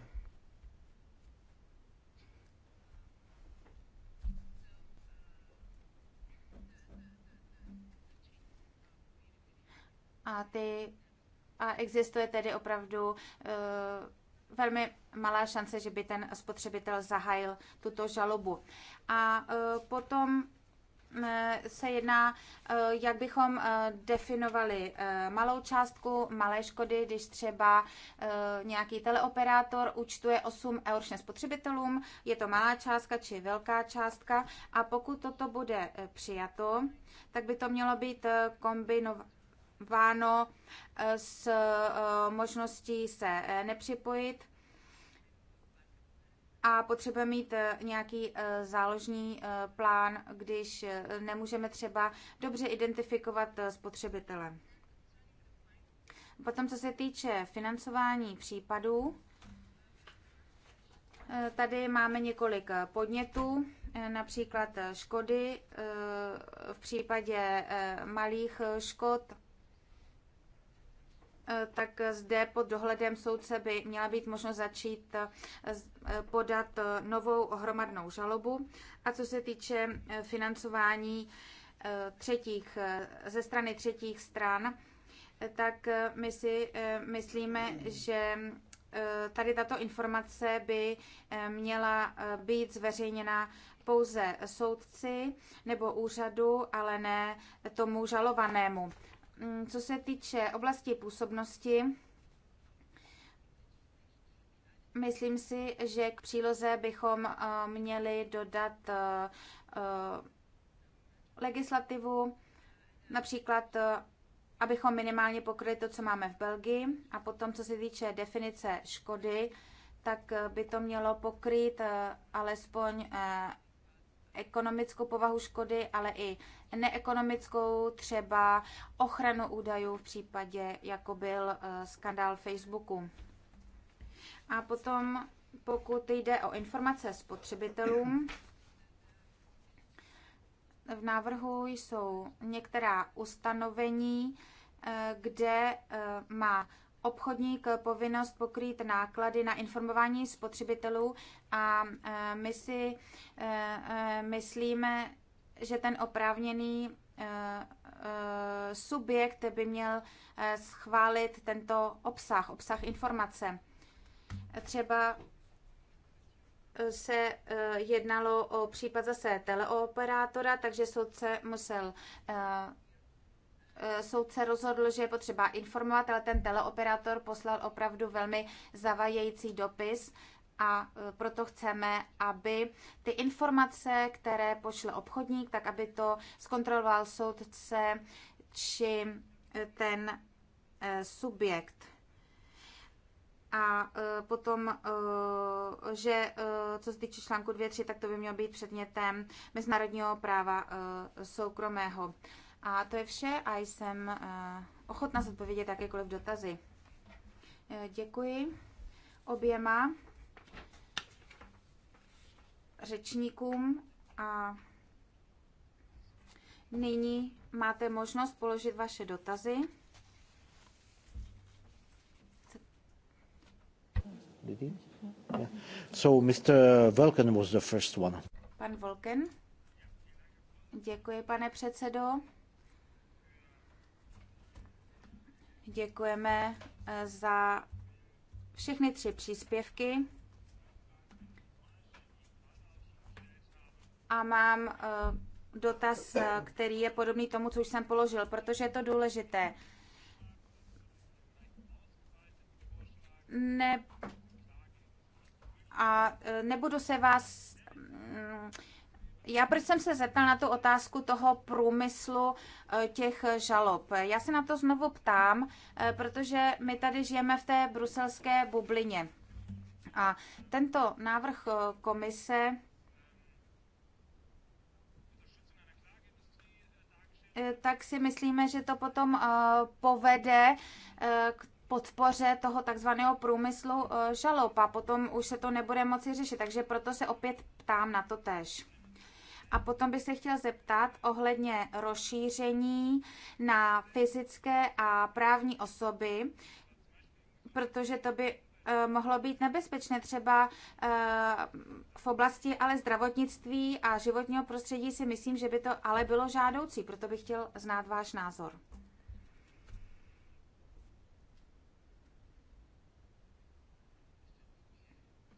A, ty, a existuje tedy opravdu e, velmi malá šance, že by ten spotřebitel zahájil tuto žalobu. A e, potom Eh, se jedná, eh, jak bychom eh, definovali malou částku, malé škody, když třeba nějaký teleoperátor účtuje 8 eur spotřebitelům, je to malá částka či velká částka a pokud toto bude přijato, tak by to mělo být kombinováno s možností se nepřipojit a potřebujeme mít eh, nějaký eh, záložní eh, plán, když nemůžeme třeba dobře identifikovat spotřebitele. Potom, co se týče financování případů, tady máme několik podnětů, například škody v případě malých škod Eh, tak zde pod dohledem soudce by měla být možnost začít eh, eh, podat novou hromadnou žalobu. A co se týče financování třetích, ze strany třetích stran, tak my si myslíme, že tady tato informace by měla být zveřejněna pouze soudci nebo úřadu, ale ne tomu žalovanému. Mm, co se týče oblasti působnosti, myslím si, že k příloze bychom eh, měli dodat eh, eh, legislativu, například abychom minimálně pokryli to, co máme v Belgii. A potom, co se týče definice škody, tak by to mělo pokrýt alespoň ekonomickou povahu škody, ale i neekonomickou, třeba ochranu údajů v případě, jako byl eh, skandál Facebooku. A potom, pokud jde o informace spotřebitelům, v návrhu jsou některá ustanovení, eh, kde eh, má obchodník povinnost pokrýt náklady na informování spotřebitelů a my si myslíme, že ten oprávněný eh, eh, subjekt by měl eh, schválit tento obsah, obsah informace. Třeba se jednalo o případ zase teleoperátora, takže soudce musel soudce rozhodl, že je potřeba informovat, ale ten teleoperátor poslal opravdu velmi zavajející dopis a e, proto chceme, aby ty informace, které pošle obchodník, tak aby to zkontroloval soudce či e, ten e, subjekt. A potom, že co se týče článku 2.3, tak to by mělo být předmětem mezinárodního práva soukromého. A to je vše a jsem ochotna zodpovědět jakékoliv dotazy. Děkuji oběma řečníkům a nyní máte možnost položit vaše dotazy. So Mr. Volken was the first one. Pan Volken. Děkuji, pane předsedo. Děkujeme eh, za všechny tři příspěvky. a mám eh, dotaz, eh, který je podobný tomu, co už jsem položil, protože je to důležité. Ne, a eh, nebudu se vás. Mm, já proč jsem se zeptal na tu otázku toho průmyslu těch žalob? Já se na to znovu ptám, protože my tady žijeme v té bruselské bublině. A tento návrh komise Eh, tak si myslíme, že to potom eh, povede eh, k podpoře toho takzvaného průmyslu žalob a potom už se to nebude moci řešit. Takže proto se opět ptám na to tež. A potom bych se chtěla zeptat ohledně rozšíření na fyzické a právní osoby, protože to by Eh, mohlo být nebezpečné. Třeba eh, v oblasti ale zdravotnictví a životního prostředí si myslím, že by to ale bylo žádoucí. Proto bych chtěl znát váš názor.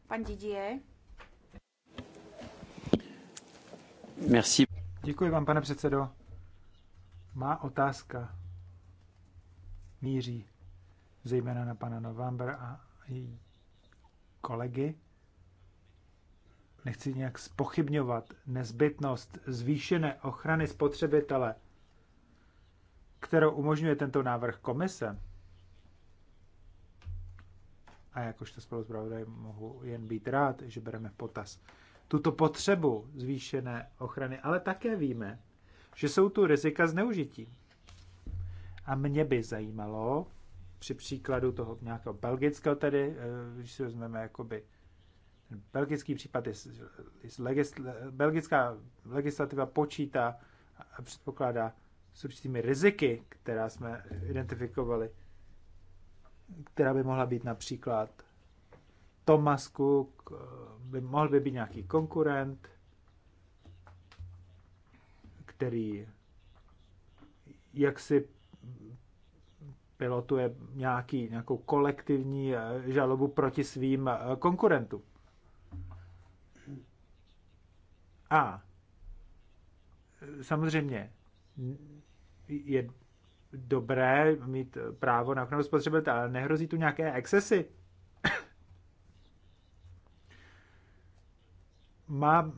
Pan Didier. Merci. Děkuji vám, pane předsedo. Má otázka míří zejména na pana November a kolegy. Nechci nějak spochybňovat nezbytnost zvýšené ochrany spotřebitele, kterou umožňuje tento návrh komise. A jakožto spoluzpravodaj mohu jen být rád, že bereme potaz tuto potřebu zvýšené ochrany, ale také víme, že jsou tu rizika zneužití. A mě by zajímalo, při příkladu toho nějakého belgického tedy, eh, když si vezmeme jakoby belgický případ, je, je legisl, belgická legislativa počítá a předpokládá s určitými riziky, která jsme identifikovali, která by mohla být například Tomasku, by, mohl by být nějaký konkurent, který jak si pilotuje nějaký, nějakou kolektivní eh, žalobu proti svým eh, konkurentům. A eh, samozřejmě je dobré mít právo na ochranu spotřebitele, ale nehrozí tu nějaké excesy. Má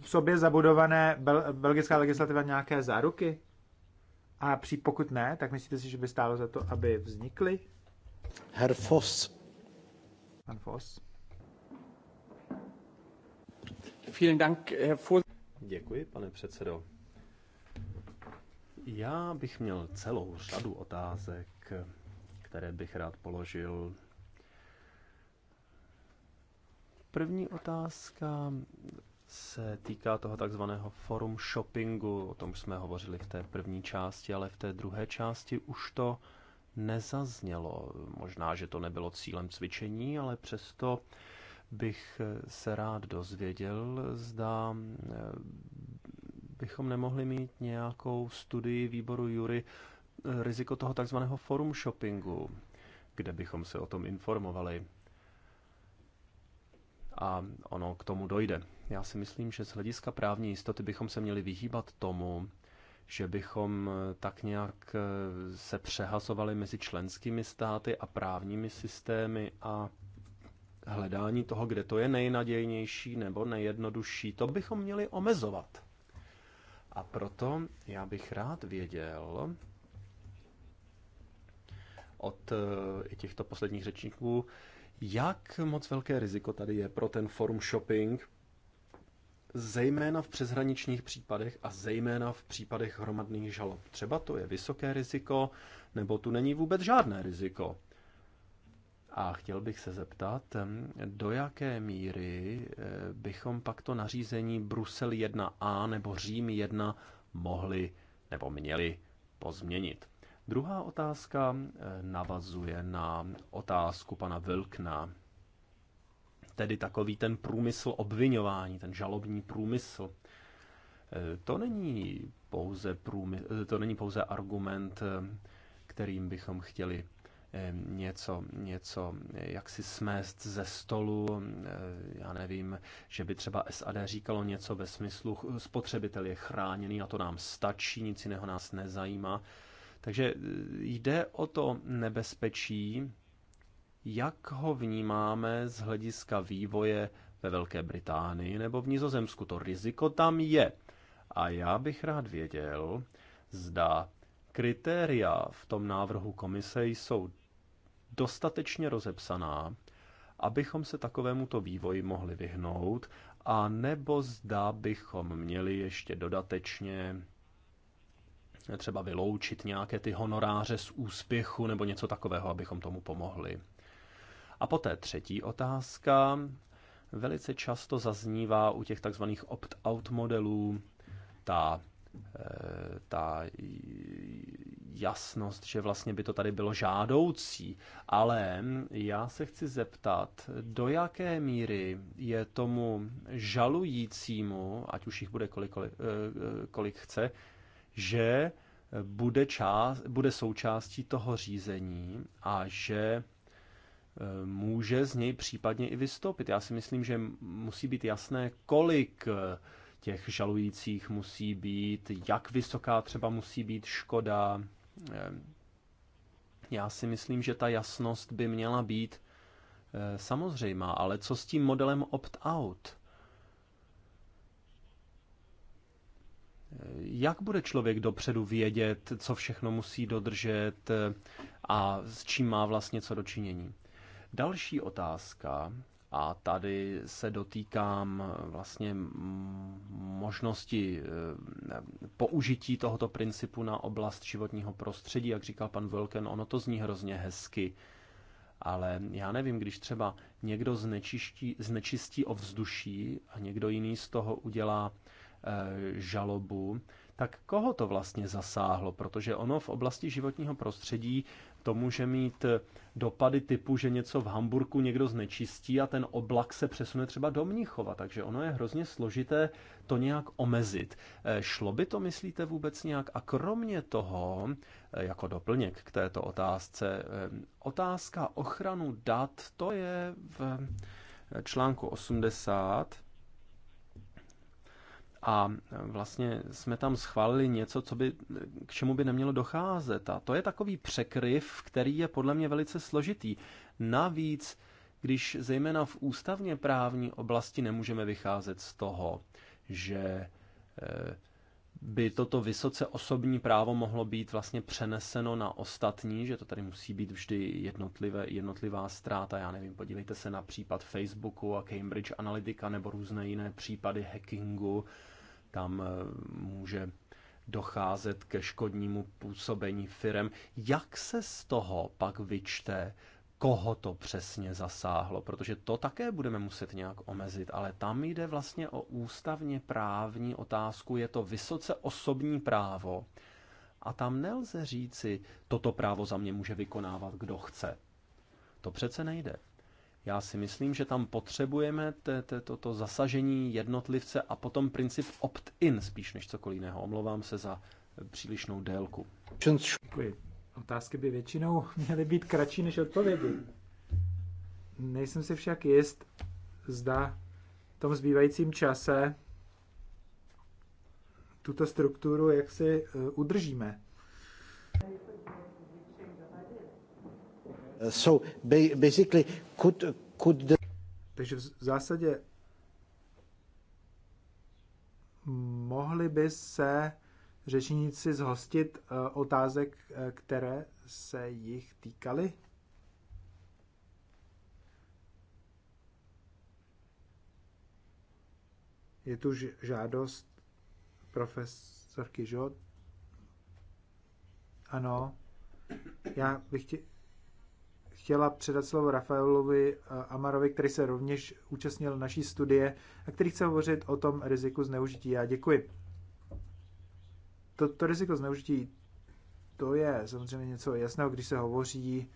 v sobě zabudované bel- belgická legislativa nějaké záruky? A při, pokud ne, tak myslíte si, že by stálo za to, aby vznikly? Herr Foss, Pan Foss. Vielen Dank, Herr Foss. Děkuji, pane předsedo. Já bych měl celou řadu otázek, které bych rád položil. První otázka se týká toho takzvaného forum shoppingu. O tom jsme hovořili v té první části, ale v té druhé části už to nezaznělo. Možná, že to nebylo cílem cvičení, ale přesto bych se rád dozvěděl, zda eh, bychom nemohli mít nějakou studii výboru Jury eh, riziko toho takzvaného forum shoppingu, kde bychom se o tom informovali. A ono k tomu dojde. Já si myslím, že z hlediska právní jistoty bychom se měli vyhýbat tomu, že bychom eh, tak nějak eh, se přehazovali mezi členskými státy a právními systémy a hledání toho, kde to je nejnadějnější nebo nejjednodušší, to bychom měli omezovat. A proto já bych rád věděl od eh, i těchto posledních řečníků, jak moc velké riziko tady je pro ten forum shopping, zejména v přeshraničních případech a zejména v případech hromadných žalob. Třeba to je vysoké riziko, nebo tu není vůbec žádné riziko. A chtěl bych se zeptat, do jaké míry eh, bychom pak to nařízení Brusel 1a nebo Řím 1 mohli nebo měli pozměnit. Druhá otázka eh, navazuje na otázku pana Vilkna tedy takový ten průmysl obvinování, ten žalobní průmysl. E, to není pouze, průmysl, e, to není pouze argument, e, kterým bychom chtěli něco, něco jak si smést ze stolu, já nevím, že by třeba SAD říkalo něco ve smyslu spotřebitel je chráněný a to nám stačí, nic jiného nás nezajímá. Takže jde o to nebezpečí, jak ho vnímáme z hlediska vývoje ve Velké Británii nebo v Nizozemsku. To riziko tam je. A já bych rád věděl, zda kritéria v tom návrhu komise jsou dostatečně rozepsaná, abychom se takovémuto vývoji mohli vyhnout, a nebo zda bychom měli ještě dodatečně třeba vyloučit nějaké ty honoráře z úspěchu nebo něco takového, abychom tomu pomohli. A poté třetí otázka. Velice často zaznívá u těch takzvaných opt-out modelů ta, eh, ta jasnost, že vlastně by to tady bylo žádoucí. Ale já se chci zeptat, do jaké míry je tomu žalujícímu, ať už jich bude kolik, kolik, eh, eh, kolik chce, že bude, část, bude součástí toho řízení a že může z něj případně i vystoupit. Já si myslím, že musí být jasné, kolik eh, těch žalujících musí být, jak vysoká třeba musí být škoda. Eh, já si myslím, že ta jasnost by měla být eh, samozřejmá, ale co s tím modelem opt-out? Jak bude člověk dopředu vědět, co všechno musí dodržet a s čím má vlastně co dočinění? Další otázka, a tady se dotýkám vlastně možnosti e, použití tohoto principu na oblast životního prostředí, jak říkal pan Wilken, ono to zní hrozně hezky, ale já nevím, když třeba někdo znečiští, znečistí ovzduší a někdo jiný z toho udělá e, žalobu, tak koho to vlastně zasáhlo? Protože ono v oblasti životního prostředí to může mít dopady typu, že něco v Hamburku někdo znečistí a ten oblak se přesune třeba do Mnichova, takže ono je hrozně složité to nějak omezit. Eh, šlo by to, myslíte, vůbec nějak? A kromě toho, eh, jako doplněk k této otázce, eh, otázka ochranu dat, to je v článku 80 a vlastně jsme tam schválili něco, co by, k čemu by nemělo docházet. A to je takový překryv, který je podle mě velice složitý. Navíc, když zejména v ústavně právní oblasti nemůžeme vycházet z toho, že e, by toto vysoce osobní právo mohlo být vlastně přeneseno na ostatní, že to tady musí být vždy jednotlivé, jednotlivá ztráta. Já nevím, podívejte se na případ Facebooku a Cambridge Analytica nebo různé jiné případy hackingu, tam eh, může docházet ke škodnímu působení firem. Jak se z toho pak vyčte, koho to přesně zasáhlo? Protože to také budeme muset nějak omezit, ale tam jde vlastně o ústavně právní otázku. Je to vysoce osobní právo a tam nelze říci, toto právo za mě může vykonávat kdo chce. To přece nejde. Já si myslím, že tam potřebujeme toto zasažení jednotlivce a potom princip opt-in spíš než cokoliv jiného. Omlouvám se za přílišnou délku. Děkuji. Otázky by většinou měly být kratší než odpovědi. Nejsem si však jist, zda v tom zbývajícím čase tuto strukturu jak si eh, udržíme. So basically, could, could the... Takže v zásadě mohli by se řečníci zhostit eh, otázek, eh, které se jich týkaly? Je tu žádost profesorky Žod? Ano. Já bych chtěl, chtěla předat slovo Rafaelovi eh, Amarovi, který se rovněž účastnil naší studie a který chce hovořit o tom riziku zneužití. Já děkuji. to riziko zneužití, to je samozřejmě něco jasného, když se hovoří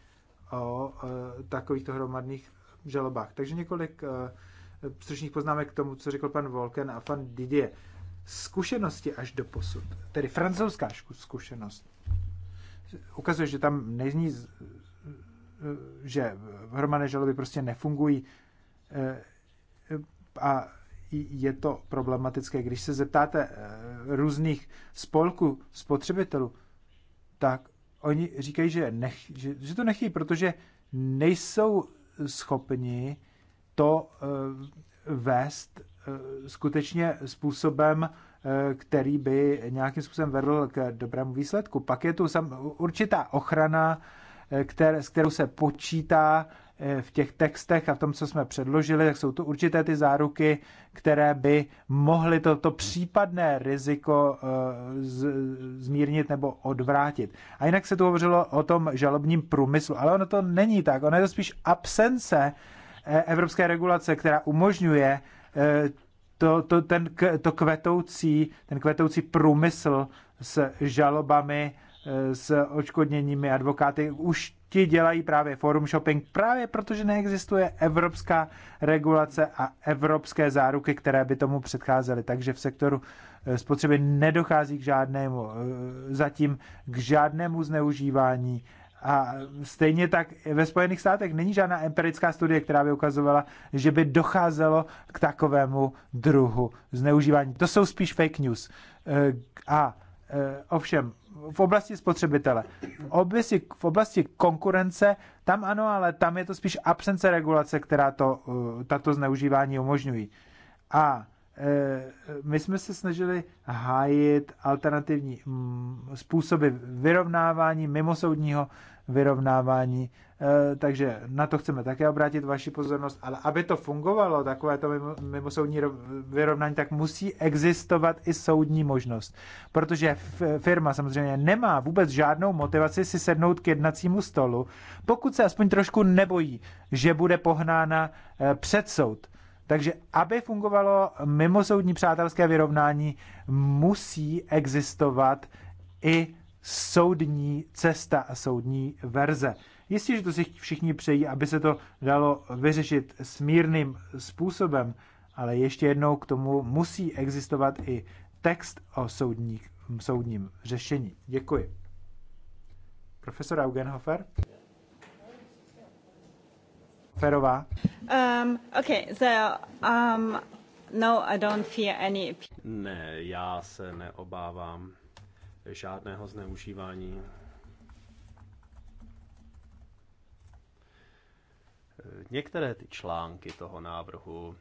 o eh, takovýchto hromadných žalobách. Takže několik eh, stručných poznámek k tomu, co řekl pan Volken a pan Didier. Zkušenosti až do posud, tedy francouzská zkušenost, ukazuje, že tam není že hromadné žaloby prostě nefungují eh, a je to problematické. Když se zeptáte eh, různých spolků spotřebitelů, tak oni říkají, že, nech, že, že to nechtějí, protože nejsou schopni to eh, vést skutečně způsobem, který by nějakým způsobem vedl k dobrému výsledku. Pak je tu sam, určitá ochrana Eh, které, s kterou se počítá eh, v těch textech a v tom, co jsme předložili, tak jsou to určité ty záruky, které by mohly toto případné riziko eh, z, zmírnit nebo odvrátit. A jinak se tu hovořilo o tom žalobním průmyslu, ale ono to není tak. Ono je to spíš absence evropské regulace, která umožňuje to, to, ten, to kvetoucí, ten kvetoucí průmysl s žalobami s očkodněními advokáty už ti dělají právě forum shopping, právě protože neexistuje evropská regulace a evropské záruky, které by tomu předcházely. Takže v sektoru eh, spotřeby nedochází k žádnému, eh, zatím k žádnému zneužívání. A stejně tak ve Spojených státech není žádná empirická studie, která by ukazovala, že by docházelo k takovému druhu zneužívání. To jsou spíš fake news. Eh, a ovšem v oblasti spotřebitele. V oblasti, v oblasti konkurence, tam ano, ale tam je to spíš absence regulace, která to, eh, tato zneužívání umožňují. A eh, my jsme se snažili hájit alternativní mm, způsoby vyrovnávání mimosoudního vyrovnávání. Eh, takže na to chceme také obrátit vaši pozornost, ale aby to fungovalo, takové to mimosoudní vyrovnání, tak musí existovat i soudní možnost. Protože firma samozřejmě nemá vůbec žádnou motivaci si sednout k jednacímu stolu, pokud se aspoň trošku nebojí, že bude pohnána eh, před soud. Takže aby fungovalo mimosoudní přátelské vyrovnání, musí existovat i soudní cesta a soudní verze. Jistě, že to si všichni přejí, aby se to dalo vyřešit smírným způsobem, ale ještě jednou k tomu musí existovat i text o soudní, soudním řešení. Děkuji. Profesor Augenhofer? Ferová? Um, okay, so, um, no, I don't fear any... Ne, já se neobávám žádného zneužívání. Některé ty články toho návrhu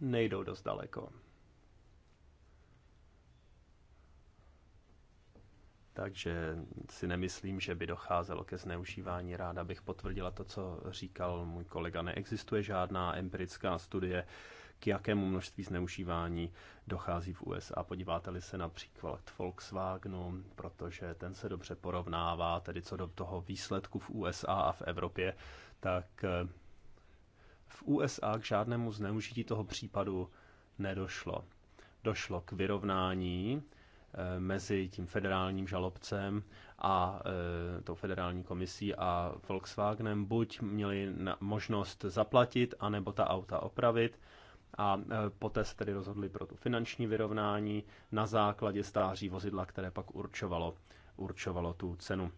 nejdou dost daleko. Takže si nemyslím, že by docházelo ke zneužívání. Ráda bych potvrdila to, co říkal můj kolega. Neexistuje žádná empirická studie, k jakému množství zneužívání dochází v USA. Podíváte-li se například Volkswagenu, protože ten se dobře porovnává, tedy co do toho výsledku v USA a v Evropě, tak eh, v USA k žádnému zneužití toho případu nedošlo. Došlo k vyrovnání eh, mezi tím federálním žalobcem a e, tou federální komisí a Volkswagenem buď měli možnost zaplatit, anebo ta auta opravit a e, poté se tedy rozhodli pro tu finanční vyrovnání na základě stáří vozidla, které pak určovalo, určovalo tu cenu.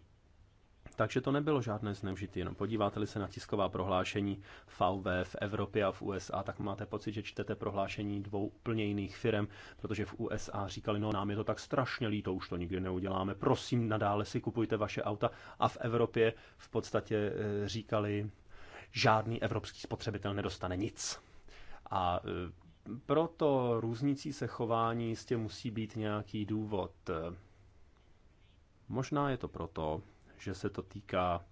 Takže to nebylo žádné zneužití, jenom podíváte-li se na tisková prohlášení VW v Evropě a v USA, tak máte pocit, že čtete prohlášení dvou úplně jiných firm, protože v USA říkali, no nám je to tak strašně líto, už to nikdy neuděláme, prosím nadále si kupujte vaše auta a v Evropě v podstatě e, říkali, žádný evropský spotřebitel nedostane nic. A e, proto různící se chování jistě musí být nějaký důvod. E, možná je to proto, že se to týká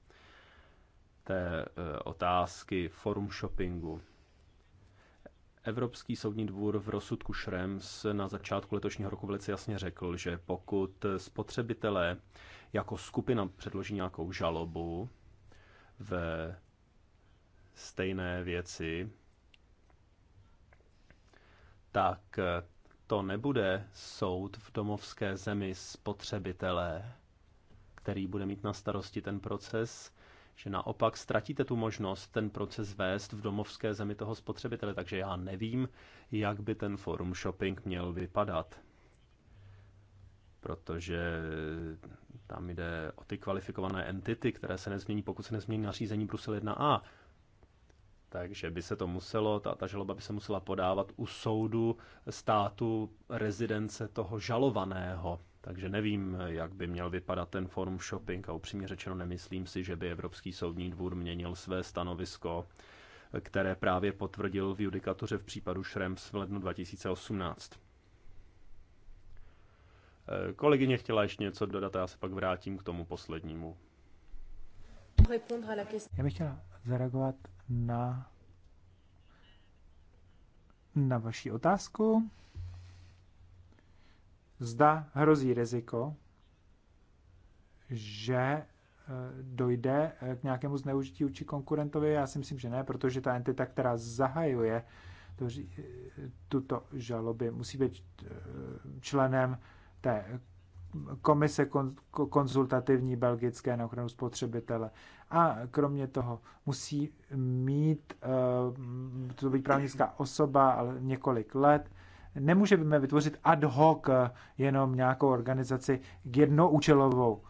té e, otázky forum shoppingu. Evropský soudní dvůr v rozsudku Schrems na začátku letošního roku velice jasně řekl, že pokud spotřebitelé jako skupina předloží nějakou žalobu ve stejné věci, tak eh, to nebude soud v domovské zemi spotřebitele, který bude mít na starosti ten proces, že naopak ztratíte tu možnost ten proces vést v domovské zemi toho spotřebitele, takže já nevím, jak by ten forum shopping měl vypadat. Protože tam jde o ty kvalifikované entity, které se nezmění, pokud se nezmění nařízení Brusel 1a. Takže by se to muselo, ta, ta žaloba by se musela podávat u soudu státu rezidence toho žalovaného. Takže nevím, jak by měl vypadat ten forum shopping a upřímně řečeno nemyslím si, že by Evropský soudní dvůr měnil své stanovisko, které právě potvrdil v judikatuře v případu Schrems v lednu 2018. Kolegyně chtěla ještě něco dodat a já se pak vrátím k tomu poslednímu. Já bych chtěla zareagovat na, na vaši otázku. Zda hrozí riziko, že eh, dojde eh, k nějakému zneužití uči konkurentovi? Já si myslím, že ne, protože ta entita, která zahajuje eh, tuto žaloby, musí být členem té komise konzultativní belgické na ochranu spotřebitele. A kromě toho musí mít, eh, to být právnická osoba, ale několik let. Nemůžeme vytvořit ad hoc eh, jenom nějakou organizaci jednoúčelovou.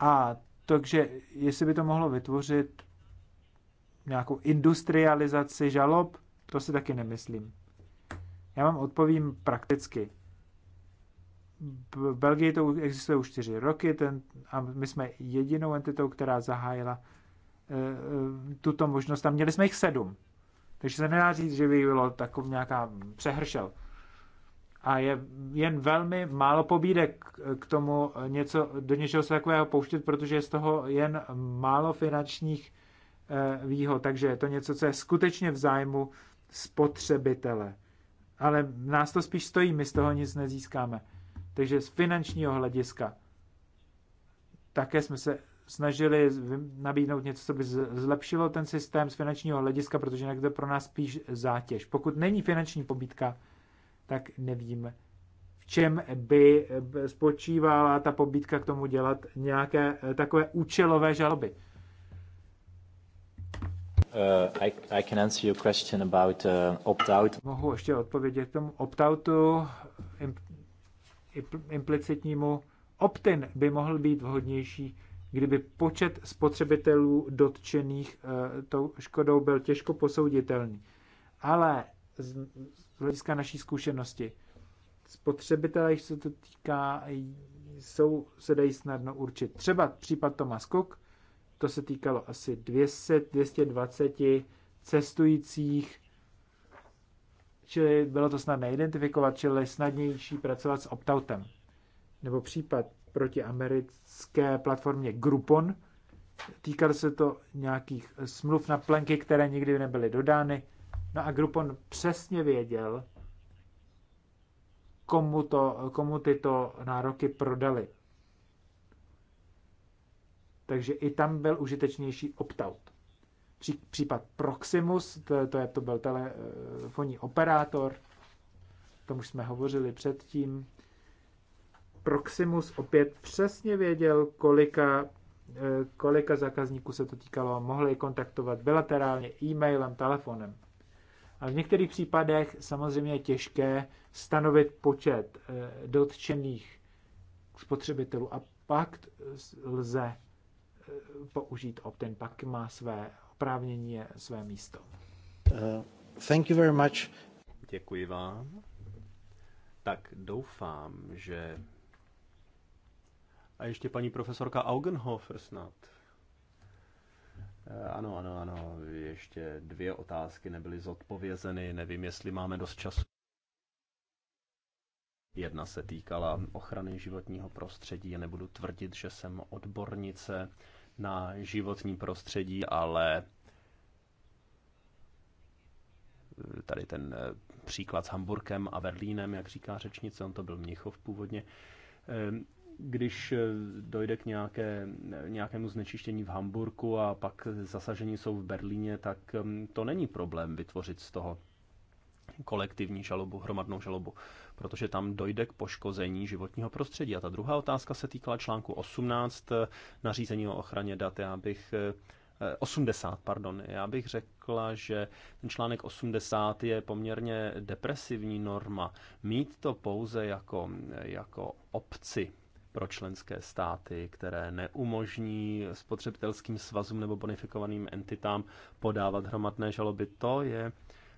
A takže jestli by to mohlo vytvořit nějakou industrializaci žalob, to si taky nemyslím. Já vám odpovím prakticky v Belgii to existuje už čtyři roky ten, a my jsme jedinou entitou, která zahájila e, e, tuto možnost a měli jsme jich sedm. Takže se nedá říct, že by bylo takový nějaká přehršel. A je jen velmi málo pobídek k tomu něco, do něčeho se takového pouštět, protože je z toho jen málo finančních e, výhod. Takže je to něco, co je skutečně v zájmu spotřebitele. Ale nás to spíš stojí, my z toho nic nezískáme. Takže z finančního hlediska také jsme se snažili nabídnout něco, co by zlepšilo ten systém z finančního hlediska, protože jinak to je pro nás spíš zátěž. Pokud není finanční pobídka, tak nevíme, v čem by eh, spočívala ta pobídka k tomu dělat nějaké eh, takové účelové žaloby. Uh, I, I can answer your question about uh, opt-out. Mohu ještě odpovědět tomu opt-outu implicitnímu opt-in by mohl být vhodnější, kdyby počet spotřebitelů dotčených e, tou škodou byl těžko posouditelný. Ale z, z hlediska naší zkušenosti, spotřebitelé, když se to týká, jsou, se dají snadno určit. Třeba případ Thomas Cook, to se týkalo asi 200, 220 cestujících čili bylo to snadné identifikovat, čili snadnější pracovat s optoutem. Nebo případ proti americké platformě Groupon, týkal se to nějakých smluv na plenky, které nikdy nebyly dodány. No a Groupon přesně věděl, komu, to, komu tyto nároky prodali. Takže i tam byl užitečnější opt-out. Pří, případ Proximus, to, to, je, to byl telefonní operátor, o tom už jsme hovořili předtím. Proximus opět přesně věděl, kolika, eh, kolika zákazníků se to týkalo, mohli je kontaktovat bilaterálně, e-mailem, telefonem. Ale v některých případech samozřejmě je těžké stanovit počet eh, dotčených spotřebitelů a pak lze eh, použít opt-in, pak má své oprávnění je své místo. Uh, thank you very much. Děkuji vám. Tak doufám, že... A ještě paní profesorka Augenhofer snad. Eh, ano, ano, ano, ještě dvě otázky nebyly zodpovězeny, nevím, jestli máme dost času. Jedna se týkala ochrany životního prostředí. Já nebudu tvrdit, že jsem odbornice na životní prostředí, ale tady ten eh, příklad s Hamburkem a Berlínem, jak říká řečnice, on to byl Mnichov původně, eh, když eh, dojde k nějaké, nějakému znečištění v Hamburku a pak zasažení jsou v Berlíně, tak mm, to není problém vytvořit z toho kolektivní žalobu, hromadnou žalobu, protože tam dojde k poškození životního prostředí. A ta druhá otázka se týkala článku 18 eh, nařízení o ochraně dat. Já bych 80, eh, pardon. Já bych řekla, že ten článek 80 je poměrně depresivní norma. Mít to pouze jako, jako obci pro členské státy, které neumožní spotřebitelským svazům nebo bonifikovaným entitám podávat hromadné žaloby, to je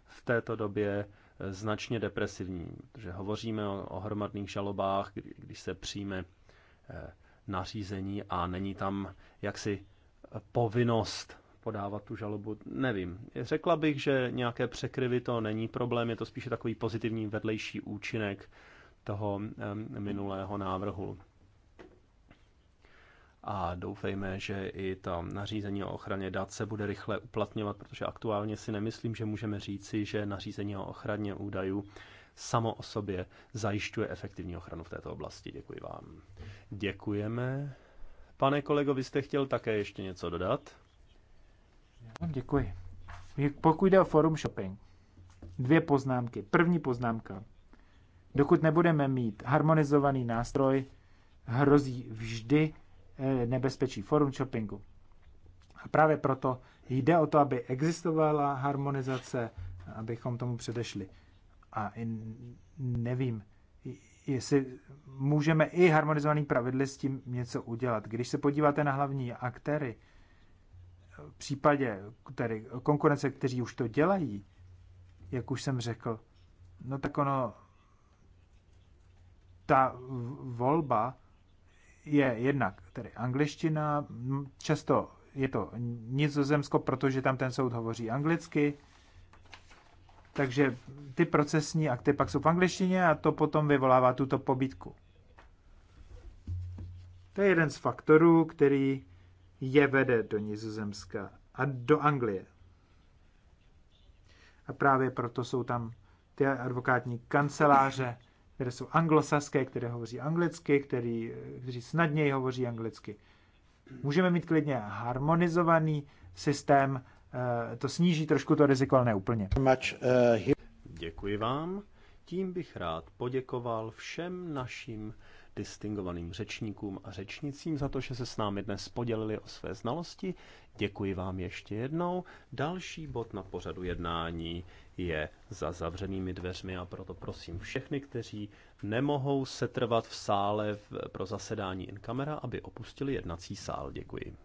v této době značně depresivní, protože hovoříme o, o hromadných žalobách, kdy, když se přijme eh, nařízení a není tam jaksi povinnost podávat tu žalobu, nevím. Řekla bych, že nějaké překryvy to není problém, je to spíše takový pozitivní vedlejší účinek toho eh, minulého návrhu a doufejme, že i ta nařízení o ochraně dat se bude rychle uplatňovat, protože aktuálně si nemyslím, že můžeme říci, že nařízení o ochraně údajů samo o sobě zajišťuje efektivní ochranu v této oblasti. Děkuji vám. Děkujeme. Pane kolego, vy jste chtěl také ještě něco dodat? Já vám děkuji. Pokud jde o forum shopping, dvě poznámky. První poznámka. Dokud nebudeme mít harmonizovaný nástroj, hrozí vždy, Eh, nebezpečí forum shoppingu. A právě proto jde o to, aby existovala harmonizace, abychom tomu předešli. A nevím, jestli můžeme i harmonizovaný pravidly s tím něco udělat. Když se podíváte na hlavní aktéry, v případě tedy konkurence, kteří už to dělají, jak už jsem řekl, no tak ono, ta volba je jednak tedy angliština, často je to nizozemsko, protože tam ten soud hovoří anglicky, takže ty procesní akty pak jsou v angličtině a to potom vyvolává tuto pobítku. To je jeden z faktorů, který je vede do Nizozemska a do Anglie. A právě proto jsou tam ty advokátní kanceláře, které jsou anglosaské, které hovoří anglicky, který, kteří snadněji hovoří anglicky. Můžeme mít klidně harmonizovaný systém, eh, to sníží trošku to riziko, ale ne úplně. Eh, Děkuji vám. Tím bych rád poděkoval všem našim distingovaným řečníkům a řečnicím za to, že se s námi dnes podělili o své znalosti. Děkuji vám ještě jednou. Další bod na pořadu jednání je za zavřenými dveřmi a proto prosím všechny, kteří nemohou setrvat v sále pro zasedání in camera, aby opustili jednací sál. Děkuji.